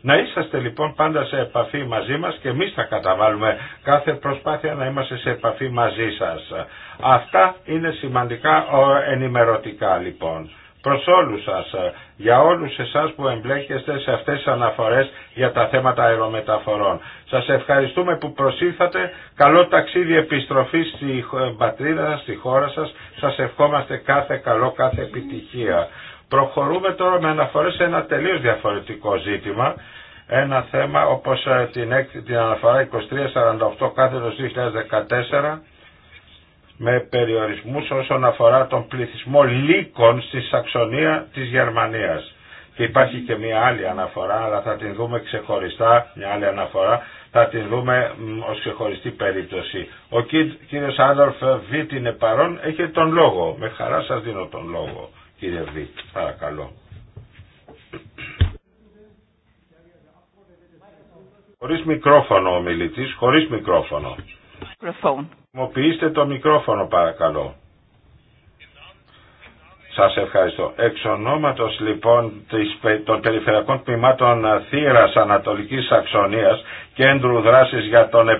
Να είσαστε λοιπόν πάντα σε επαφή μαζί μας και εμείς θα καταβάλουμε κάθε προσπάθεια να είμαστε σε επαφή μαζί σας. Αυτά είναι σημαντικά ενημερωτικά λοιπόν λοιπόν προς όλους σας, ε, για όλους εσάς που εμπλέκεστε σε αυτές τις αναφορές για τα θέματα αερομεταφορών. Σας ευχαριστούμε που προσήλθατε. Καλό ταξίδι επιστροφής στη ε, πατρίδα σας, στη χώρα σας. Σας ευχόμαστε κάθε καλό, κάθε επιτυχία. Προχωρούμε τώρα με αναφορές σε ένα τελείως διαφορετικό ζήτημα. Ένα θέμα όπως ε, την αναφορά 2348 κάθετος 2014 με περιορισμούς όσον αφορά τον πληθυσμό λύκων στη Σαξονία της Γερμανίας. Και υπάρχει και μια άλλη αναφορά, αλλά θα την δούμε ξεχωριστά, μια άλλη αναφορά, θα την δούμε ως ξεχωριστή περίπτωση. Ο κύριος Άντορφ Βίτ είναι παρόν, έχει τον λόγο. Με χαρά σας δίνω τον λόγο, κύριε Βίτ. Παρακαλώ. Χωρίς μικρόφωνο ο μιλητής, χωρίς μικρόφωνο. Μικρόφωνο. Χρησιμοποιήστε το μικρόφωνο παρακαλώ. Σας ευχαριστώ. Εξ ονόματος λοιπόν των περιφερειακών τμήματων ε, Θήρας Ανατολικής Σαξονίας Κέντρου Δράσης για τον ε,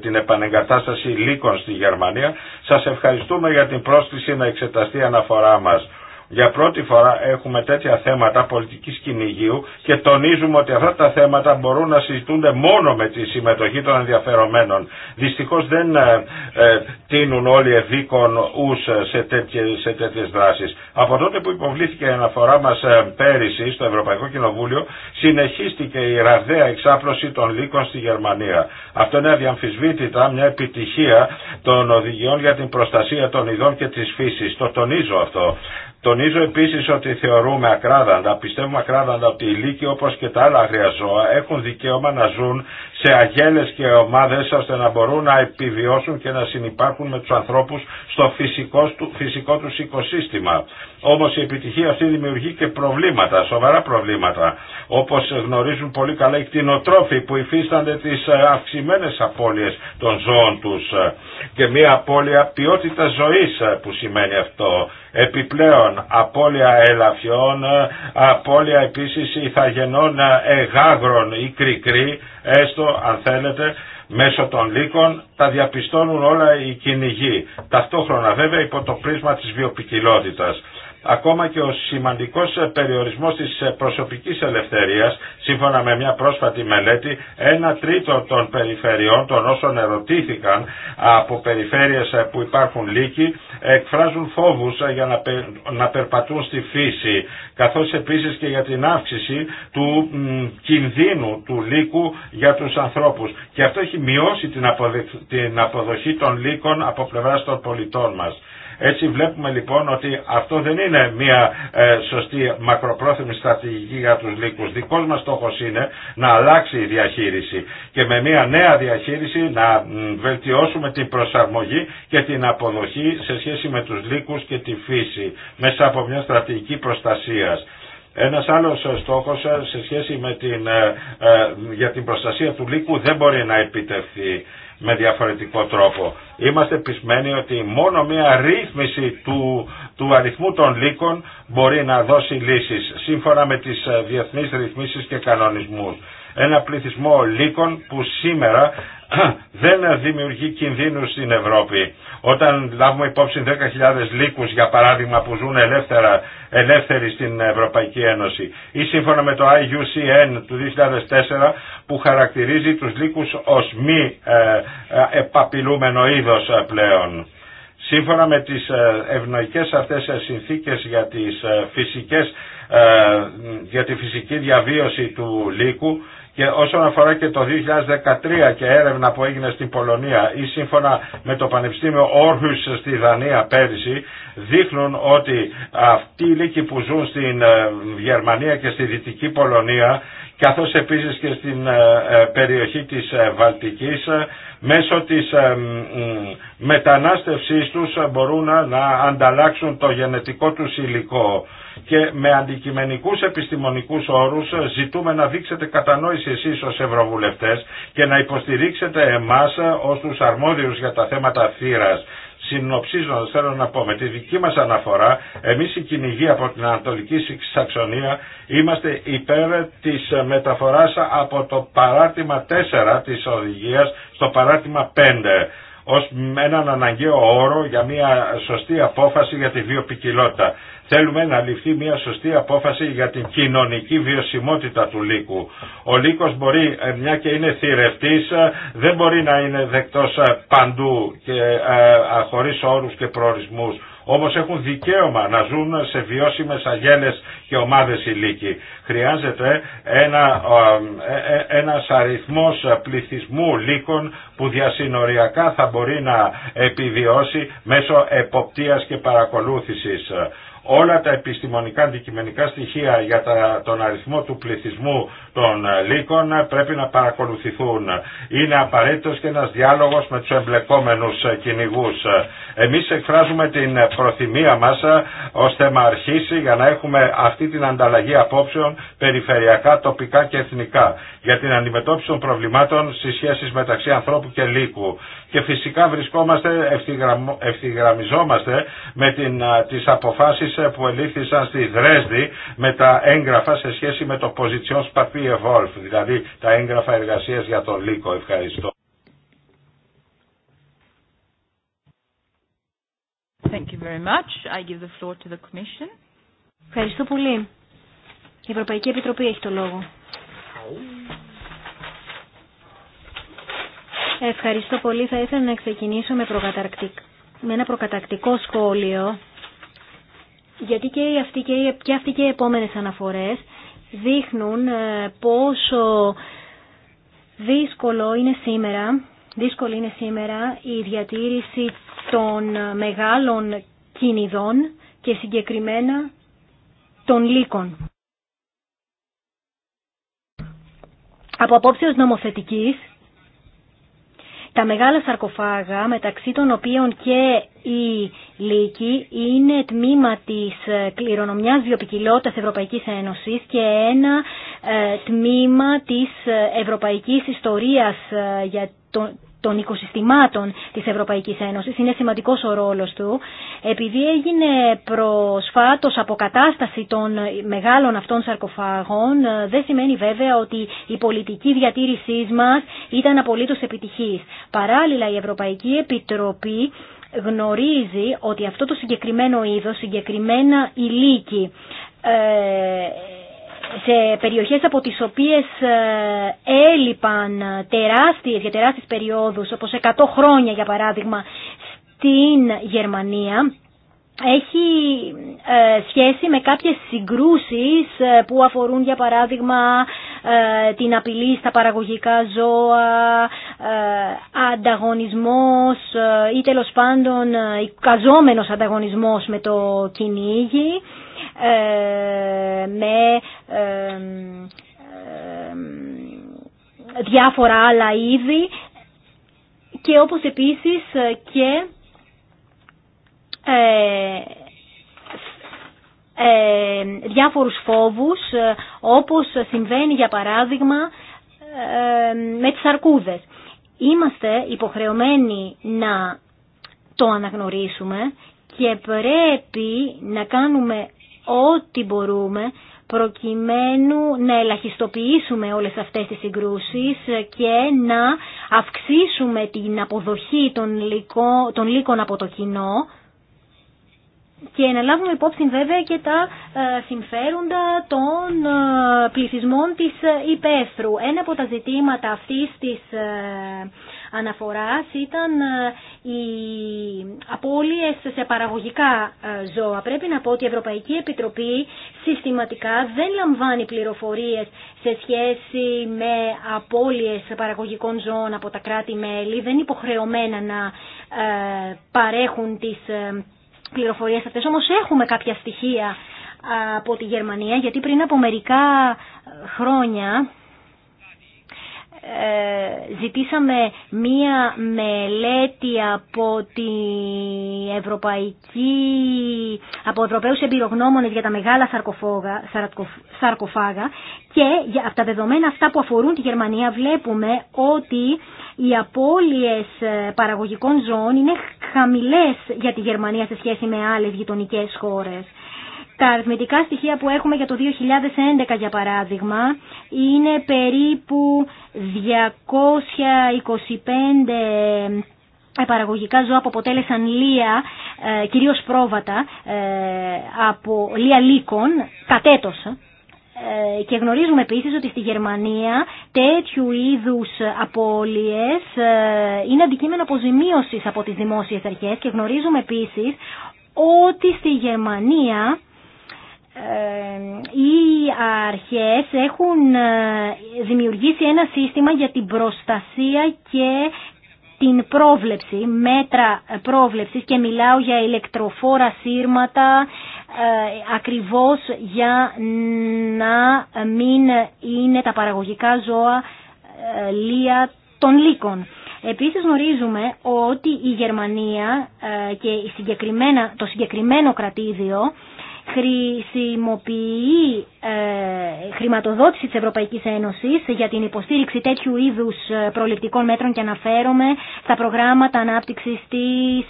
την επανεγκατάσταση λύκων στη Γερμανία σας ευχαριστούμε για την πρόσκληση να εξεταστεί αναφορά μας. Για πρώτη φορά έχουμε τέτοια θέματα πολιτικής κυνηγίου και τονίζουμε ότι αυτά τα θέματα μπορούν να συζητούνται μόνο με τη συμμετοχή των ενδιαφερομένων. Δυστυχώς δεν ε, ε τίνουν όλοι ευήκον ους σε τέτοιες, δράσει. δράσεις. Από τότε που υποβλήθηκε η αναφορά μας ε, πέρυσι στο Ευρωπαϊκό Κοινοβούλιο συνεχίστηκε η ραδαία εξάπλωση των λύκων στη Γερμανία. Αυτό είναι αδιαμφισβήτητα μια επιτυχία των οδηγιών για την προστασία των ειδών και της φύσης. Το τονίζω αυτό. Τονίζω επίση ότι θεωρούμε ακράδαντα, πιστεύουμε ακράδαντα ότι οι λύκοι όπω και τα άλλα αγρία ζώα έχουν δικαίωμα να ζουν σε αγέλε και ομάδε ώστε να μπορούν να επιβιώσουν και να συνεπάρχουν με του ανθρώπου στο φυσικό, φυσικό τους οικοσύστημα. Όμω η επιτυχία αυτή δημιουργεί και προβλήματα, σοβαρά προβλήματα, όπω γνωρίζουν πολύ καλά οι κτηνοτρόφοι που υφίστανται τι ε, αυξημένε απώλειε των ζώων του και μια απώλεια ποιότητα ζωή ε, που σημαίνει αυτό Επιπλέον, απώλεια ελαφιών, απώλεια επίσης ηθαγενών εγάγρων ή κρικρή, έστω αν θέλετε, μέσω των λύκων τα διαπιστώνουν όλα οι κυνηγοί. Ταυτόχρονα βέβαια υπό το πρίσμα της βιοπικιλότητας ακόμα και ο σημαντικός περιορισμός της προσωπικής ελευθερίας, σύμφωνα με μια πρόσφατη μελέτη, ένα τρίτο των περιφερειών, των όσων ερωτήθηκαν από περιφέρειες που υπάρχουν λύκοι, εκφράζουν φόβους για να περπατούν στη φύση, καθώς επίσης και για την αύξηση του κινδύνου του λύκου για τους ανθρώπους. Και αυτό έχει μειώσει την αποδοχή των λύκων από πλευράς των πολιτών μας. Έτσι βλέπουμε λοιπόν ότι αυτό δεν είναι μια ε, σωστή μακροπρόθεμη στρατηγική για τους λύκους. Δικός μας στόχος είναι να αλλάξει η διαχείριση και με μια νέα διαχείριση να βελτιώσουμε την προσαρμογή και την αποδοχή σε σχέση με τους λύκους και τη φύση μέσα από μια στρατηγική προστασίας. Ένας άλλος ε, στόχος ε, σε σχέση με την, για την προστασία του λύκου δεν μπορεί να επιτευχθεί με διαφορετικό τρόπο. Είμαστε πισμένοι ότι μόνο μια ρύθμιση του, του αριθμού των λύκων μπορεί να δώσει λύσεις σύμφωνα με τις ε, διεθνείς ρυθμίσεις και κανονισμούς ένα πληθυσμό λύκων που σήμερα (clears throat) δεν δημιουργεί κινδύνους στην Ευρώπη. Όταν λάβουμε υπόψη 10.000 λύκους για παράδειγμα που ζουν ελεύθερα, ελεύθεροι στην Ευρωπαϊκή Ένωση ή σύμφωνα με το IUCN του 2004 που χαρακτηρίζει τους λύκους ως μη ε, ε, επαπειλούμενο είδος ε, πλέον. Σύμφωνα με τις ευνοϊκές αυτές συνθήκες για, τις φυσικές, για τη φυσική διαβίωση του λύκου και όσον αφορά και το 2013 και έρευνα που έγινε στην Πολωνία ή σύμφωνα με το Πανεπιστήμιο Όρχους στη Δανία πέρυσι δείχνουν ότι αυτοί οι λύκοι που ζουν στην ε, Γερμανία και στη Δυτική Πολωνία καθώς επίσης και στην ε, ε, περιοχή της Βαλτικής μέσω της μετανάστευσής τους μπορούν να ανταλλάξουν το γενετικό τους υλικό και με αντικειμενικούς επιστημονικούς όρους ζητούμε να δείξετε κατανόηση εσείς ως Ευρωβουλευτές και να υποστηρίξετε εμάς ως τους αρμόδιους για τα θέματα θύρας. Συνοψίζοντας θέλω να πω με τη δική μας αναφορά εμείς οι κυνηγοί από την Ανατολική Σαξονία είμαστε υπέρ της μεταφοράς από το παράρτημα 4 της οδηγίας στο παράρτημα 5 ως έναν αναγκαίο όρο για μια σωστή απόφαση για τη βιοπικιλότητα. Θέλουμε να ληφθεί μια σωστή απόφαση για την κοινωνική βιωσιμότητα του λύκου. Ο λύκος μπορεί, ε, μια και είναι θηρευτής, ε, δεν μπορεί να είναι δεκτός ε, παντού και χωρίς όρους και προορισμούς. Όμως έχουν δικαίωμα να ζουν σε βιώσιμες αγέλες και ομάδες ηλίκη. Χρειάζεται ένα, ένας αριθμός πληθυσμού λύκων που διασυνοριακά θα μπορεί να επιβιώσει μέσω εποπτείας και παρακολούθησης όλα τα επιστημονικά αντικειμενικά στοιχεία για τον αριθμό του πληθυσμού των ε, λύκων πρέπει να παρακολουθηθούν. Είναι απαραίτητος και ένας διάλογος με τους εμπλεκόμενους ε, κυνηγού. Ε, εμείς εκφράζουμε την προθυμία μας ως θέμα αρχίσει για να έχουμε αυτή την ανταλλαγή απόψεων περιφερειακά, τοπικά και εθνικά για την αντιμετώπιση των προβλημάτων στι σχέσει μεταξύ ανθρώπου και λύκου. Και φυσικά βρισκόμαστε, ευθυγραμμιζόμαστε με την, τις αποφάσεις που ελήφθησαν στη Δρέσδη με τα έγγραφα σε σχέση με το Positions Papier Wolf, δηλαδή τα έγγραφα εργασία για τον Λύκο. Ευχαριστώ. Thank you very much. I give the floor to the Commission. Ευχαριστώ πολύ. Η Ευρωπαϊκή Επιτροπή έχει το λόγο. Ευχαριστώ πολύ. Θα ήθελα να ξεκινήσω με, με ένα προκατακτικό σχόλιο γιατί και αυτοί και, και, αυτοί και οι επόμενες αναφορές δείχνουν ε, πόσο δύσκολο είναι σήμερα, δύσκολη είναι σήμερα η διατήρηση των μεγάλων κινηδών και συγκεκριμένα των λύκων. Από απόψεως νομοθετικής, τα μεγάλα σαρκοφάγα μεταξύ των οποίων και οι λύκη είναι τμήμα της ε, κληρονομιάς βιοπικιλότητας Ευρωπαϊκής Ένωσης και ένα ε, τμήμα της ε, ευρωπαϊκής ιστορίας για τον των οικοσυστημάτων της Ευρωπαϊκής Ένωσης. Είναι σημαντικός ο ρόλος του. Επειδή έγινε προσφάτως αποκατάσταση των μεγάλων αυτών σαρκοφάγων, δεν σημαίνει βέβαια ότι η πολιτική διατήρησή μας ήταν απολύτως επιτυχής. Παράλληλα, η Ευρωπαϊκή Επιτροπή γνωρίζει ότι αυτό το συγκεκριμένο είδος, συγκεκριμένα ηλίκη, ε, σε περιοχές από τις οποίες ε, έλειπαν τεράστιες, για τεράστιες περιόδους, όπως 100 χρόνια για παράδειγμα, στην Γερμανία, έχει ε, σχέση με κάποιες συγκρούσεις ε, που αφορούν για παράδειγμα ε, την απειλή στα παραγωγικά ζώα, ανταγωνισμός ή τέλος πάντων καζόμενος ανταγωνισμός με το κυνήγι, με διάφορα άλλα είδη και όπως επίσης και ε, ε, διάφορους φόβους ε, όπως συμβαίνει για παράδειγμα με τις αρκούδες. Είμαστε υποχρεωμένοι να το αναγνωρίσουμε και πρέπει να κάνουμε ό,τι μπορούμε προκειμένου να ελαχιστοποιήσουμε όλες αυτές τις συγκρούσεις και να αυξήσουμε την αποδοχή των λύκων από το κοινό και να λάβουμε υπόψη βέβαια και τα ε, συμφέροντα των ε, πληθυσμών της ε, υπαίθρου. Ένα από τα ζητήματα αυτής της αναφοράς ήταν οι απώλειες σε παραγωγικά ζώα. Πρέπει να πω ότι η Ευρωπαϊκή Επιτροπή συστηματικά δεν λαμβάνει πληροφορίες σε σχέση με απώλειες παραγωγικών ζώων από τα κράτη-μέλη. Δεν υποχρεωμένα να παρέχουν τις πληροφορίες αυτές, όμως έχουμε κάποια στοιχεία από τη Γερμανία, γιατί πριν από μερικά χρόνια ζητήσαμε μία μελέτη από την Ευρωπαϊκή, από Ευρωπαίους για τα μεγάλα σαρκοφόγα, σαρκοφάγα και από τα δεδομένα αυτά που αφορούν τη Γερμανία βλέπουμε ότι οι απώλειες ε, παραγωγικών ζώων είναι χαμηλές για τη Γερμανία σε σχέση με άλλες γειτονικές χώρες. Τα αριθμητικά στοιχεία που έχουμε για το 2011 για παράδειγμα είναι περίπου 225 ε, παραγωγικά ζώα που αποτέλεσαν λία, ε, κυρίως πρόβατα, ε, από λία λύκων, κατέτος. Και γνωρίζουμε επίσης ότι στη Γερμανία τέτοιου είδους απώλειες είναι αντικείμενο αποζημίωσης από τις δημόσιες αρχές και γνωρίζουμε επίσης ότι στη Γερμανία ε, οι αρχές έχουν ε, δημιουργήσει ένα σύστημα για την προστασία και την πρόβλεψη, μέτρα πρόβλεψης και μιλάω για ηλεκτροφόρα σύρματα ε, ακριβώς για να μην είναι τα παραγωγικά ζώα λία των λύκων. Επίσης γνωρίζουμε ότι η Γερμανία και συγκεκριμένα, το συγκεκριμένο κρατήδιο χρησιμοποιεί ε, χρηματοδότηση της Ευρωπαϊκής Ένωσης για την υποστήριξη τέτοιου είδους ε, προληπτικών μέτρων και αναφέρομαι στα προγράμματα ανάπτυξης της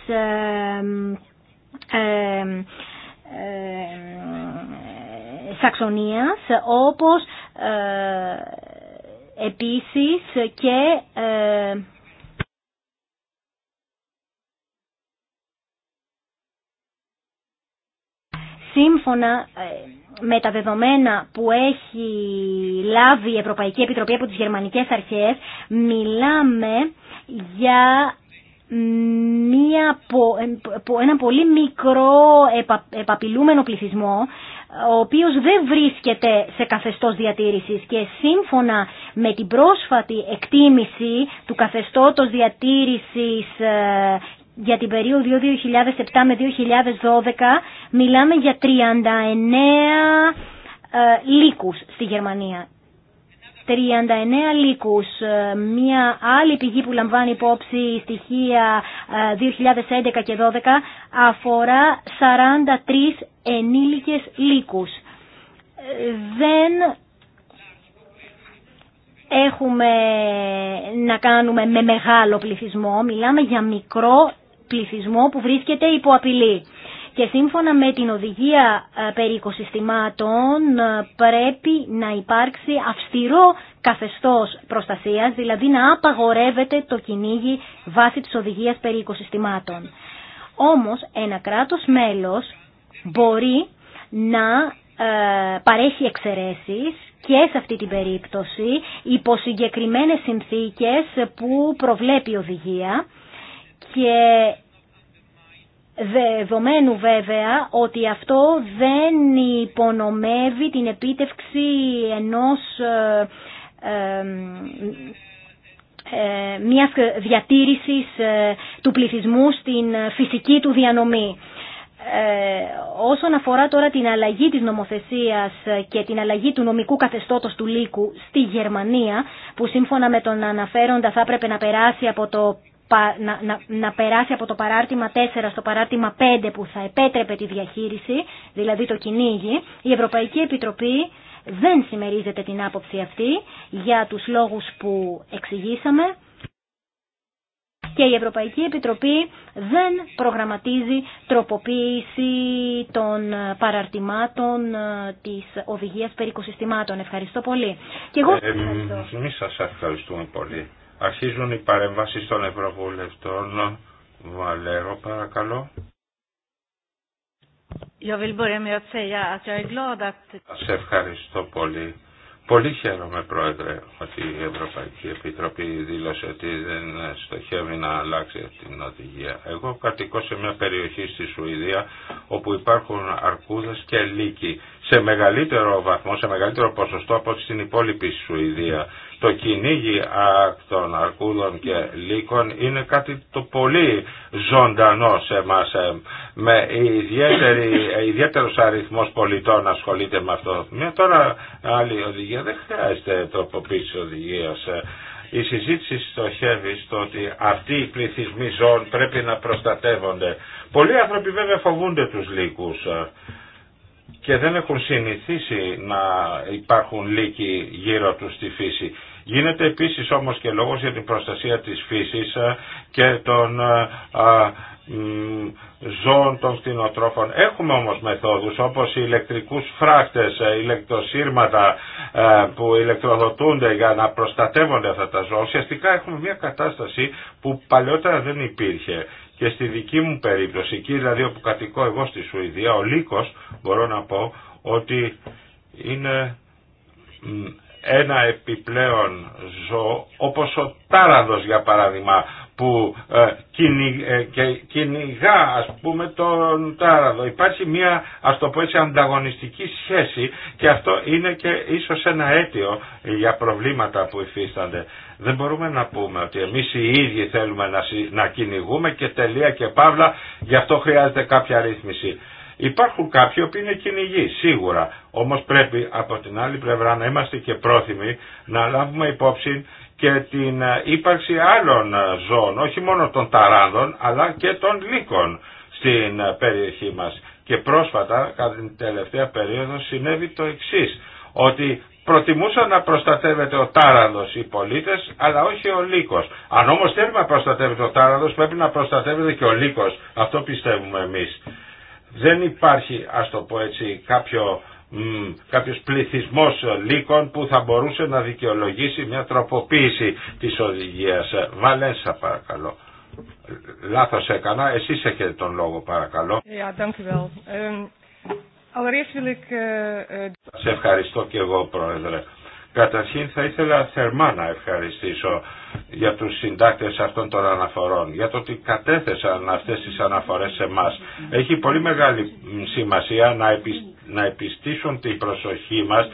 ε, Σαξονίας όπως επίσης και σύμφωνα ε, με τα δεδομένα που έχει λάβει η Ευρωπαϊκή Επιτροπή από τις γερμανικές αρχές, μιλάμε για μία, ε, ένα πολύ μικρό επαπειλούμενο πληθυσμό ο οποίος δεν βρίσκεται σε καθεστώς διατήρησης και σύμφωνα με την πρόσφατη εκτίμηση του καθεστώτος διατήρησης ε, για την περίοδο 2007 με 2012 μιλάμε για 39 ε, λύκους στη Γερμανία. 39 λύκους, ε, μια άλλη πηγή που λαμβάνει υπόψη στοιχεία 2011 ε, και 2012 αφορά 43 ενήλικες λύκους. Δεν έχουμε να κάνουμε με μεγάλο πληθυσμό, μιλάμε για μικρό πληθυσμό που βρίσκεται υπό απειλή. Και σύμφωνα με την οδηγία ε, περί οικοσυστημάτων ε, πρέπει να υπάρξει αυστηρό καθεστώς προστασίας, δηλαδή να απαγορεύεται το κυνήγι βάσει της οδηγίας περί οικοσυστημάτων. Όμως ένα κράτος μέλος μπορεί να ε, παρέχει εξαιρέσεις και σε αυτή την περίπτωση υπό συγκεκριμένες συνθήκες που προβλέπει η οδηγία και δεδομένου βέβαια ότι αυτό δεν υπονομεύει την επίτευξη ενός ε, ε, ε, μιας διατήρησης του πληθυσμού στην φυσική του διανομή. Όσον αφορά τώρα την αλλαγή της νομοθεσίας και την αλλαγή του νομικού καθεστώτος του λύκου στη Γερμανία, που σύμφωνα με τον αναφέροντα θα έπρεπε να περάσει από το να, να, να περάσει από το παράρτημα 4 στο παράρτημα 5 που θα επέτρεπε τη διαχείριση, δηλαδή το κυνήγι, η Ευρωπαϊκή Επιτροπή δεν συμμερίζεται την άποψη αυτή για τους λόγους που εξηγήσαμε και η Ευρωπαϊκή Επιτροπή δεν προγραμματίζει τροποποίηση των παραρτημάτων ε, της οδηγίας περί οικοσυστημάτων. Ευχαριστώ πολύ. Και εγώ... Ε, σας ευχαριστούμε πολύ. Αρχίζουν οι παρεμβάσεις των Ευρωβουλευτών. Βαλέρο παρακαλώ. Σα ευχαριστώ πολύ. Πολύ χαίρομαι, Πρόεδρε, ότι η Ευρωπαϊκή Επιτροπή δήλωσε ότι δεν στοχεύει να αλλάξει την οδηγία. Εγώ κατοικώ σε μια περιοχή στη Σουηδία όπου υπάρχουν αρκούδες και λύκοι σε μεγαλύτερο βαθμό, σε μεγαλύτερο ποσοστό από στην υπόλοιπη Σουηδία. Το κυνήγι των αρκούδων και λύκων είναι κάτι το πολύ ζωντανό σε εμάς. Ε, με ιδιαίτερο ιδιαίτερος αριθμός πολιτών ασχολείται με αυτό. Μια τώρα άλλη οδηγία δεν χρειάζεται τροποποίηση οδηγίας. Ε. Η συζήτηση στοχεύει στο ότι αυτοί οι πληθυσμοί ζώων πρέπει να προστατεύονται. Πολλοί άνθρωποι βέβαια φοβούνται τους λύκους ε, και δεν έχουν συνηθίσει να υπάρχουν λύκοι γύρω τους στη φύση. Γίνεται επίσης όμως και λόγος για την προστασία της φύσης ε, και των ε, ζώων των κτηνοτρόφων. Έχουμε όμως μεθόδους όπως οι ηλεκτρικούς φράχτες, ε, ηλεκτροσύρματα που ηλεκτροδοτούνται για να προστατεύονται αυτά τα ζώα. Ουσιαστικά έχουμε μια κατάσταση που παλιότερα δεν υπήρχε. Και στη δική μου περίπτωση, εκεί δηλαδή όπου κατοικώ εγώ στη Σουηδία, ο λύκος μπορώ να πω ότι είναι ένα επιπλέον ζώο όπως ο τάραδος για παράδειγμα που ε, ε, κυνηγά ας πούμε τον τάραδο. Υπάρχει μια ας το πω έτσι ανταγωνιστική σχέση και αυτό είναι και ίσως ένα αίτιο για προβλήματα που υφίστανται. Δεν μπορούμε να πούμε ότι εμείς οι ίδιοι θέλουμε να κυνηγούμε και τελεία και παύλα γι' αυτό χρειάζεται κάποια ρύθμιση. Υπάρχουν κάποιοι που είναι κυνηγοί, σίγουρα. Όμως πρέπει από την άλλη πλευρά να είμαστε και πρόθυμοι να λάβουμε υπόψη και την ε, ύπαρξη άλλων ε, ζώων, όχι μόνο των ταράνδων, αλλά και των λύκων στην ε, περιοχή μας. Και πρόσφατα, κατά την τελευταία περίοδο, συνέβη το εξή. ότι προτιμούσαν να προστατεύεται ο τάραδο οι πολίτε, αλλά όχι ο λύκο. Αν όμω θέλουμε να προστατεύεται ο τάραδος πρέπει να προστατεύεται και ο λύκο. Αυτό πιστεύουμε εμεί δεν υπάρχει, ας το πω έτσι, κάποιο, μ, κάποιος πληθυσμός λύκων που θα μπορούσε να δικαιολογήσει μια τροποποίηση της οδηγίας. Βαλένσα παρακαλώ. Λάθος έκανα, εσείς έχετε τον λόγο παρακαλώ. Ε, yeah, Σε ε, ε, ευχαριστώ και εγώ πρόεδρε. Καταρχήν θα ήθελα θερμά να ευχαριστήσω για τους συντάκτες αυτών των αναφορών, για το ότι κατέθεσαν αυτές τις αναφορές σε μας. Έχει πολύ μεγάλη σημασία να, να επιστήσουν την προσοχή μας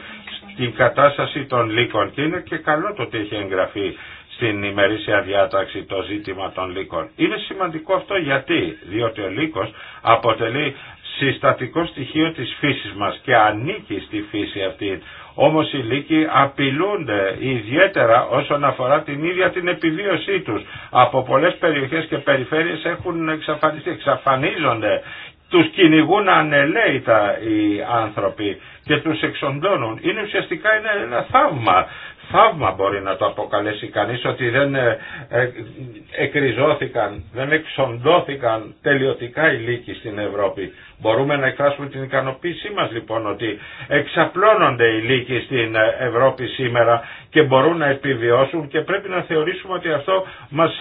στην κατάσταση των λύκων και είναι και καλό το ότι έχει εγγραφεί στην ημερήσια διάταξη το ζήτημα των λύκων. Είναι σημαντικό αυτό γιατί, διότι ο λύκος αποτελεί συστατικό στοιχείο της φύσης μας και ανήκει στη φύση αυτή όμως οι λύκοι απειλούνται ιδιαίτερα όσον αφορά την ίδια την επιβίωσή τους. Από πολλές περιοχές και περιφέρειες έχουν εξαφανιστεί, εξαφανίζονται. Τους κυνηγούν ανελαίητα οι άνθρωποι και τους εξοντώνουν. Είναι ουσιαστικά ένα, ένα θαύμα θαύμα μπορεί να το αποκαλέσει κανείς ότι δεν ε, ε, εκριζώθηκαν, δεν εξοντώθηκαν τελειωτικά οι λύκοι στην Ευρώπη. Μπορούμε να εκφράσουμε την ικανοποίησή μας λοιπόν ότι εξαπλώνονται οι λύκοι στην ε, Ευρώπη σήμερα και μπορούν να επιβιώσουν και πρέπει να θεωρήσουμε ότι αυτό μας,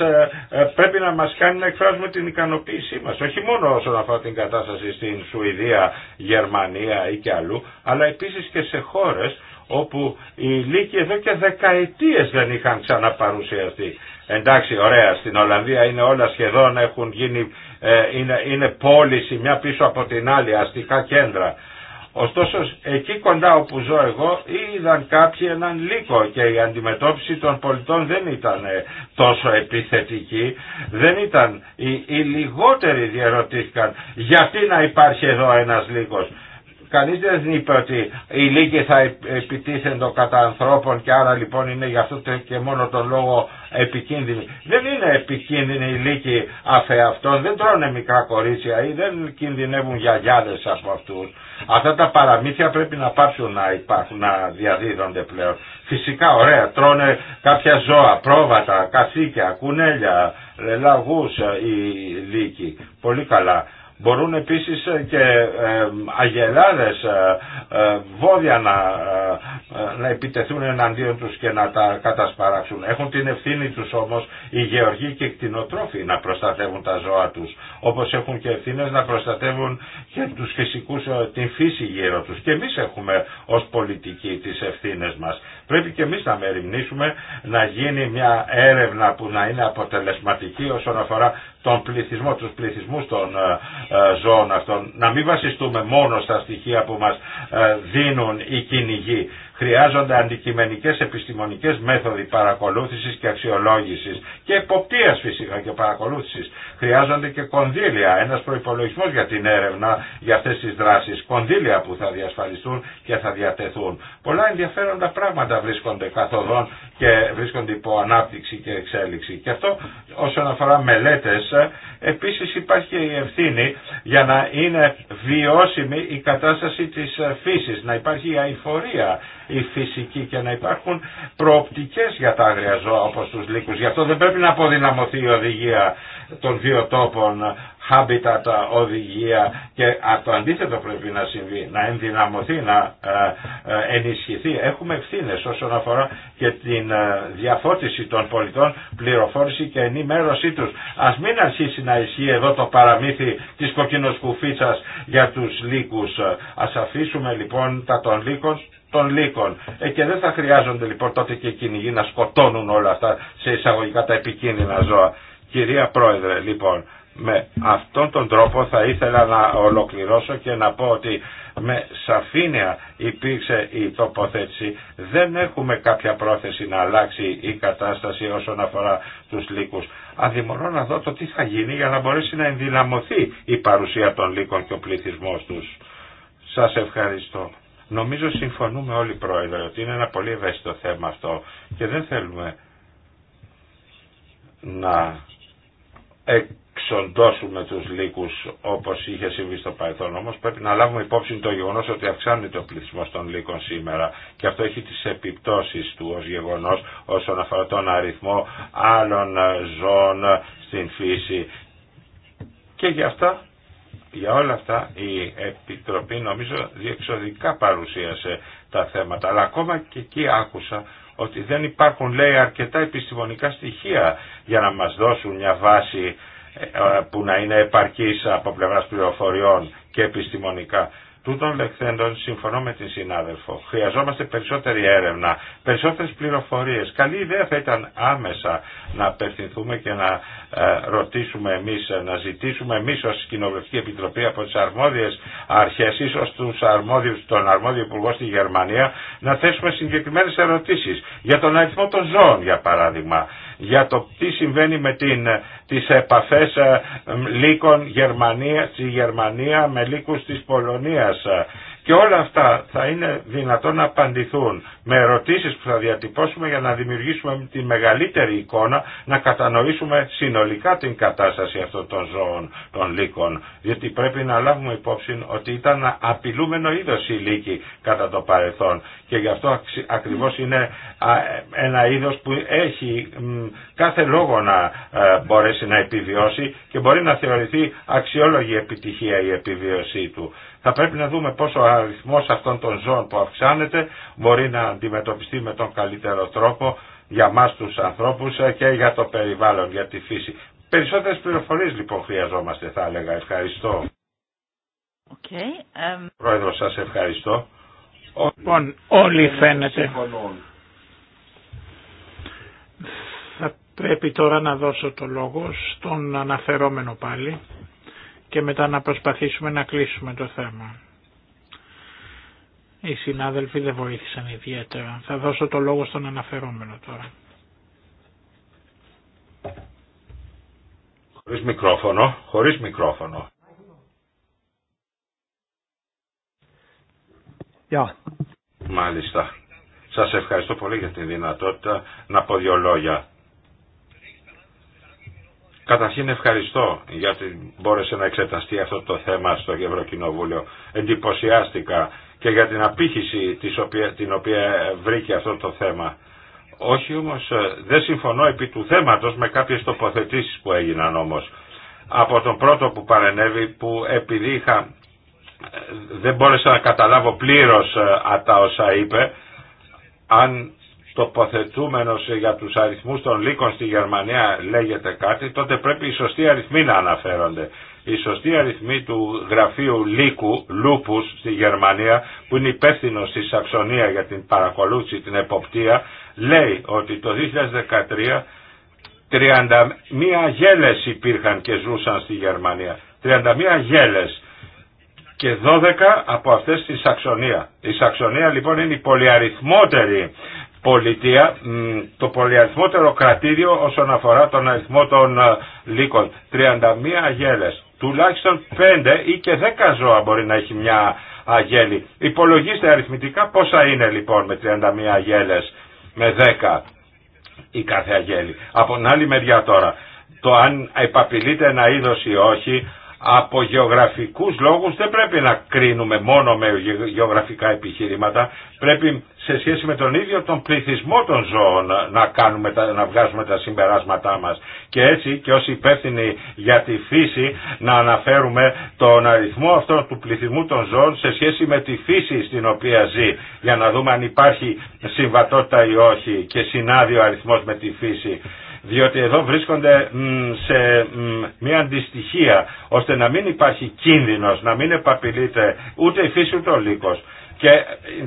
πρέπει να μας κάνει να εκφράζουμε την ικανοποίησή μας. Όχι μόνο όσον αφορά την κατάσταση στην Σουηδία, Γερμανία ή και αλλού, αλλά επίσης και σε χώρες όπου οι λύκοι εδώ και δεκαετίες δεν είχαν ξαναπαρουσιαστεί. Εντάξει, ωραία, στην Ολλανδία είναι όλα σχεδόν έχουν γίνει, ε, είναι, είναι πόληση μια πίσω από την άλλη, αστικά κέντρα. Ωστόσο, εκεί κοντά όπου ζω εγώ, είδαν κάποιοι έναν λύκο και η αντιμετώπιση των πολιτών δεν ήταν ε, τόσο επιθετική. Δεν ήταν, οι, οι λιγότεροι διαρωτήθηκαν γιατί να υπάρχει εδώ ένας λύκος. Κανεί δεν είπε ότι οι λύκοι θα επιτίθεντο κατά ανθρώπων και άρα λοιπόν είναι γι' αυτό και μόνο τον λόγο επικίνδυνοι. Δεν είναι επικίνδυνοι οι λύκοι αφεαυτών, δεν τρώνε μικρά κορίτσια ή δεν κινδυνεύουν γιαγιαδε από αυτού. Αυτά τα παραμύθια πρέπει να πάψουν να υπάρχουν, να διαδίδονται πλέον. Φυσικά ωραία, τρώνε κάποια ζώα, πρόβατα, καθήκια, κουνέλια, λαγού ε, οι λύκοι. Πολύ καλά. Μπορούν επίσης ε, και ε, αγελάδες ε, βόδια να, να επιτεθούν εναντίον τους και να τα κατασπαράξουν. Έχουν την ευθύνη τους όμως οι γεωργοί και οι κτηνοτρόφοι να προστατεύουν τα ζώα τους. Όπως έχουν και ευθύνες να προστατεύουν και τους φυσικούς, την φύση γύρω τους. Και εμείς έχουμε ως πολιτικοί τις ευθύνες μας. Πρέπει και εμείς να μεριμνήσουμε να γίνει μια έρευνα που να είναι αποτελεσματική όσον αφορά τον πληθυσμό, τους πληθυσμούς των ε, ε, ζώων αυτών. Να μην βασιστούμε μόνο στα στοιχεία που μας ε, δίνουν οι κυνηγοί χρειάζονται αντικειμενικές επιστημονικές μέθοδοι παρακολούθησης και αξιολόγησης και εποπτείας φυσικά και παρακολούθησης. Χρειάζονται και κονδύλια, ένας προϋπολογισμός για την έρευνα για αυτές τις δράσεις, κονδύλια που θα διασφαλιστούν και θα διατεθούν. Πολλά ενδιαφέροντα πράγματα βρίσκονται καθοδόν και βρίσκονται υπό ανάπτυξη και εξέλιξη. Και αυτό όσον αφορά μελέτες, επίσης υπάρχει και η ευθύνη για να είναι βιώσιμη η κατάσταση της φύσης, να υπάρχει η αηφορία η φυσική και να υπάρχουν προοπτικές για τα άγρια ζώα όπως τους λύκους. Γι' αυτό δεν πρέπει να αποδυναμωθεί η οδηγία των βιοτόπων habitat οδηγία και από το αντίθετο πρέπει να συμβεί, να ενδυναμωθεί, να ε, ε, ενισχυθεί. Έχουμε ευθύνε όσον αφορά και την ε, διαφώτιση των πολιτών, πληροφόρηση και ενημέρωσή τους. Ας μην αρχίσει να ισχύει εδώ το παραμύθι της κοκκινοσκουφίτσας για τους λύκους. Ας αφήσουμε λοιπόν τα των λύκων των λύκων. Ε, και δεν θα χρειάζονται λοιπόν τότε και οι κυνηγοί να σκοτώνουν όλα αυτά σε εισαγωγικά τα επικίνδυνα ζώα. Κυρία Πρόεδρε, λοιπόν, με αυτόν τον τρόπο θα ήθελα να ολοκληρώσω και να πω ότι με σαφήνεια υπήρξε η τοποθέτηση. Δεν έχουμε κάποια πρόθεση να αλλάξει η κατάσταση όσον αφορά τους λύκους. Αδημονώ να δω το τι θα γίνει για να μπορέσει να ενδυναμωθεί η παρουσία των λύκων και ο πληθυσμός τους. Σας ευχαριστώ. Νομίζω συμφωνούμε όλοι πρόεδρε ότι είναι ένα πολύ ευαίσθητο θέμα αυτό και δεν θέλουμε να εξοντώσουμε τους λύκους όπως είχε συμβεί στο παρελθόν. Όμως πρέπει να λάβουμε υπόψη το γεγονός ότι αυξάνεται ο πληθυσμός των λύκων σήμερα και αυτό έχει τις επιπτώσεις του ως γεγονός όσον αφορά τον αριθμό άλλων ζώων στην φύση. Και γι' αυτά για όλα αυτά η Επιτροπή νομίζω διεξοδικά παρουσίασε τα θέματα, αλλά ακόμα και εκεί άκουσα ότι δεν υπάρχουν λέει αρκετά επιστημονικά στοιχεία για να μας δώσουν μια βάση ε, ε, που να είναι επαρκής από πλευράς πληροφοριών και επιστημονικά. Τούτων λεχθέντων, συμφωνώ με την συνάδελφο, χρειαζόμαστε περισσότερη έρευνα, περισσότερες πληροφορίες. Καλή ιδέα θα ήταν άμεσα να απευθυνθούμε και να ε, ρωτήσουμε εμείς, ε, να ζητήσουμε εμείς ως Κοινοβουλευτική Επιτροπή από τις αρμόδιες αρχές, ίσως τους αρμόδιους, τον αρμόδιο Υπουργό στη Γερμανία, να θέσουμε συγκεκριμένες ερωτήσεις για τον αριθμό των ζώων, για παράδειγμα για το τι συμβαίνει με την, τις επαφές ε, λύκων Γερμανία, στη Γερμανία με λύκους της Πολωνίας και όλα αυτά θα είναι δυνατόν να απαντηθούν με ερωτήσεις που θα διατυπώσουμε για να δημιουργήσουμε τη μεγαλύτερη εικόνα, να κατανοήσουμε συνολικά την κατάσταση αυτών των ζώων, των λύκων. Διότι πρέπει να λάβουμε υπόψη ότι ήταν απειλούμενο είδος η λύκη κατά το παρελθόν. Και γι' αυτό ακριβώς είναι ένα είδος που έχει κάθε λόγο να ε, μπορέσει να επιβιώσει και μπορεί να θεωρηθεί αξιόλογη επιτυχία η επιβίωσή του. Θα πρέπει να δούμε πόσο ο αριθμός αυτών των ζώων που αυξάνεται μπορεί να αντιμετωπιστεί με τον καλύτερο τρόπο για μας τους ανθρώπους και για το περιβάλλον, για τη φύση. Περισσότερες πληροφορίες λοιπόν χρειαζόμαστε θα έλεγα. Ευχαριστώ. Okay, um... Πρόεδρο σας ευχαριστώ. Λοιπόν όλοι φαίνεται. Θα πρέπει τώρα να δώσω το λόγο στον αναφερόμενο πάλι και μετά να προσπαθήσουμε να κλείσουμε το θέμα. Οι συνάδελφοι δεν βοήθησαν ιδιαίτερα. Θα δώσω το λόγο στον αναφερόμενο τώρα. Χωρίς μικρόφωνο, χωρίς μικρόφωνο. Yeah. Μάλιστα. Σας ευχαριστώ πολύ για τη δυνατότητα να πω δύο λόγια. Καταρχήν ευχαριστώ γιατί μπόρεσε να εξεταστεί αυτό το θέμα στο Ευρωκοινοβούλιο. Εντυπωσιάστηκα και για την απήχηση την οποία βρήκε αυτό το θέμα. Όχι όμως ε, δεν συμφωνώ επί του θέματος με κάποιες τοποθετήσεις που έγιναν όμως. Από τον πρώτο που παρενέβη που επειδή ε, δεν μπόρεσα να καταλάβω πλήρως ε, α, τα όσα είπε αν τοποθετούμενος για τους αριθμούς των λύκων στη Γερμανία λέγεται κάτι, τότε πρέπει οι σωστοί αριθμοί να αναφέρονται. Οι σωστοί αριθμοί του γραφείου Λύκου, Λούπους στη Γερμανία, που είναι υπεύθυνο στη Σαξονία για την παρακολούθηση, την εποπτεία, λέει ότι το 2013 31 γέλες υπήρχαν και ζούσαν στη Γερμανία. 31 γέλες και 12 από αυτές στη Σαξονία. Η Σαξονία λοιπόν είναι η πολυαριθμότερη πολιτεία, το πολυαριθμότερο κρατήριο όσον αφορά τον αριθμό των ε, λύκων. 31 αγέλες. Τουλάχιστον 5 ή και 10 ζώα μπορεί να έχει μια αγέλη. Υπολογίστε αριθμητικά πόσα είναι λοιπόν με 31 αγέλες, με 10 η κάθε αγέλη. Από την άλλη μεριά τώρα, το αν επαπειλείται ένα είδος ή όχι από γεωγραφικούς λόγους δεν πρέπει να κρίνουμε μόνο με γεωγραφικά επιχειρήματα. Πρέπει σε σχέση με τον ίδιο τον πληθυσμό των ζώων να, κάνουμε, να βγάζουμε τα συμπεράσματά μας. Και έτσι και ως υπεύθυνοι για τη φύση να αναφέρουμε τον αριθμό αυτών του πληθυσμού των ζώων σε σχέση με τη φύση στην οποία ζει για να δούμε αν υπάρχει συμβατότητα ή όχι και συνάδει ο αριθμός με τη φύση διότι εδώ βρίσκονται σε μια αντιστοιχία ώστε να μην υπάρχει κίνδυνος, να μην επαπειλείται ούτε η φύση ούτε ο λύκος. Και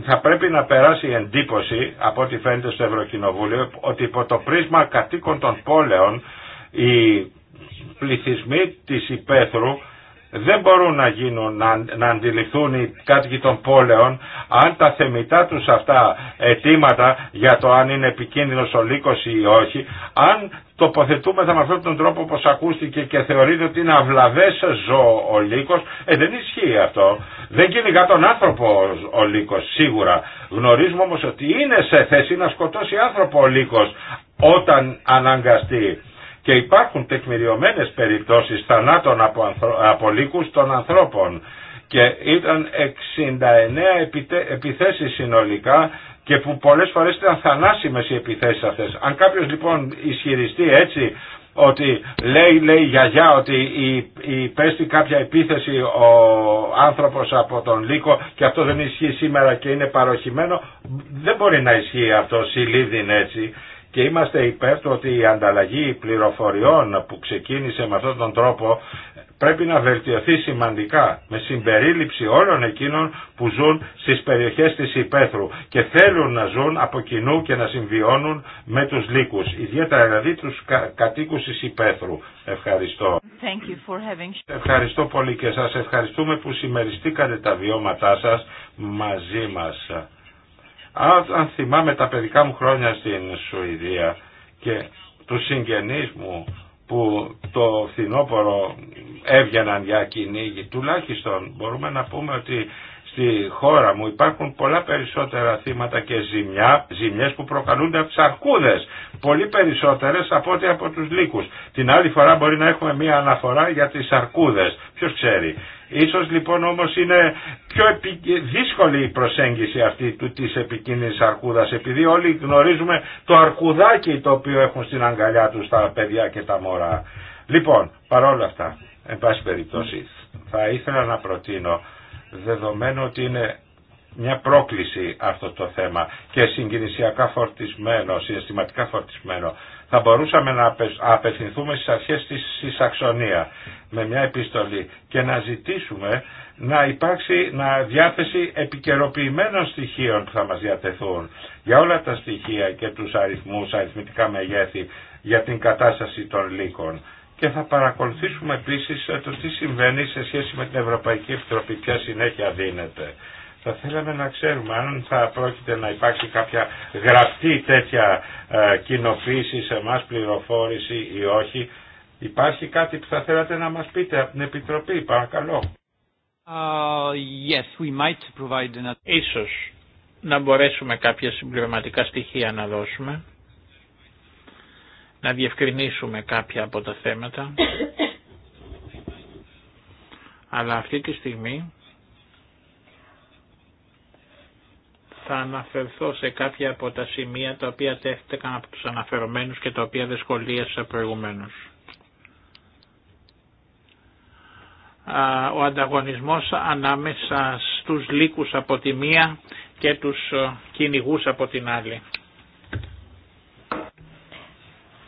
θα πρέπει να περάσει η εντύπωση από ό,τι φαίνεται στο Ευρωκοινοβούλιο ότι υπό το πρίσμα κατοίκων των πόλεων οι πληθυσμοί της υπαίθρου δεν μπορούν να γίνουν, να, να αντιληφθούν οι κάτοικοι των πόλεων αν τα θεμητά τους αυτά αιτήματα για το αν είναι επικίνδυνος ο λύκος ή όχι, αν τοποθετούμεθα με αυτόν τον τρόπο όπως ακούστηκε και θεωρείται ότι είναι αυλαβές ζώο ο λύκος, ε, δεν ισχύει αυτό. Δεν κυνηγά τον άνθρωπο ο λύκος σίγουρα. Γνωρίζουμε όμως ότι είναι σε θέση να σκοτώσει άνθρωπο ο λύκος όταν αναγκαστεί και υπάρχουν τεκμηριωμένες περιπτώσεις θανάτων από, ανθρω... λύκους των ανθρώπων και ήταν 69 επιθέσεις συνολικά και που πολλές φορές ήταν θανάσιμες οι επιθέσεις αυτές. Αν κάποιος λοιπόν ισχυριστεί έτσι ότι λέει, λέει η γιαγιά ότι υπέστη κάποια επίθεση ο άνθρωπος από τον Λύκο και αυτό δεν ισχύει σήμερα και είναι παροχημένο δεν μπορεί να ισχύει αυτό συλλήδιν έτσι και είμαστε υπέρ του ότι η ανταλλαγή πληροφοριών που ξεκίνησε με αυτόν τον τρόπο πρέπει να βελτιωθεί σημαντικά με συμπερίληψη όλων εκείνων που ζουν στις περιοχές της υπαίθρου και θέλουν να ζουν από κοινού και να συμβιώνουν με τους λύκους, ιδιαίτερα δηλαδή τους κα, κατοίκους της υπαίθρου. Ευχαριστώ. Thank you for having... Ευχαριστώ πολύ και σας ευχαριστούμε που συμμεριστήκατε τα βιώματά σας μαζί μας. Αν θυμάμαι τα παιδικά μου χρόνια στην Σουηδία και του συγγενείς μου που το φθινόπωρο έβγαιναν για κυνήγι, τουλάχιστον μπορούμε να πούμε ότι στη χώρα μου υπάρχουν πολλά περισσότερα θύματα και ζημιά, ζημιές που προκαλούνται από τις αρκούδες, πολύ περισσότερες από ό,τι από τους λύκους. Την άλλη φορά μπορεί να έχουμε μία αναφορά για τις αρκούδες, ποιος ξέρει. Ίσως λοιπόν όμως είναι πιο δύσκολη η προσέγγιση αυτή του, της επικίνδυνης αρκούδας επειδή όλοι γνωρίζουμε το αρκουδάκι το οποίο έχουν στην αγκαλιά τους τα παιδιά και τα μωρά. Λοιπόν, παρόλα αυτά, εν πάση περιπτώσει, θα ήθελα να προτείνω δεδομένου ότι είναι μια πρόκληση αυτό το θέμα και συγκινησιακά φορτισμένο, συναισθηματικά φορτισμένο θα μπορούσαμε να απευθυνθούμε στις αρχές της Σαξονία με μια επιστολή και να ζητήσουμε να υπάρξει να διάθεση επικαιροποιημένων στοιχείων που θα μας διατεθούν για όλα τα στοιχεία και τους αριθμούς, αριθμητικά μεγέθη για την κατάσταση των λύκων. Και θα παρακολουθήσουμε επίσης το τι συμβαίνει σε σχέση με την Ευρωπαϊκή Επιτροπή, ποια συνέχεια δίνεται. Θα θέλαμε να ξέρουμε αν θα πρόκειται να υπάρξει κάποια γραπτή τέτοια ε, κοινοποίηση σε εμά πληροφόρηση ή όχι. Υπάρχει κάτι που θα θέλατε να μας πείτε από την Επιτροπή, παρακαλώ. Uh, yes, we might provide an... Ίσως να μπορέσουμε κάποια συμπληρωματικά στοιχεία να δώσουμε, να διευκρινίσουμε κάποια από τα θέματα, (coughs) αλλά αυτή τη στιγμή θα αναφερθώ σε κάποια από τα σημεία τα οποία τέθηκαν από τους αναφερομένους και τα οποία δεν σχολίασα προηγουμένως. Ο ανταγωνισμός ανάμεσα στους λύκους από τη μία και τους κυνηγού από την άλλη.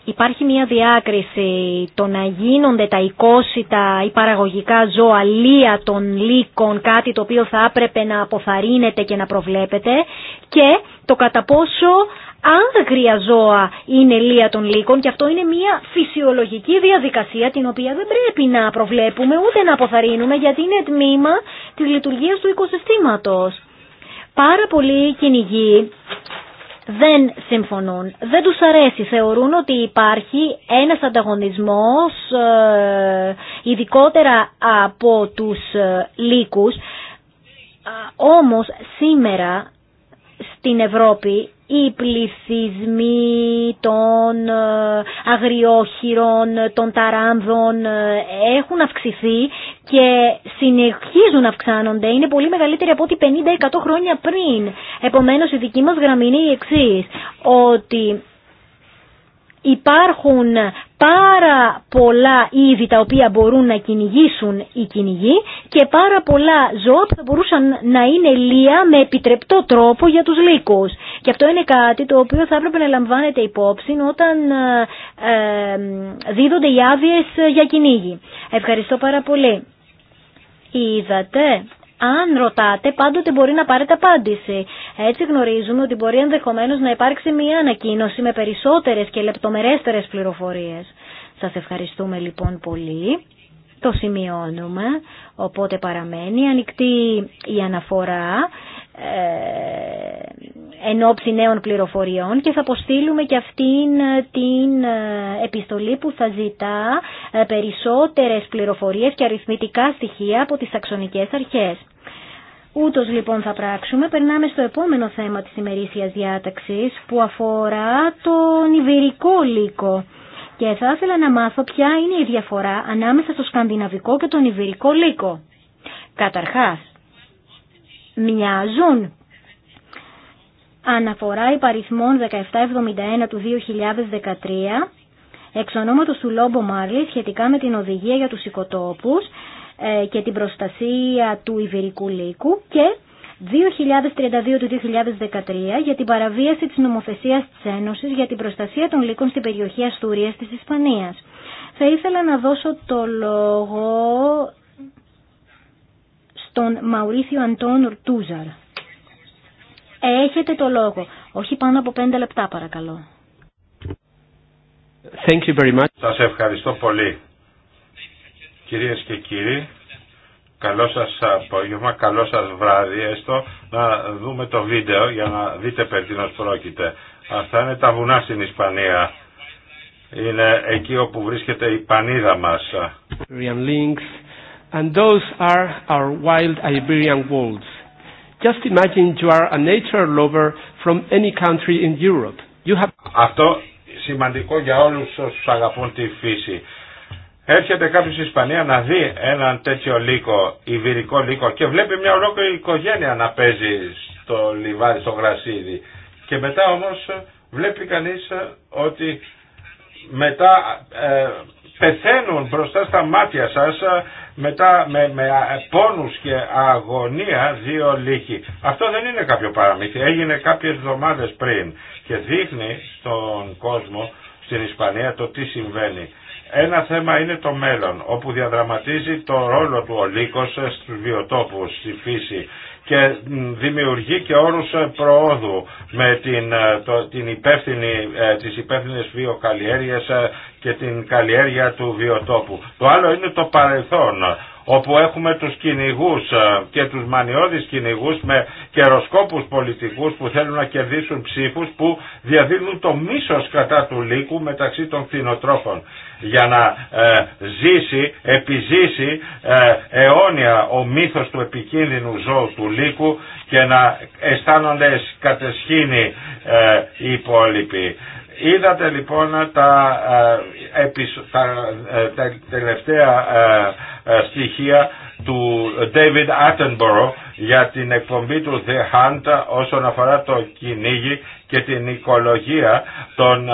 Υπάρχει μια διάκριση το να γίνονται τα οικόσιτα ή παραγωγικά ζώα λία των λύκων, κάτι το οποίο θα έπρεπε να αποθαρρύνεται και να προβλέπεται και το κατά πόσο άγρια ζώα είναι λία των λύκων και αυτό είναι μια φυσιολογική διαδικασία την οποία δεν πρέπει να προβλέπουμε ούτε να αποθαρρύνουμε γιατί είναι τμήμα της λειτουργίας του οικοσυστήματος. Πάρα πολλοί κυνηγοί δεν συμφωνούν. Δεν τους αρέσει. Θεωρούν ότι υπάρχει ένας ανταγωνισμός ε, ειδικότερα από τους ε, λύκους. Όμως σήμερα στην Ευρώπη οι πληθυσμοί των ε, αγριόχειρων, των ταράνδων ε, έχουν αυξηθεί και συνεχίζουν να αυξάνονται. Είναι πολύ μεγαλύτερη από ό,τι 50-100 χρόνια πριν. Επομένως η δική μας γραμμή είναι η εξής, ότι υπάρχουν πάρα πολλά είδη τα οποία μπορούν να κυνηγήσουν οι κυνηγοί και πάρα πολλά ζώα που θα μπορούσαν να είναι λία με επιτρεπτό τρόπο για τους λύκους. Και αυτό είναι κάτι το οποίο θα έπρεπε να λαμβάνεται υπόψη όταν ε, ε, δίδονται οι άδειε για κυνήγι. Ευχαριστώ πάρα πολύ. Είδατε αν ρωτάτε πάντοτε μπορεί να πάρετε απάντηση. Έτσι γνωρίζουμε ότι μπορεί ενδεχομένως να υπάρξει μια ανακοίνωση με περισσότερες και λεπτομερέστερες πληροφορίες. Σας ευχαριστούμε λοιπόν πολύ. Το σημειώνουμε, οπότε παραμένει ανοιχτή η αναφορά ε, εν ώψη νέων πληροφοριών και θα αποστείλουμε και αυτήν ε, την ε, επιστολή που θα ζητά περισσότερες πληροφορίες και αριθμητικά στοιχεία από τις αξονικές αρχές. Ούτως λοιπόν θα πράξουμε. Περνάμε στο επόμενο θέμα της ημερήσιας διάταξης που αφορά τον Ιβηρικό λύκο. Και θα ήθελα να μάθω ποια είναι η διαφορά ανάμεσα στο Σκανδιναβικό και τον Ιβηρικό λύκο. Καταρχάς, μοιάζουν. Αναφορά υπαριθμών 1771 του 2013 εξ ονόματος του Λόμπο Μάρλι σχετικά με την οδηγία για τους οικοτόπους ε, και την προστασία του ιβερικού Λύκου και 2032 του 2013 για την παραβίαση της νομοθεσίας της Ένωσης για την προστασία των λύκων στην περιοχή Αστουρίας της Ισπανίας. Θα ήθελα να δώσω το λόγο στον Μαουρίθιο Αντών Ορτούζαρ. Έχετε το λόγο. Όχι πάνω από πέντε λεπτά παρακαλώ. Thank you very much. Σας ευχαριστώ πολύ. Κυρίες και κύριοι, καλό σας απόγευμα, καλό σας βράδυ έστω. Να δούμε το βίντεο για να δείτε περί τίνος πρόκειται. Αυτά είναι τα βουνά στην Ισπανία. Είναι εκεί όπου βρίσκεται η πανίδα μας. And those are our wild Iberian wolves. Just imagine you are a nature lover from any country in Europe. You have... Αυτό σημαντικό για όλους όσους αγαπούν τη φύση. Έρχεται κάποιος στην Ισπανία να δει έναν τέτοιο λύκο, ιβυρικό λύκο και βλέπει μια ολόκληρη οικογένεια να παίζει στο λιβάρι, στο γρασίδι. Και μετά όμως βλέπει κανείς ότι μετά ε, πεθαίνουν μπροστά στα μάτια σας μετά με, με πόνους και αγωνία δύο λύκοι. Αυτό δεν είναι κάποιο παραμύθι. Έγινε κάποιες εβδομάδες πριν και δείχνει στον κόσμο στην Ισπανία το τι συμβαίνει. Ένα θέμα είναι το μέλλον, όπου διαδραματίζει το ρόλο του ο στους βιοτόπους, στη φύση και δημιουργεί και όρους προόδου με την, ε, το, την υπεύθυνη, ε, τις υπεύθυνες βιοκαλλιέργειες ε, και την καλλιέργεια του βιοτόπου. Το άλλο είναι το παρελθόν όπου έχουμε τους κυνηγού ε, και τους μανιώδεις κυνηγού με καιροσκόπους πολιτικούς που θέλουν να κερδίσουν ψήφους που διαδίδουν το μίσος κατά του λύκου μεταξύ των κτηνοτρόφων για να ε, ζήσει, επιζήσει ε, αιώνια ο μύθος του επικίνδυνου ζώου του λύκου και να αισθάνονται ε, οι υπόλοιποι. Είδατε λοιπόν τα, ε, ε, τα τελευταία ε, στοιχεία του David Attenborough για την εκπομπή του The Hunt όσον αφορά το κυνήγι και την οικολογία των,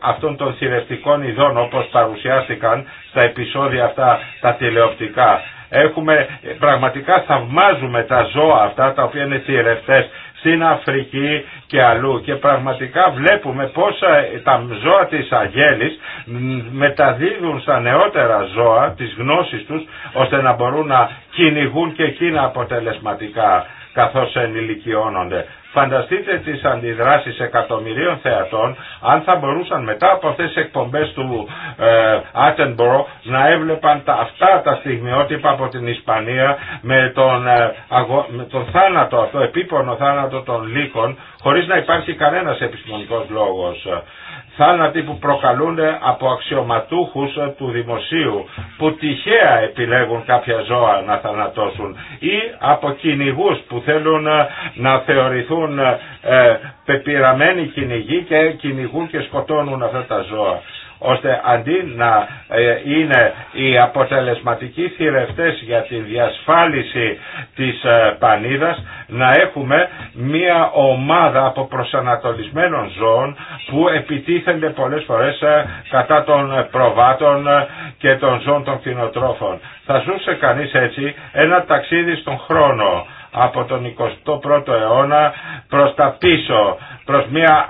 αυτών των θηρευτικών ειδών όπως παρουσιάστηκαν στα επεισόδια αυτά τα τηλεοπτικά. Έχουμε, πραγματικά θαυμάζουμε τα ζώα αυτά τα οποία είναι θηρευτές στην Αφρική και αλλού και πραγματικά βλέπουμε πόσα ε, τα ζώα της αγέλης μεταδίδουν στα νεότερα ζώα τις γνώσεις τους ώστε να μπορούν να κυνηγούν και εκείνα αποτελεσματικά καθώς ενηλικιώνονται. Φανταστείτε τις αντιδράσεις εκατομμυρίων θεατών αν θα μπορούσαν μετά από αυτές τις εκπομπές του Άτενμπορο να έβλεπαν τα, αυτά τα στιγμιότυπα από την Ισπανία με τον, ε, με τον θάνατο αυτό, επίπονο θάνατο των λύκων χωρίς να υπάρχει κανένας επιστημονικός λόγος θάνατοι που προκαλούν από αξιωματούχους του δημοσίου που τυχαία επιλέγουν κάποια ζώα να θανατώσουν ή από κυνηγούς που θέλουν ε, να θεωρηθούν ε, ε, πεπειραμένοι κυνηγοί και κυνηγούν και σκοτώνουν αυτά τα ζώα ώστε αντί να ε, είναι οι αποτελεσματικοί θηρευτές για τη διασφάλιση της ε, πανίδας να έχουμε μια ομάδα από προσανατολισμένων ζώων που επιτίθενται πολλές φορές ε, κατά των προβάτων και των ζώων των κτηνοτρόφων. Θα ζούσε κανείς έτσι ένα ταξίδι στον χρόνο από τον 21ο αιώνα προς τα πίσω προς μια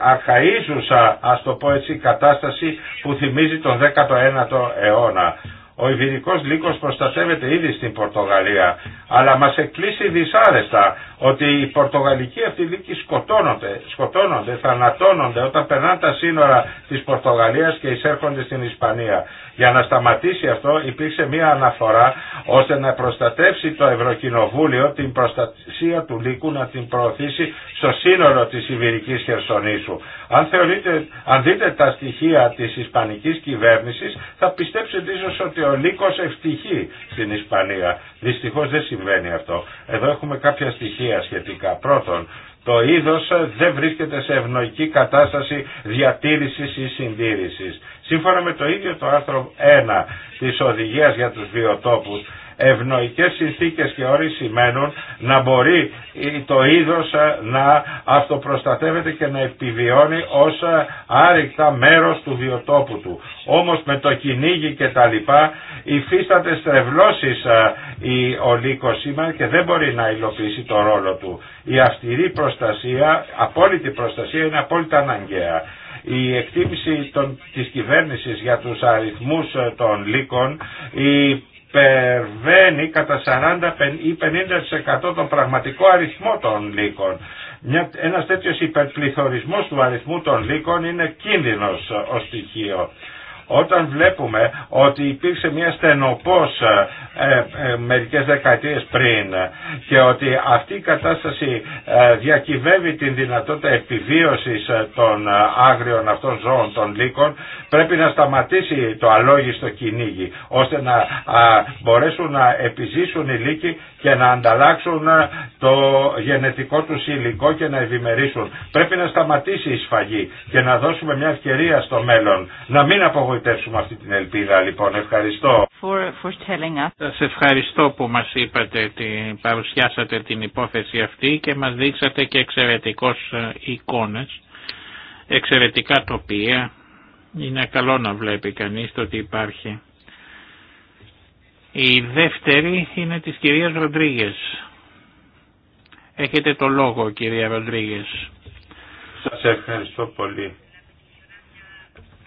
αρχαΐζουσα ας το πω έτσι κατάσταση που θυμίζει τον 19ο αιώνα. Ο Ιβυρικός λίκος προστατεύεται ήδη στην Πορτογαλία, αλλά μας εκκλείσει δυσάρεστα ότι οι Πορτογαλικοί αυτοί λύκοι σκοτώνονται, σκοτώνονται, θανατώνονται όταν περνάνε τα σύνορα της Πορτογαλίας και εισέρχονται στην Ισπανία. Για να σταματήσει αυτό υπήρξε μια αναφορά ώστε να προστατεύσει το Ευρωκοινοβούλιο την προστασία του λύκου να την προωθήσει στο σύνολο της Ιβηρικής Χερσονήσου. Αν, θεωρείτε, αν δείτε τα στοιχεία της Ισπανικής κυβέρνησης θα πιστέψετε ίσως ότι ο λύκος ευτυχεί στην Ισπανία. Δυστυχώς δεν συμβαίνει αυτό. Εδώ έχουμε κάποια στοιχεία σχετικά. Πρώτον, το είδος δεν βρίσκεται σε ευνοϊκή κατάσταση διατήρησης ή συντήρησης. Σύμφωνα με το ίδιο το άρθρο 1 της οδηγίας για τους βιοτόπους, ευνοϊκές συνθήκες και όροι σημαίνουν να μπορεί το είδος να αυτοπροστατεύεται και να επιβιώνει ως άρρηκτα μέρος του βιοτόπου του. Όμως με το κυνήγι και τα λοιπά υφίσταται στρεβλώσεις η ολίκο σήμερα και δεν μπορεί να υλοποιήσει το ρόλο του. Η αυστηρή προστασία, απόλυτη προστασία είναι απόλυτα αναγκαία. Η εκτίμηση των, της κυβέρνησης για τους αριθμούς ε, των λύκων, η υπερβαίνει κατά 40 ή 50% τον πραγματικό αριθμό των λύκων. Μια, ένας τέτοιος υπερπληθωρισμός του αριθμού των λύκων είναι κίνδυνος ε, ως στοιχείο. Όταν βλέπουμε ότι υπήρξε μια στενοπός ε, ε, ε, μερικές δεκαετίες πριν και ότι αυτή η κατάσταση ε, διακυβεύει την δυνατότητα επιβίωσης ε, των άγριων αυτών ζώων, των λύκων, πρέπει να σταματήσει το αλόγιστο κυνήγι, ώστε να μπορέσουν να επιζήσουν οι λύκοι και να ανταλλάξουν το γενετικό του υλικό και να ευημερήσουν. Πρέπει να σταματήσει η σφαγή και να δώσουμε μια ευκαιρία στο μέλλον, να μην απογοητεύσουμε απογοητεύσουμε αυτή την ελπίδα λοιπόν. Ευχαριστώ. ευχαριστώ που μας είπατε, την, παρουσιάσατε την υπόθεση αυτή και μας δείξατε και εξαιρετικώς ε, εικόνες, εξαιρετικά τοπία. Είναι καλό να βλέπει κανείς το ότι υπάρχει. Η δεύτερη είναι της κυρίας Ροντρίγες. Έχετε το λόγο κυρία Ροντρίγες. Σας ευχαριστώ πολύ.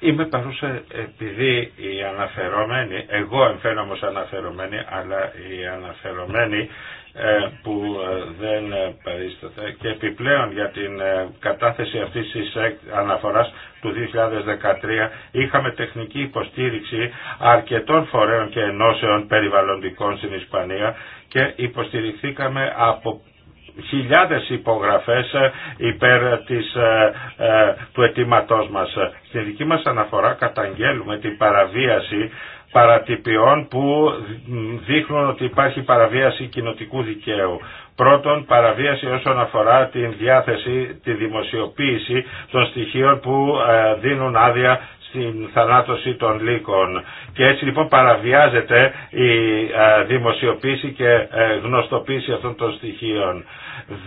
Είμαι παρούσα επειδή η αναφερομένη, εγώ εμφαίνομαι ως αναφερομένη, αλλά η αναφερομένη ε, που ε, δεν ε, παρίσταται και επιπλέον για την κατάθεση αυτής της αναφοράς του 2013 είχαμε τεχνική υποστήριξη αρκετών φορέων και ενώσεων περιβαλλοντικών στην Ισπανία και υποστηριχθήκαμε από χιλιάδες υπογραφές ε, υπέρ της, ε, ε, του αιτήματό μας. Στη δική μας αναφορά καταγγέλουμε την παραβίαση παρατυπιών που δείχνουν ότι υπάρχει παραβίαση κοινοτικού δικαίου. Πρώτον, παραβίαση όσον αφορά την διάθεση, τη δημοσιοποίηση των στοιχείων που δίνουν άδεια στην θανάτωση των λύκων. Και έτσι λοιπόν παραβιάζεται η δημοσιοποίηση και ε, γνωστοποίηση αυτών των στοιχείων.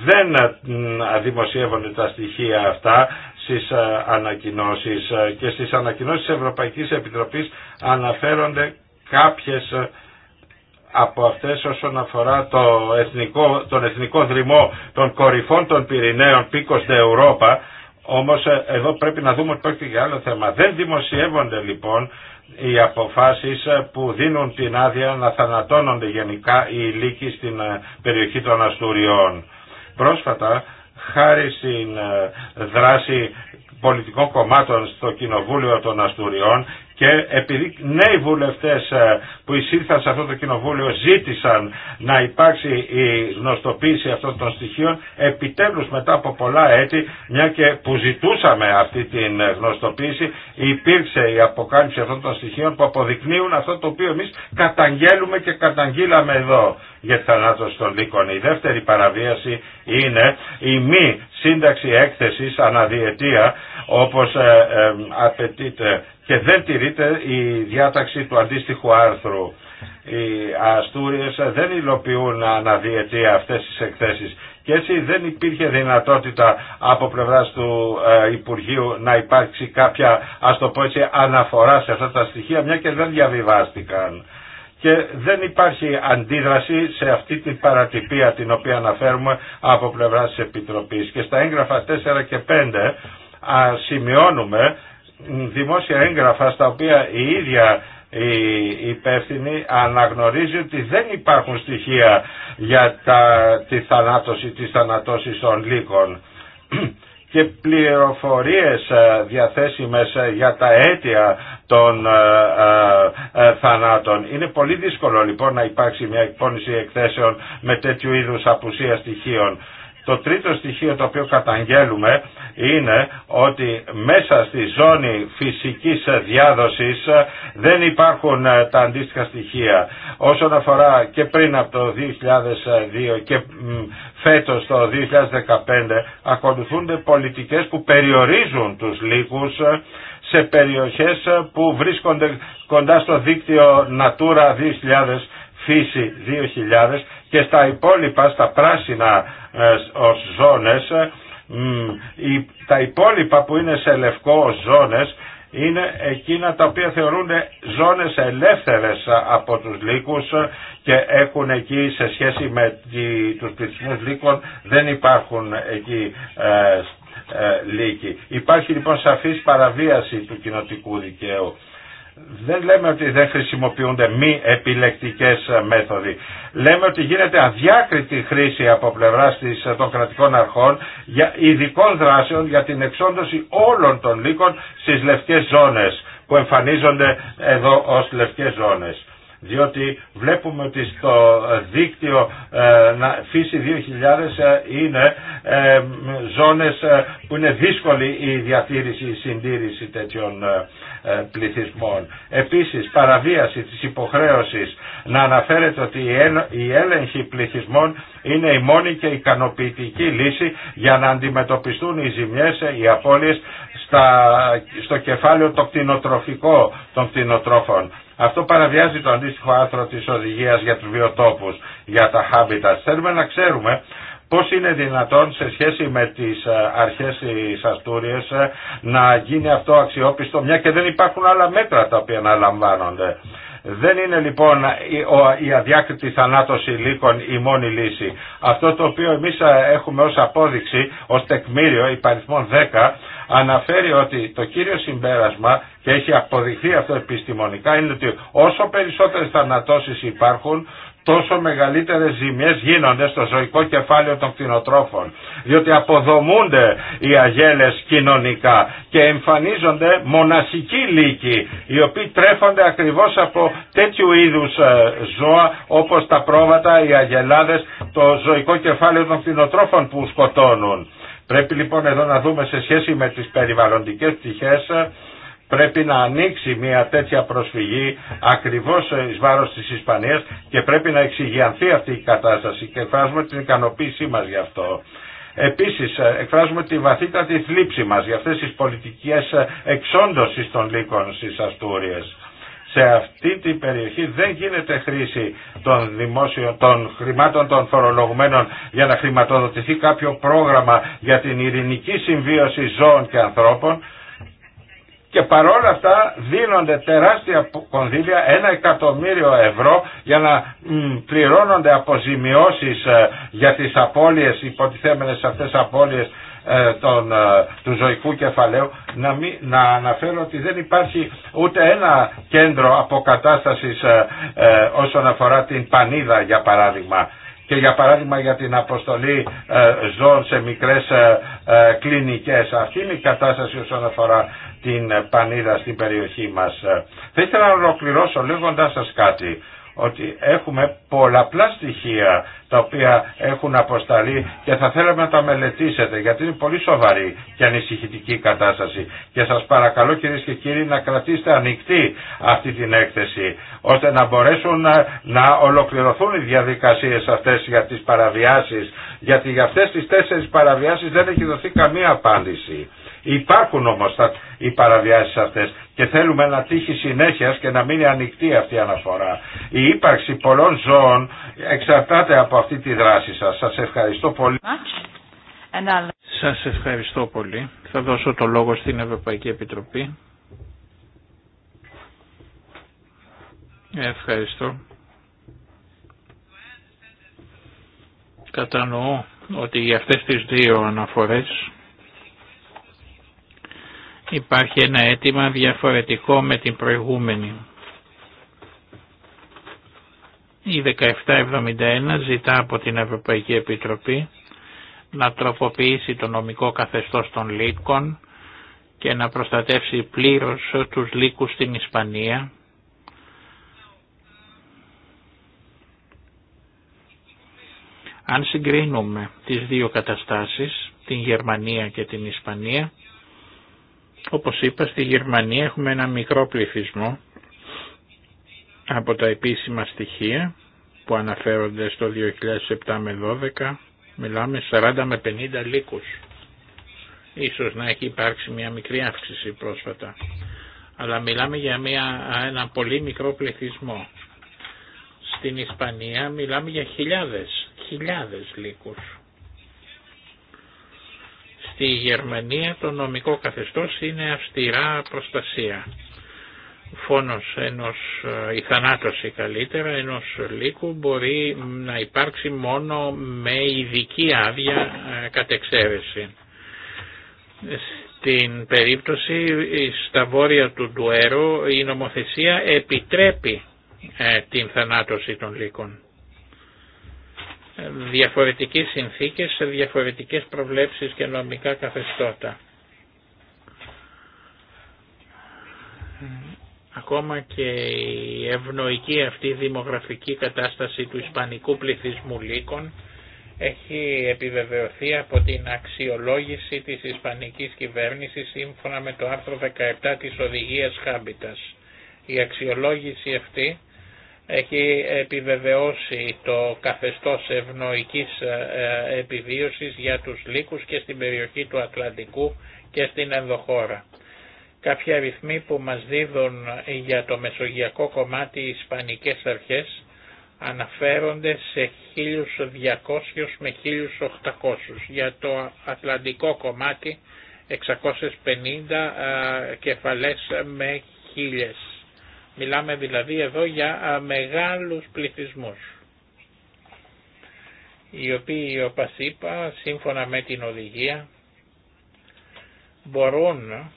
Δεν δημοσιεύονται τα στοιχεία αυτά στις ανακοινώσεις και στις ανακοινώσεις της Ευρωπαϊκής Επιτροπής αναφέρονται κάποιες από αυτές όσον αφορά το εθνικό, τον εθνικό δρυμό των κορυφών των Πυρηναίων, πίκος στην όμως ε, εδώ πρέπει να δούμε ότι πρόκειται για άλλο θέμα. Δεν δημοσιεύονται λοιπόν οι αποφάσεις ε, που δίνουν την άδεια να θανατώνονται γενικά οι ηλίκοι στην ε, περιοχή των Αστουριών. Πρόσφατα, χάρη στην δράση πολιτικών κομμάτων στο Κοινοβούλιο των Αστουριών και επειδή νέοι βουλευτές ε, που εισήλθαν σε αυτό το κοινοβούλιο ζήτησαν να υπάρξει η γνωστοποίηση αυτών των στοιχείων, επιτέλους μετά από πολλά έτη, μια και που ζητούσαμε αυτή την γνωστοποίηση, υπήρξε η αποκάλυψη αυτών των στοιχείων που αποδεικνύουν αυτό το οποίο εμείς καταγγέλουμε και καταγγείλαμε εδώ για τη θανάτωση των δίκων. Η δεύτερη παραβίαση είναι η μη σύνταξη έκθεσης αναδιετία όπως ε, ε, απαιτείται και δεν τηρείται η διάταξη του αντίστοιχου άρθρου. Οι Αστούριες δεν υλοποιούν αναδιετία αυτές τις εκθέσεις και έτσι δεν υπήρχε δυνατότητα από πλευράς του ε, Υπουργείου να υπάρξει κάποια ας το πω έτσι αναφορά σε αυτά τα στοιχεία μια και δεν διαβιβάστηκαν και δεν υπάρχει αντίδραση σε αυτή την παρατυπία την οποία αναφέρουμε από πλευρά της Επιτροπής. Και στα έγγραφα 4 και 5 α, σημειώνουμε δημόσια έγγραφα στα οποία η ίδια η υπεύθυνη αναγνωρίζει ότι δεν υπάρχουν στοιχεία για τα, τη θανάτωση, τη θανατώση των λύκων και πληροφορίες ε, διαθέσιμες ε, για τα αίτια των ε, θανάτων. Είναι πολύ δύσκολο λοιπόν να υπάρξει μια εκπόνηση εκθέσεων με τέτοιου είδους απουσία στοιχείων. Το τρίτο στοιχείο το οποίο καταγγέλουμε είναι ότι μέσα στη ζώνη φυσικής διάδοσης δεν υπάρχουν ε, τα αντίστοιχα στοιχεία. Όσον αφορά και πριν από το 2002 και φέτος το 2015 ακολουθούνται πολιτικές που περιορίζουν τους λύκους ε, σε περιοχές ε, που βρίσκονται κοντά στο δίκτυο Natura 2000 φύση 2000 και στα υπόλοιπα, στα πράσινα ε, ως ζώνες, ε, τα υπόλοιπα που είναι σε λευκό ζώνες, είναι εκείνα τα οποία θεωρούν ζώνες ελεύθερες ε, από τους λύκους και έχουν εκεί σε σχέση με τους πληθυσμούς λύκων δεν υπάρχουν εκεί ε, λύκοι. Υπάρχει λοιπόν σαφής παραβίαση του κοινοτικού δικαίου δεν λέμε ότι δεν χρησιμοποιούνται μη επιλεκτικές μέθοδοι. Λέμε ότι γίνεται αδιάκριτη χρήση από πλευρά ε, των κρατικών αρχών για ειδικών δράσεων για την εξόντωση όλων των λύκων στις λευκές ζώνες που εμφανίζονται εδώ ως λευκές ζώνες διότι βλέπουμε ότι στο ε, δίκτυο ε, φύση 2000 ε, είναι ζώνες που είναι δύσκολη η διατήρηση, η συντήρηση τέτοιων πληθυσμών. Επίσης παραβίαση της υποχρέωσης να αναφέρεται ότι η έλεγχη πληθυσμών είναι η μόνη και ικανοποιητική λύση για να αντιμετωπιστούν οι ζημιές, οι απώλειες στο κεφάλαιο το κτηνοτροφικό των κτηνοτρόφων. Αυτό παραβιάζει το αντίστοιχο άρθρο της οδηγίας για τους βιοτόπους, για τα habitats. Θέλουμε να ξέρουμε πώς είναι δυνατόν σε σχέση με τις ε, αρχές της Αστούριες ε, να γίνει αυτό αξιόπιστο, μια και δεν υπάρχουν άλλα μέτρα τα οποία να λαμβάνονται. Δεν είναι λοιπόν η αδιάκριτη θανάτωση λύκων η μόνη λύση. Αυτό το οποίο εμείς ε, έχουμε ως απόδειξη, ως τεκμήριο υπαριθμών 10, αναφέρει ότι το κύριο συμπέρασμα και έχει αποδειχθεί αυτό επιστημονικά είναι ότι όσο περισσότερες θανατώσεις υπάρχουν τόσο μεγαλύτερες ζημιές γίνονται στο ζωικό κεφάλαιο των κτηνοτρόφων. Διότι αποδομούνται οι αγέλες κοινωνικά και εμφανίζονται μονασικοί λύκοι, οι οποίοι τρέφονται ακριβώς από τέτοιου είδους ε, ζώα όπως τα πρόβατα, οι αγελάδες, το ζωικό κεφάλαιο των κτηνοτρόφων που σκοτώνουν. Πρέπει λοιπόν εδώ να δούμε σε σχέση με τις περιβαλλοντικές πτυχές πρέπει να ανοίξει μια τέτοια προσφυγή ακριβώς εις βάρος της Ισπανίας και πρέπει να εξηγιανθεί αυτή η κατάσταση και εκφράζουμε την ικανοποίησή μας γι' αυτό. Επίσης εκφράζουμε τη βαθύτατη θλίψη μας για αυτές τις πολιτικές εξόντωσης των λύκων στις Αστούριες σε αυτή την περιοχή δεν γίνεται χρήση των, δημόσιων, των χρημάτων των φορολογουμένων για να χρηματοδοτηθεί κάποιο πρόγραμμα για την ειρηνική συμβίωση ζώων και ανθρώπων και παρόλα αυτά δίνονται τεράστια κονδύλια, ένα εκατομμύριο ευρώ για να μ, πληρώνονται αποζημιώσεις ε, για τις απώλειες, υποτιθέμενες αυτές απώλειες ε, των, ε, του ζωικού κεφαλαίου να, μην, να αναφέρω ότι δεν υπάρχει ούτε ένα κέντρο αποκατάστασης ε, όσον αφορά την πανίδα για παράδειγμα και για παράδειγμα για την αποστολή ζώων σε μικρές κλινικές. Αυτή είναι η κατάσταση όσον αφορά την πανίδα στην περιοχή μας. Θα ήθελα να ολοκληρώσω λέγοντάς σας κάτι ότι έχουμε πολλαπλά στοιχεία τα οποία έχουν αποσταλεί και θα θέλαμε να τα μελετήσετε γιατί είναι πολύ σοβαρή και ανησυχητική κατάσταση. Και σας παρακαλώ κυρίες και κύριοι να κρατήσετε ανοιχτή αυτή την έκθεση ώστε να μπορέσουν να, να ολοκληρωθούν οι διαδικασίες αυτές για τις παραβιάσεις γιατί για αυτές τις τέσσερις παραβιάσεις δεν έχει δοθεί καμία απάντηση. Υπάρχουν όμως οι παραβιάσεις αυτές και θέλουμε να τύχει συνέχεια και να μην είναι ανοιχτή αυτή η αναφορά. Η ύπαρξη πολλών ζώων εξαρτάται από αυτή τη δράση σας. Σας ευχαριστώ πολύ. Σας ευχαριστώ πολύ. Θα δώσω το λόγο στην Ευρωπαϊκή Επιτροπή. Ευχαριστώ. Κατανοώ ότι για αυτές τις δύο αναφορές Υπάρχει ένα αίτημα διαφορετικό με την προηγούμενη. Η 1771 ζητά από την Ευρωπαϊκή Επιτροπή να τροποποιήσει το νομικό καθεστώς των λύκων και να προστατεύσει πλήρως τους λύκους στην Ισπανία. Αν συγκρίνουμε τις δύο καταστάσεις, την Γερμανία και την Ισπανία, όπως είπα στη Γερμανία έχουμε ένα μικρό πληθυσμό από τα επίσημα στοιχεία που αναφέρονται στο 2007 με 12 μιλάμε 40 με 50 λύκους. Ίσως να έχει υπάρξει μια μικρή αύξηση πρόσφατα. Αλλά μιλάμε για μια, ένα πολύ μικρό πληθυσμό. Στην Ισπανία μιλάμε για χιλιάδες, χιλιάδες λύκους στη Γερμανία το νομικό καθεστώς είναι αυστηρά προστασία. Φόνος ενός, ε, η θανάτωση καλύτερα, ενός λύκου μπορεί να υπάρξει μόνο με ειδική άδεια ε, κατ' εξαίρεση. Στην περίπτωση στα βόρεια του Ντουέρο η νομοθεσία επιτρέπει ε, την θανάτωση των λύκων διαφορετικές συνθήκες σε διαφορετικές προβλέψεις και νομικά καθεστώτα. Ακόμα και η ευνοϊκή αυτή δημογραφική κατάσταση του ισπανικού πληθυσμού λύκων έχει επιβεβαιωθεί από την αξιολόγηση της ισπανικής κυβέρνησης σύμφωνα με το άρθρο 17 της οδηγίας Χάμπιτας. Η αξιολόγηση αυτή έχει επιβεβαιώσει το καθεστώς ευνοϊκής ε, ε, επιβίωσης για τους λύκους και στην περιοχή του Ατλαντικού και στην ενδοχώρα. Κάποια αριθμοί που μας δίδουν για το μεσογειακό κομμάτι οι Ισπανικές αρχές αναφέρονται σε 1.200 με 1.800. Για το Ατλαντικό κομμάτι 650 ε, κεφαλές με χίλιες. Μιλάμε δηλαδή εδώ για μεγάλους πληθυσμούς οι οποίοι όπως είπα σύμφωνα με την οδηγία μπορούν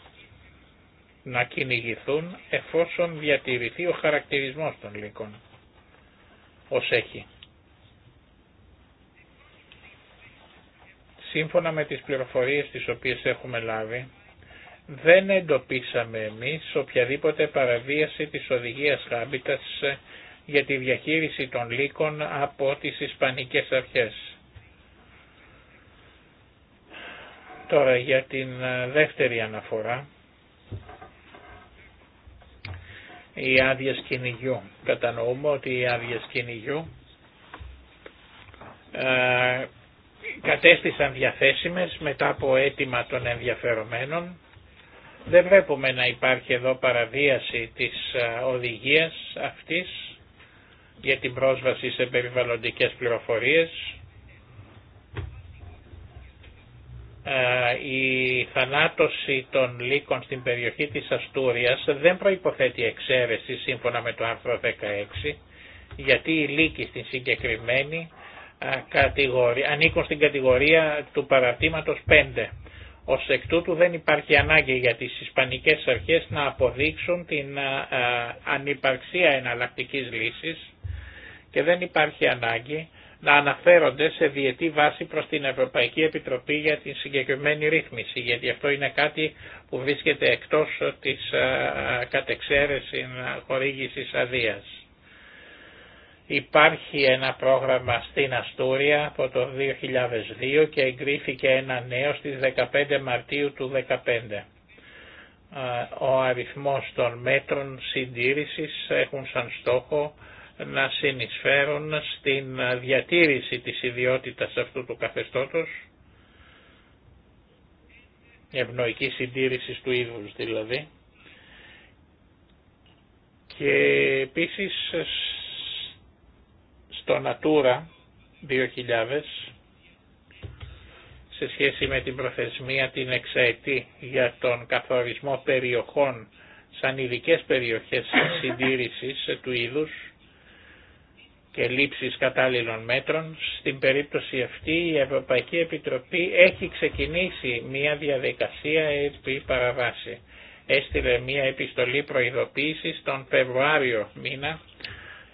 να κυνηγηθούν εφόσον διατηρηθεί ο χαρακτηρισμός των λύκων ως έχει. Σύμφωνα με τις πληροφορίες τις οποίες έχουμε λάβει δεν εντοπίσαμε εμείς οποιαδήποτε παραβίαση της οδηγίας Χάμπιτας ε, για τη διαχείριση των λύκων από τις Ισπανικές αρχές. Τώρα για την ε, δεύτερη αναφορά. Οι άδειε κυνηγιού. Κατανοούμε ότι οι άδειε κυνηγιού ε, κατέστησαν διαθέσιμες μετά από αίτημα των ενδιαφερομένων δεν βλέπουμε να υπάρχει εδώ παραβίαση της ε, οδηγίας αυτής για την πρόσβαση σε περιβαλλοντικές πληροφορίες. Ε, η θανάτωση των λύκων στην περιοχή της Αστούριας δεν προϋποθέτει εξαίρεση σύμφωνα με το άρθρο 16 γιατί οι λύκοι στην συγκεκριμένη ε, κατηγορία, ανήκουν στην κατηγορία του παρατήματος 5 ως εκ τούτου δεν υπάρχει ανάγκη για τις Ισπανικές αρχές να αποδείξουν την ανυπαρξία εναλλακτικής λύσης και δεν υπάρχει ανάγκη να αναφέρονται σε διετή βάση προς την Ευρωπαϊκή Επιτροπή για την συγκεκριμένη ρύθμιση, γιατί αυτό είναι κάτι που βρίσκεται εκτός της κατεξαίρεσης χορήγησης αδείας. Υπάρχει ένα πρόγραμμα στην Αστούρια από το 2002 και εγκρίθηκε ένα νέο στις 15 Μαρτίου του 2015. Ο αριθμός των μέτρων συντήρησης έχουν σαν στόχο να συνεισφέρουν στην διατήρηση της ιδιότητας αυτού του καθεστώτος, ευνοϊκή συντήρηση του είδους δηλαδή, και επίσης το Natura 2000 σε σχέση με την προθεσμία την εξαετή για τον καθορισμό περιοχών σαν ειδικέ περιοχές συντήρησης του είδους και λήψης κατάλληλων μέτρων. Στην περίπτωση αυτή η Ευρωπαϊκή Επιτροπή έχει ξεκινήσει μια διαδικασία επί παραβάση. Έστειλε μια επιστολή προειδοποίησης τον Φεβρουάριο μήνα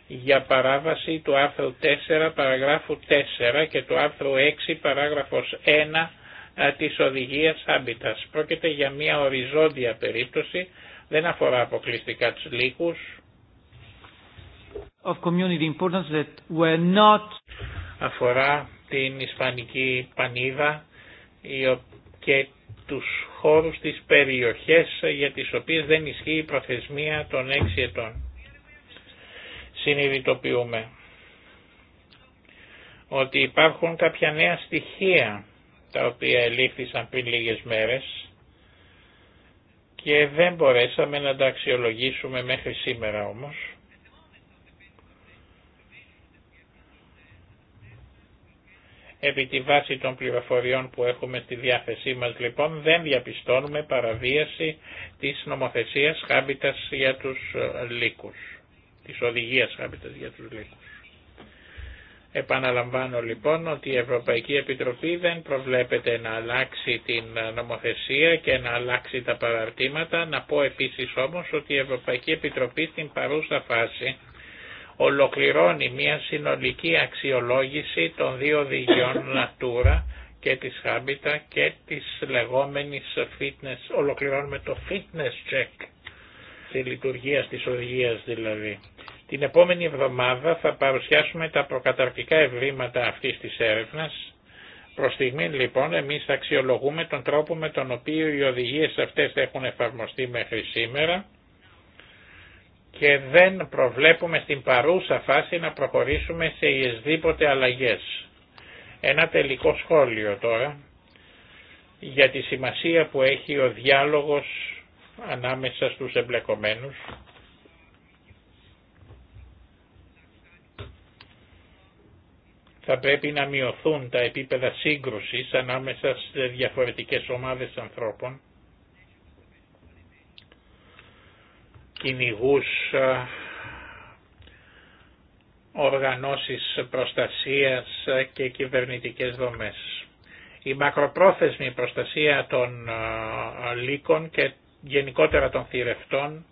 για παράβαση του άρθρου 4 παραγράφου 4 και του άρθρου 6 παράγραφος 1 της οδηγίας Άμπιτας. Πρόκειται για μια οριζόντια περίπτωση, δεν αφορά αποκλειστικά τους λύκους. Of community importance that were not... Αφορά την Ισπανική Πανίδα και τους χώρους, τις περιοχές για τις οποίες δεν ισχύει η προθεσμία των 6 ετών συνειδητοποιούμε ότι υπάρχουν κάποια νέα στοιχεία τα οποία ελήφθησαν πριν λίγες μέρες και δεν μπορέσαμε να τα αξιολογήσουμε μέχρι σήμερα όμως. Επί τη βάση των πληροφοριών που έχουμε στη διάθεσή μας λοιπόν δεν διαπιστώνουμε παραβίαση της νομοθεσίας χάμπιτας για τους λύκους της οδηγίας Habitat για τους λύκους. Επαναλαμβάνω λοιπόν ότι η Ευρωπαϊκή Επιτροπή δεν προβλέπεται να αλλάξει την ε, νομοθεσία και να αλλάξει τα παραρτήματα. Να πω επίσης όμως ότι η Ευρωπαϊκή Επιτροπή στην παρούσα φάση ολοκληρώνει μια συνολική αξιολόγηση των δύο οδηγιών Natura και της Χάμπιτα και της λεγόμενης fitness. Ολοκληρώνουμε το fitness check Λειτουργία της οργίας δηλαδή. Την επόμενη εβδομάδα θα παρουσιάσουμε τα προκαταρκτικά ευρήματα αυτής της έρευνας. Προς στιγμή λοιπόν εμείς αξιολογούμε τον τρόπο με τον οποίο οι οδηγίες αυτές έχουν εφαρμοστεί μέχρι σήμερα και δεν προβλέπουμε στην παρούσα φάση να προχωρήσουμε σε ιεσδήποτε αλλαγές. Ένα τελικό σχόλιο τώρα για τη σημασία που έχει ο διάλογος ανάμεσα στους εμπλεκομένους. Θα πρέπει να μειωθούν τα επίπεδα σύγκρουσης ανάμεσα σε διαφορετικές ομάδες ανθρώπων, κυνηγούς, οργανώσεις προστασίας και κυβερνητικές δομές. Η μακροπρόθεσμη προστασία των λύκων και γενικότερα των θηρευτών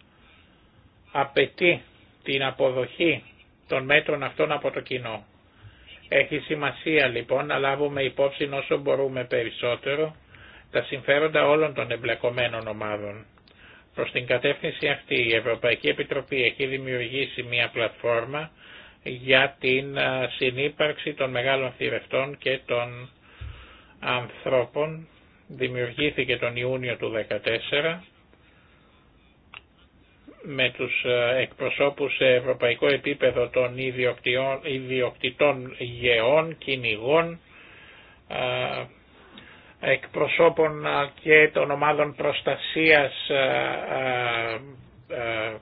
απαιτεί την αποδοχή των μέτρων αυτών από το κοινό. Έχει σημασία λοιπόν να λάβουμε υπόψη όσο μπορούμε περισσότερο τα συμφέροντα όλων των εμπλεκομένων ομάδων. Προς την κατεύθυνση αυτή η Ευρωπαϊκή Επιτροπή έχει δημιουργήσει μια πλατφόρμα για την συνύπαρξη των μεγάλων θηρευτών και των ανθρώπων. Δημιουργήθηκε τον Ιούνιο του 2014 με τους ε, εκπροσώπους σε ευρωπαϊκό επίπεδο των ιδιοκτητών γεών, κυνηγών, ε, εκπροσώπων ε, και των ομάδων προστασίας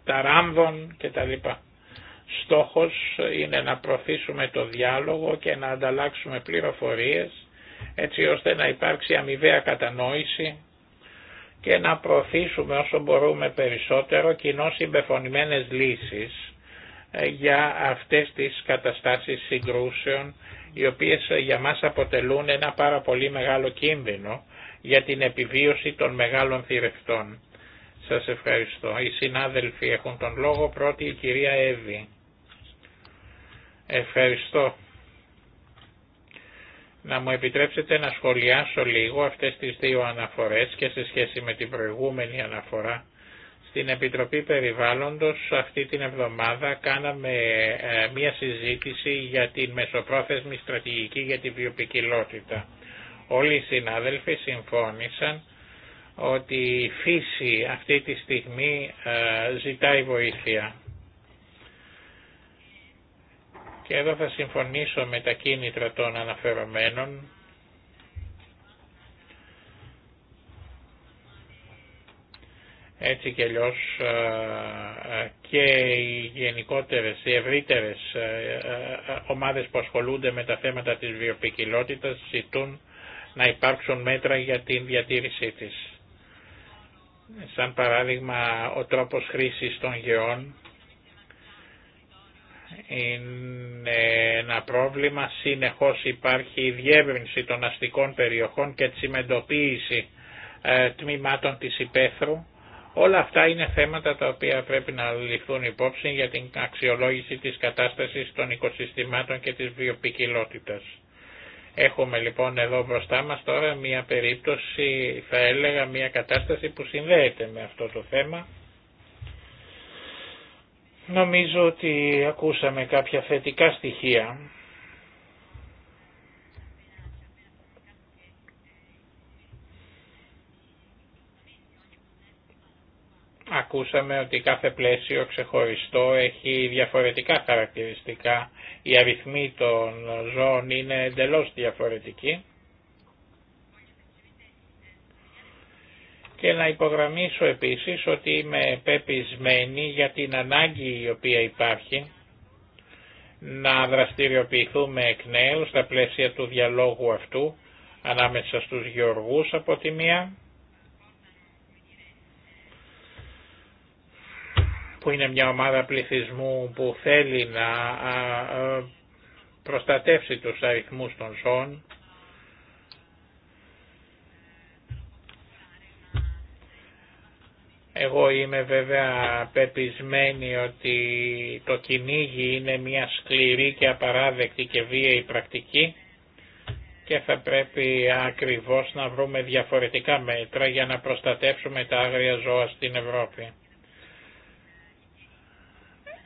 ταράμβων κτλ. Στόχος είναι να προωθήσουμε το διάλογο και να ανταλλάξουμε πληροφορίες έτσι ώστε να υπάρξει αμοιβαία κατανόηση και να προωθήσουμε όσο μπορούμε περισσότερο κοινώ συμπεφωνημένες λύσεις ε, για αυτές τις καταστάσεις συγκρούσεων οι οποίες ε, για μας αποτελούν ένα πάρα πολύ μεγάλο κίνδυνο για την επιβίωση των μεγάλων θηρευτών. Σας ευχαριστώ. Οι συνάδελφοι έχουν τον λόγο. Πρώτη η κυρία Εύη. Ευχαριστώ να μου επιτρέψετε να σχολιάσω λίγο αυτές τις δύο αναφορές και σε σχέση με την προηγούμενη αναφορά. Στην Επιτροπή Περιβάλλοντος αυτή την εβδομάδα κάναμε ε, μία συζήτηση για την μεσοπρόθεσμη στρατηγική για την βιοπικιλότητα. Όλοι οι συνάδελφοι συμφώνησαν ότι η φύση αυτή τη στιγμή ε, ζητάει βοήθεια. Και εδώ θα συμφωνήσω με τα κίνητρα των αναφερομένων έτσι και αλλιώ ε, ε, και οι γενικότερες, οι ευρύτερες ε, ομάδες που ασχολούνται με τα θέματα της βιοπικιλότητας ζητούν να υπάρξουν μέτρα για την διατήρησή της. Σαν παράδειγμα ο τρόπος χρήσης των γεών είναι ένα πρόβλημα, συνεχώς υπάρχει η διεύρυνση των αστικών περιοχών και τσιμεντοποίηση ε, τμήματων της υπαίθρου. Όλα αυτά είναι θέματα τα οποία πρέπει να ληφθούν υπόψη για την αξιολόγηση της κατάστασης των οικοσυστημάτων και της βιοπικιλότητας. Έχουμε λοιπόν εδώ μπροστά μας τώρα μια περίπτωση, θα έλεγα μια κατάσταση που συνδέεται με αυτό το θέμα Νομίζω ότι ακούσαμε κάποια θετικά στοιχεία. Ακούσαμε ότι κάθε πλαίσιο ξεχωριστό έχει διαφορετικά χαρακτηριστικά. Οι αριθμοί των ζώων είναι εντελώς διαφορετικοί. Και να υπογραμμίσω επίσης ότι είμαι πεπισμένη για την ανάγκη η οποία υπάρχει να δραστηριοποιηθούμε εκ νέου στα πλαίσια του διαλόγου αυτού ανάμεσα στους γεωργούς από τη μία που είναι μια ομάδα πληθυσμού που θέλει να προστατεύσει τους αριθμούς των ζώων Εγώ είμαι βέβαια πεπισμένη ότι το κυνήγι είναι μια σκληρή και απαράδεκτη και βίαιη πρακτική και θα πρέπει ακριβώς να βρούμε διαφορετικά μέτρα για να προστατεύσουμε τα άγρια ζώα στην Ευρώπη.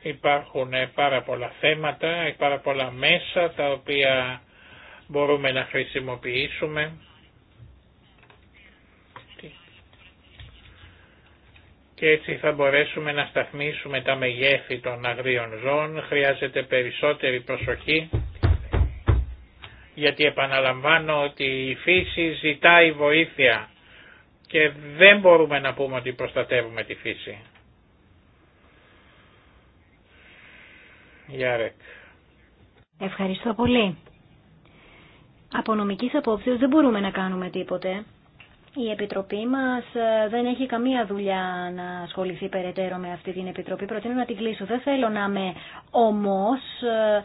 Υπάρχουν πάρα πολλά θέματα, πάρα πολλά μέσα τα οποία μπορούμε να χρησιμοποιήσουμε και έτσι θα μπορέσουμε να σταθμίσουμε τα μεγέθη των αγρίων ζώων. Χρειάζεται περισσότερη προσοχή γιατί επαναλαμβάνω ότι η φύση ζητάει βοήθεια και δεν μπορούμε να πούμε ότι προστατεύουμε τη φύση. Γιάρεκ. Ευχαριστώ πολύ. Από νομικής απόψεως δεν μπορούμε να κάνουμε τίποτε η Επιτροπή μας ε, δεν έχει καμία δουλειά να ασχοληθεί περαιτέρω με αυτή την Επιτροπή. Προτείνω να την κλείσω. Δεν θέλω να είμαι όμως, ε,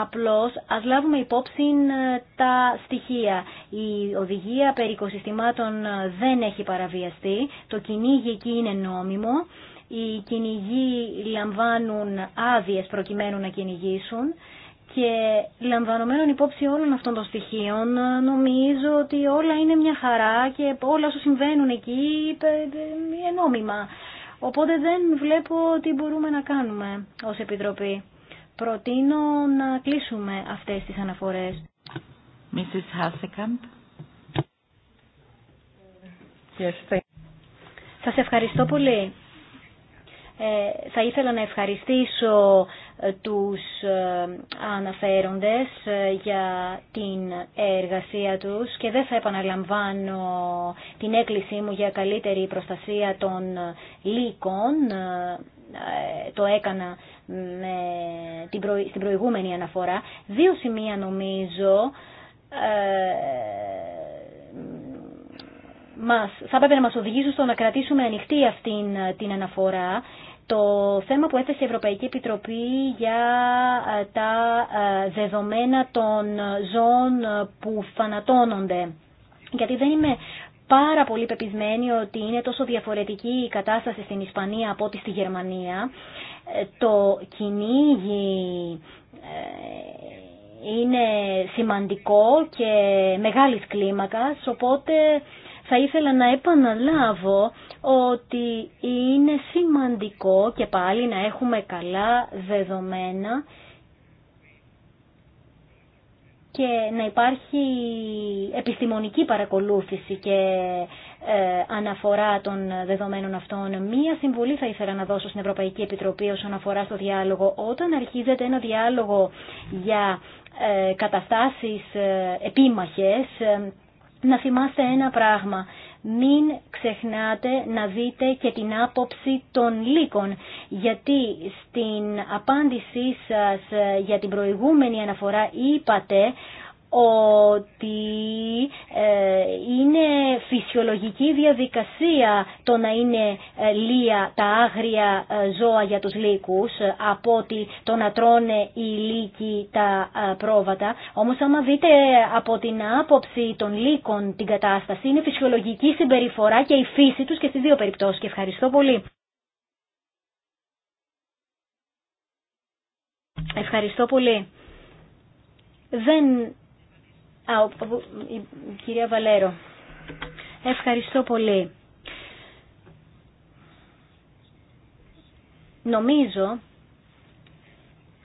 απλώς ας λάβουμε υπόψη ε, τα στοιχεία. Η οδηγία περί οικοσυστημάτων δεν έχει παραβιαστεί. Το κυνήγι εκεί είναι νόμιμο. Οι κυνηγοί λαμβάνουν άδειες προκειμένου να κυνηγήσουν. Και λαμβανομένων υπόψη όλων αυτών των στοιχείων, νομίζω ότι όλα είναι μια χαρά και όλα όσο συμβαίνουν εκεί ε, είναι νόμιμα. Οπότε δεν βλέπω τι μπορούμε να κάνουμε ως Επιτροπή. Προτείνω να κλείσουμε αυτές τις αναφορές. Mrs. Yes, Σας ευχαριστώ πολύ. Ε, θα ήθελα να ευχαριστήσω τους ε, αναφέροντες ε, για την εργασία τους και δεν θα επαναλαμβάνω την έκκλησή μου για καλύτερη προστασία των λύκων. Ε, το έκανα στην προηγούμενη αναφορά. Δύο σημεία νομίζω μας, θα έπρεπε να μας οδηγήσουν στο να κρατήσουμε ανοιχτή αυτή την αναφορά το θέμα που έθεσε η Ευρωπαϊκή Επιτροπή για ε, τα ε, δεδομένα των ζώων που φανατώνονται. Γιατί δεν είμαι πάρα πολύ πεπισμένη ότι είναι τόσο διαφορετική η κατάσταση στην Ισπανία από ό,τι στη Γερμανία. Ε, το κυνήγι είναι σημαντικό και μεγάλης κλίμακας, οπότε θα ήθελα να επαναλάβω ότι είναι σημαντικό και πάλι να έχουμε καλά δεδομένα και να υπάρχει επιστημονική παρακολούθηση και ε, αναφορά των δεδομένων αυτών. Μία συμβουλή θα ήθελα να δώσω στην Ευρωπαϊκή Επιτροπή όσον αφορά στο διάλογο. Όταν αρχίζεται ένα διάλογο για ε, καταστάσεις ε, επίμαχες να θυμάστε ένα πράγμα. Μην ξεχνάτε να δείτε και την άποψη των λύκων, γιατί στην απάντησή σας για την προηγούμενη αναφορά είπατε ότι ε, είναι φυσιολογική διαδικασία το να είναι ε, λία τα άγρια ε, ζώα για τους λύκους από ότι το να τρώνε οι λύκοι τα πρόβατα. Όμως άμα δείτε από την άποψη των λύκων την κατάσταση είναι φυσιολογική συμπεριφορά και η φύση τους και στις δύο περιπτώσεις. ευχαριστώ πολύ. Ευχαριστώ πολύ. Δεν Α, κυρία Βαλέρο. Ευχαριστώ πολύ. Νομίζω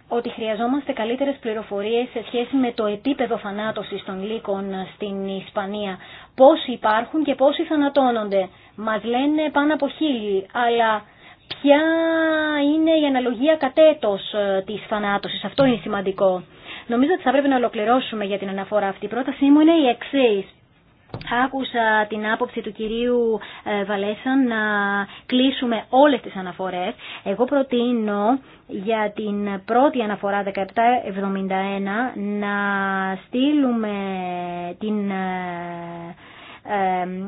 ότι χρειαζόμαστε καλύτερες πληροφορίες σε σχέση με το επίπεδο θανάτωσης των λύκων στην Ισπανία. Πόσοι υπάρχουν και πόσοι θανατώνονται. Μας λένε πάνω από χίλιοι, αλλά ποια είναι η αναλογία κατέτος ε, της θανάτωσης. Αυτό είναι σημαντικό. Νομίζω ότι θα πρέπει να ολοκληρώσουμε για την αναφορά αυτή. Η πρότασή μου είναι η εξή. Άκουσα την άποψη του κυρίου ε, Βαλέσαν να κλείσουμε όλες τις αναφορές. Εγώ προτείνω για την πρώτη αναφορά 1771 να στείλουμε την ε,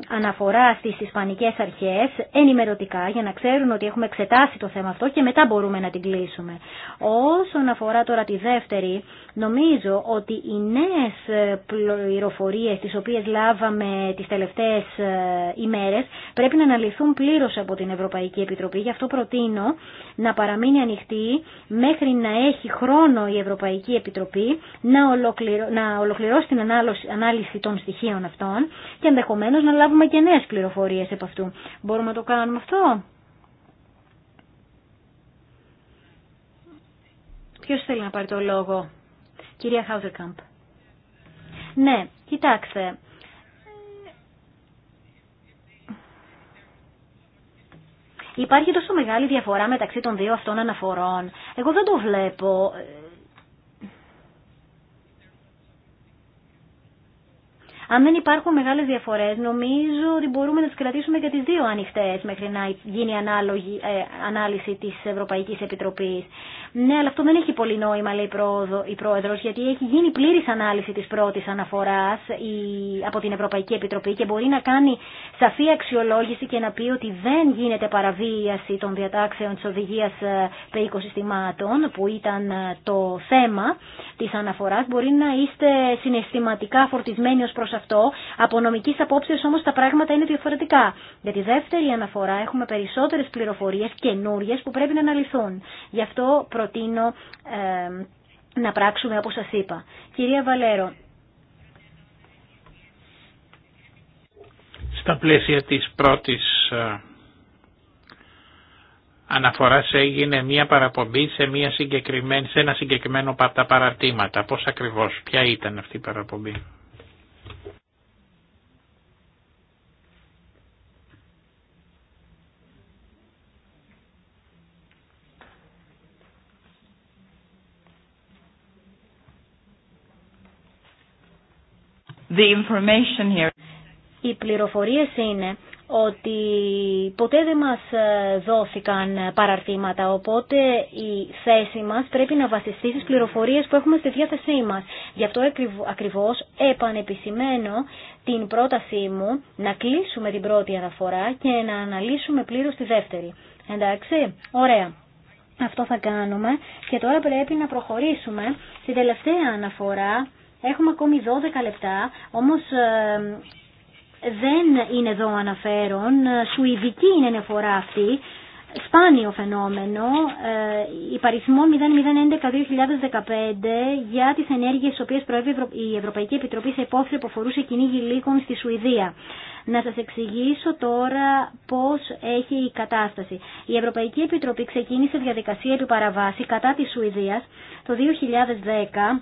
αναφορά στις ισπανικές αρχές ενημερωτικά για να ξέρουν ότι έχουμε εξετάσει το θέμα αυτό και μετά μπορούμε να την κλείσουμε. Όσον αφορά τώρα τη δεύτερη, νομίζω ότι οι νέες πληροφορίες τις οποίες λάβαμε τις τελευταίες ε, ημέρες πρέπει να αναλυθούν πλήρως από την Ευρωπαϊκή Επιτροπή. Γι' αυτό προτείνω να παραμείνει ανοιχτή μέχρι να έχει χρόνο η Ευρωπαϊκή Επιτροπή να, ολοκληρώσει την ανάλυση των στοιχείων αυτών ενδεχομένως να λάβουμε και νέες πληροφορίες από αυτού. Μπορούμε να το κάνουμε αυτό. Ποιος θέλει να πάρει το λόγο. Κυρία Χάουζερκαμπ. Ναι, κοιτάξτε. Υπάρχει τόσο μεγάλη διαφορά μεταξύ των δύο αυτών αναφορών. Εγώ δεν το βλέπω Αν δεν υπάρχουν μεγάλε διαφορέ, νομίζω ότι μπορούμε να τι κρατήσουμε και τι δύο ανοιχτέ μέχρι να γίνει ανάλογη, ε, ανάλυση τη Ευρωπαϊκή Επιτροπή. Ναι, αλλά αυτό δεν έχει πολύ νόημα, λέει η Πρόεδρο, γιατί έχει γίνει πλήρη ανάλυση τη πρώτη αναφορά από την Ευρωπαϊκή Επιτροπή και μπορεί να κάνει σαφή αξιολόγηση και να πει ότι δεν γίνεται παραβίαση των διατάξεων τη οδηγία ε, οικοσυστημάτων, που ήταν ε, το θέμα τη αναφορά. Μπορεί να είστε συναισθηματικά φορτισμένοι ω προ αυτό. Από νομική απόψεω όμως τα πράγματα είναι διαφορετικά. Για τη δεύτερη αναφορά έχουμε περισσότερες πληροφορίες καινούριε που πρέπει να αναλυθούν. Γι' αυτό προτείνω ε, να πράξουμε όπως σα είπα. Κυρία Βαλέρο. Στα πλαίσια της πρώτης ε, αναφοράς έγινε μια παραπομπή σε, μια συγκεκριμένη, σε ένα συγκεκριμένο από τα παρατήματα. Πώς ακριβώς, ποια ήταν αυτή η παραπομπή. The information here. Οι πληροφορίες είναι ότι ποτέ δεν μας ε, δόθηκαν παραρτήματα, οπότε η θέση μας πρέπει να βασιστεί στις πληροφορίες που έχουμε στη διάθεσή μας. Γι' αυτό ακριβώς επανεπισημένω την πρότασή μου να κλείσουμε την πρώτη αναφορά και να αναλύσουμε πλήρως τη δεύτερη. Εντάξει, ωραία. Αυτό θα κάνουμε και τώρα πρέπει να προχωρήσουμε στη τελευταία αναφορά Έχουμε ακόμη 12 λεπτά, όμως ε, δεν είναι εδώ αναφέρον. Ε, σουηδική ενεφορά αναφορά αυτή. Σπάνιο Η φαινόμενο, ε, υπαριθμό 0011-2015 για τις ενέργειες τις οποίες προέβη η Ευρωπαϊκή Επιτροπή σε υπόθεση που αφορούσε κυνήγι λύκων στη Σουηδία. Να σας εξηγήσω τώρα πώς έχει η κατάσταση. Η Ευρωπαϊκή Επιτροπή ξεκίνησε διαδικασία επιπαραβάση κατά της Σουηδίας το 2010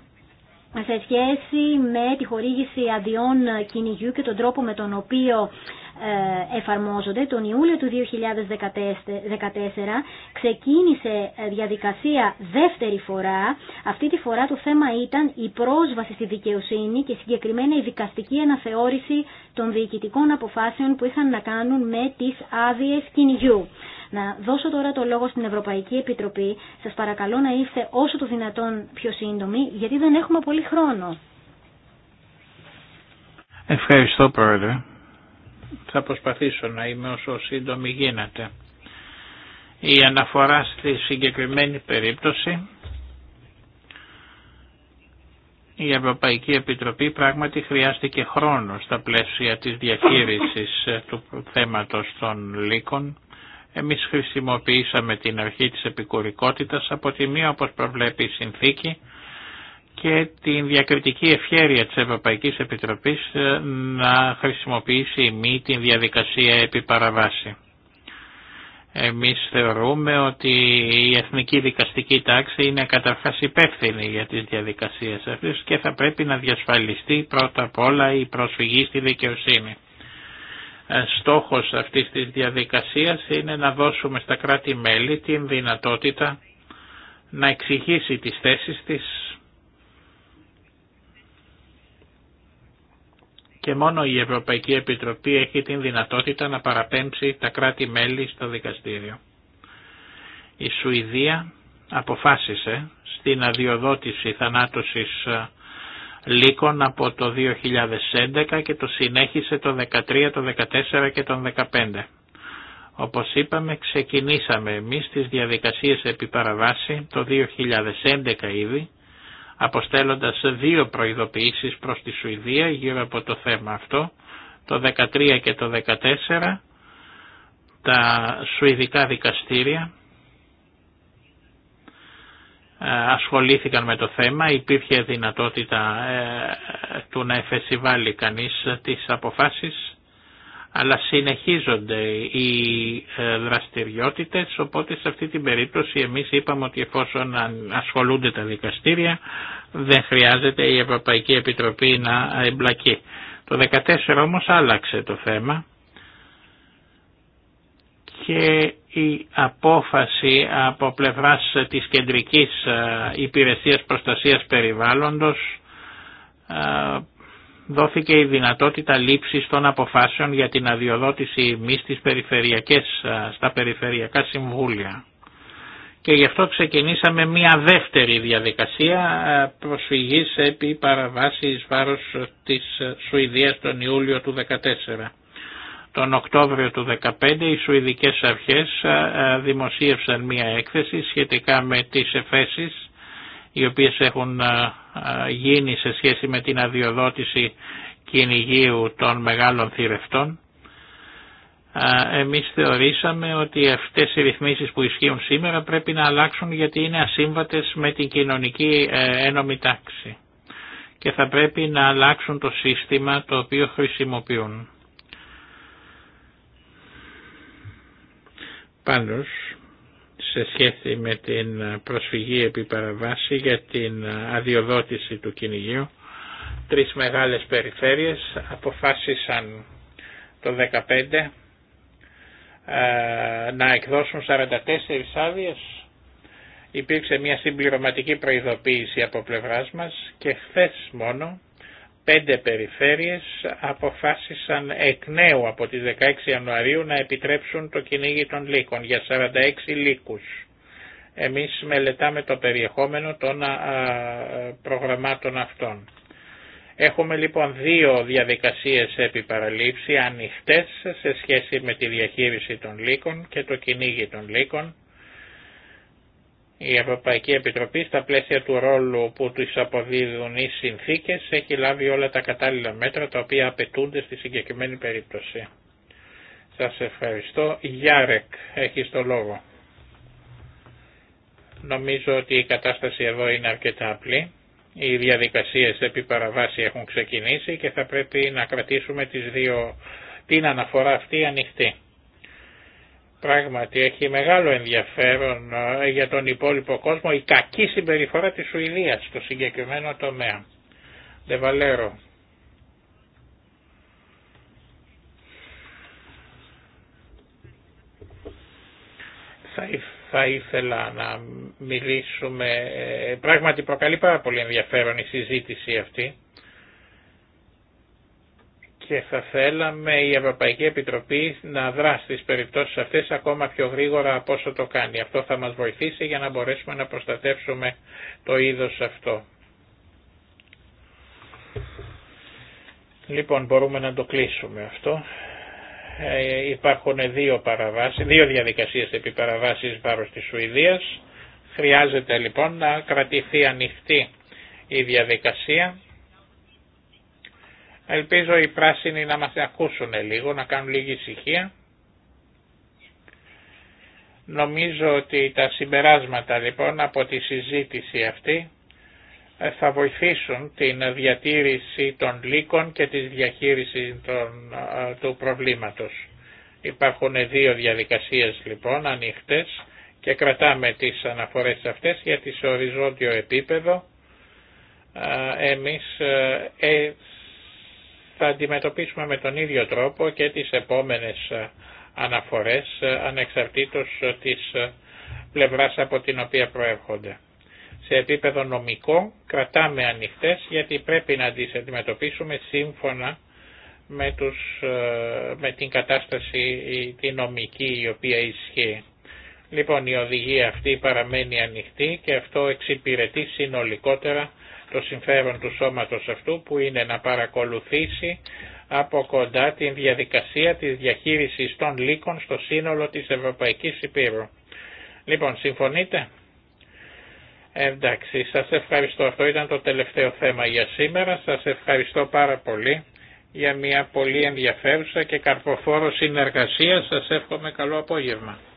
σε σχέση με τη χορήγηση αδειών κυνηγιού και τον τρόπο με τον οποίο ε, εφαρμόζονται. Τον Ιούλιο του 2014 ξεκίνησε ε, διαδικασία δεύτερη φορά. Αυτή τη φορά το θέμα ήταν η πρόσβαση στη δικαιοσύνη και συγκεκριμένα η δικαστική αναθεώρηση των διοικητικών αποφάσεων που είχαν να κάνουν με τις άδειε κυνηγιού. Να δώσω τώρα το λόγο στην Ευρωπαϊκή Επιτροπή. Σας παρακαλώ να είστε όσο το δυνατόν πιο σύντομοι, γιατί δεν έχουμε πολύ χρόνο. Ευχαριστώ, Πρόεδρε. Θα προσπαθήσω να είμαι όσο σύντομη γίνεται. Η αναφορά στη συγκεκριμένη περίπτωση η Ευρωπαϊκή Επιτροπή πράγματι χρειάστηκε χρόνο στα πλαίσια της διαχείρισης του θέματος των λύκων. Εμείς χρησιμοποιήσαμε την αρχή της επικουρικότητας από τη μία όπως προβλέπει η συνθήκη και την διακριτική ευχέρεια της Ευρωπαϊκής Επιτροπής ε, να χρησιμοποιήσει μη την διαδικασία επί παραβάση. Εμείς θεωρούμε ότι η Εθνική Δικαστική Τάξη είναι καταρχάς υπεύθυνη για τις διαδικασίες αυτές και θα πρέπει να διασφαλιστεί πρώτα απ' όλα η προσφυγή στη δικαιοσύνη. Ε, στόχος αυτής της διαδικασίας είναι να δώσουμε στα κράτη-μέλη την δυνατότητα να εξηγήσει τις θέσεις της και μόνο η Ευρωπαϊκή Επιτροπή έχει την δυνατότητα να παραπέμψει τα κράτη-μέλη στο δικαστήριο. Η Σουηδία αποφάσισε στην αδειοδότηση θανάτωσης ε, λύκων από το 2011 και το συνέχισε το 2013, το 2014 και το 2015. Όπως είπαμε ξεκινήσαμε εμείς τις διαδικασίες επί το 2011 ήδη αποστέλλοντας δύο προειδοποιήσεις προς τη Σουηδία γύρω από το θέμα αυτό, το 13 και το 14, τα σουηδικά δικαστήρια ε, ασχολήθηκαν με το θέμα, υπήρχε δυνατότητα ε, του να εφεσιβάλει κανείς τις αποφάσεις αλλά συνεχίζονται οι ε, δραστηριότητες, οπότε σε αυτή την περίπτωση εμείς είπαμε ότι εφόσον ασχολούνται τα δικαστήρια δεν χρειάζεται η Ευρωπαϊκή Επιτροπή να εμπλακεί. Το 2014 όμως άλλαξε το θέμα και η απόφαση από πλευράς της Κεντρικής ε, Υπηρεσίας Προστασίας Περιβάλλοντος ε, δόθηκε η δυνατότητα λήψης των αποφάσεων για την αδειοδότηση μη στις περιφερειακές, στα περιφερειακά συμβούλια. Και γι' αυτό ξεκινήσαμε μία δεύτερη διαδικασία προσφυγής επί παραβάσης βάρος της Σουηδίας τον Ιούλιο του 2014. Τον Οκτώβριο του 2015 οι Σουηδικές Αρχές δημοσίευσαν μία έκθεση σχετικά με τις εφέσεις οι οποίες έχουν γίνει σε σχέση με την αδειοδότηση κυνηγίου των μεγάλων θηρευτών. Εμείς θεωρήσαμε ότι αυτές οι ρυθμίσεις που ισχύουν σήμερα πρέπει να αλλάξουν γιατί είναι ασύμβατες με την κοινωνική ε, ένωμη τάξη και θα πρέπει να αλλάξουν το σύστημα το οποίο χρησιμοποιούν. Πάντως, σε σχέση με την προσφυγή επί παραβάση για την αδειοδότηση του κυνηγίου. Τρεις μεγάλες περιφέρειες αποφάσισαν το 2015 ε, να εκδώσουν 44 άδειε. Υπήρξε μια συμπληρωματική προειδοποίηση από πλευράς μας και χθες μόνο πέντε περιφέρειες αποφάσισαν εκ νέου από τις 16 Ιανουαρίου να επιτρέψουν το κυνήγι των λύκων για 46 λύκους. Εμείς μελετάμε το περιεχόμενο των προγραμμάτων αυτών. Έχουμε λοιπόν δύο διαδικασίες επί παραλήψη ανοιχτές σε σχέση με τη διαχείριση των λύκων και το κυνήγι των λύκων η Ευρωπαϊκή Επιτροπή στα πλαίσια του ρόλου που τους αποδίδουν οι συνθήκες έχει λάβει όλα τα κατάλληλα μέτρα τα οποία απαιτούνται στη συγκεκριμένη περίπτωση. Σας ευχαριστώ. Γιάρεκ, έχει το λόγο. Νομίζω ότι η κατάσταση εδώ είναι αρκετά απλή. Οι διαδικασίες επί παραβάση έχουν ξεκινήσει και θα πρέπει να κρατήσουμε τις δύο, την αναφορά αυτή ανοιχτή. Πράγματι έχει μεγάλο ενδιαφέρον ε, για τον υπόλοιπο κόσμο η κακή συμπεριφορά της Σουηδίας στο συγκεκριμένο τομέα. Δεβαλέρο. θα ήθελα να μιλήσουμε, ε, ε, πράγματι προκαλεί πάρα πολύ ενδιαφέρον η συζήτηση αυτή και θα θέλαμε η Ευρωπαϊκή Επιτροπή να δράσει στις περιπτώσεις αυτές ακόμα πιο γρήγορα από όσο το κάνει. Αυτό θα μας βοηθήσει για να μπορέσουμε να προστατεύσουμε το είδος αυτό. Λοιπόν, μπορούμε να το κλείσουμε αυτό. Ε, υπάρχουν δύο, παραβάσεις, δύο διαδικασίες επί παραβάσεις βάρος της Σουηδίας. Χρειάζεται λοιπόν να κρατηθεί ανοιχτή η διαδικασία Ελπίζω οι πράσινοι να μας ακούσουν λίγο, να κάνουν λίγη ησυχία. Νομίζω ότι τα συμπεράσματα λοιπόν από τη συζήτηση αυτή ε, θα βοηθήσουν την διατήρηση των λύκων και τη διαχείριση ε, του προβλήματος. Υπάρχουν δύο διαδικασίες λοιπόν ανοιχτές και κρατάμε τις αναφορές αυτές γιατί σε οριζόντιο επίπεδο ε, εμείς θα αντιμετωπίσουμε με τον ίδιο τρόπο και τις επόμενες ε, αναφορές ε, ανεξαρτήτως ε, της πλευράς από την οποία προέρχονται. Σε επίπεδο νομικό κρατάμε ανοιχτές γιατί πρέπει να τις αντιμετωπίσουμε σύμφωνα με, με την κατάσταση οποία νομική η οποία ισχύει. Λοιπόν η οδηγία αυτή παραμένει ανοιχτή και αυτό εξυπηρετεί συνολικότερα το συμφέρον του σώματος αυτού που είναι να παρακολουθήσει από κοντά την διαδικασία της διαχείρισης των λύκων στο σύνολο της Ευρωπαϊκής Υπήρου. Λοιπόν, συμφωνείτε? Εντάξει, σας ευχαριστώ. Αυτό ήταν το τελευταίο θέμα για σήμερα. Σας ευχαριστώ πάρα πολύ για μια πολύ ενδιαφέρουσα και καρποφόρο συνεργασία. Σας εύχομαι καλό απόγευμα.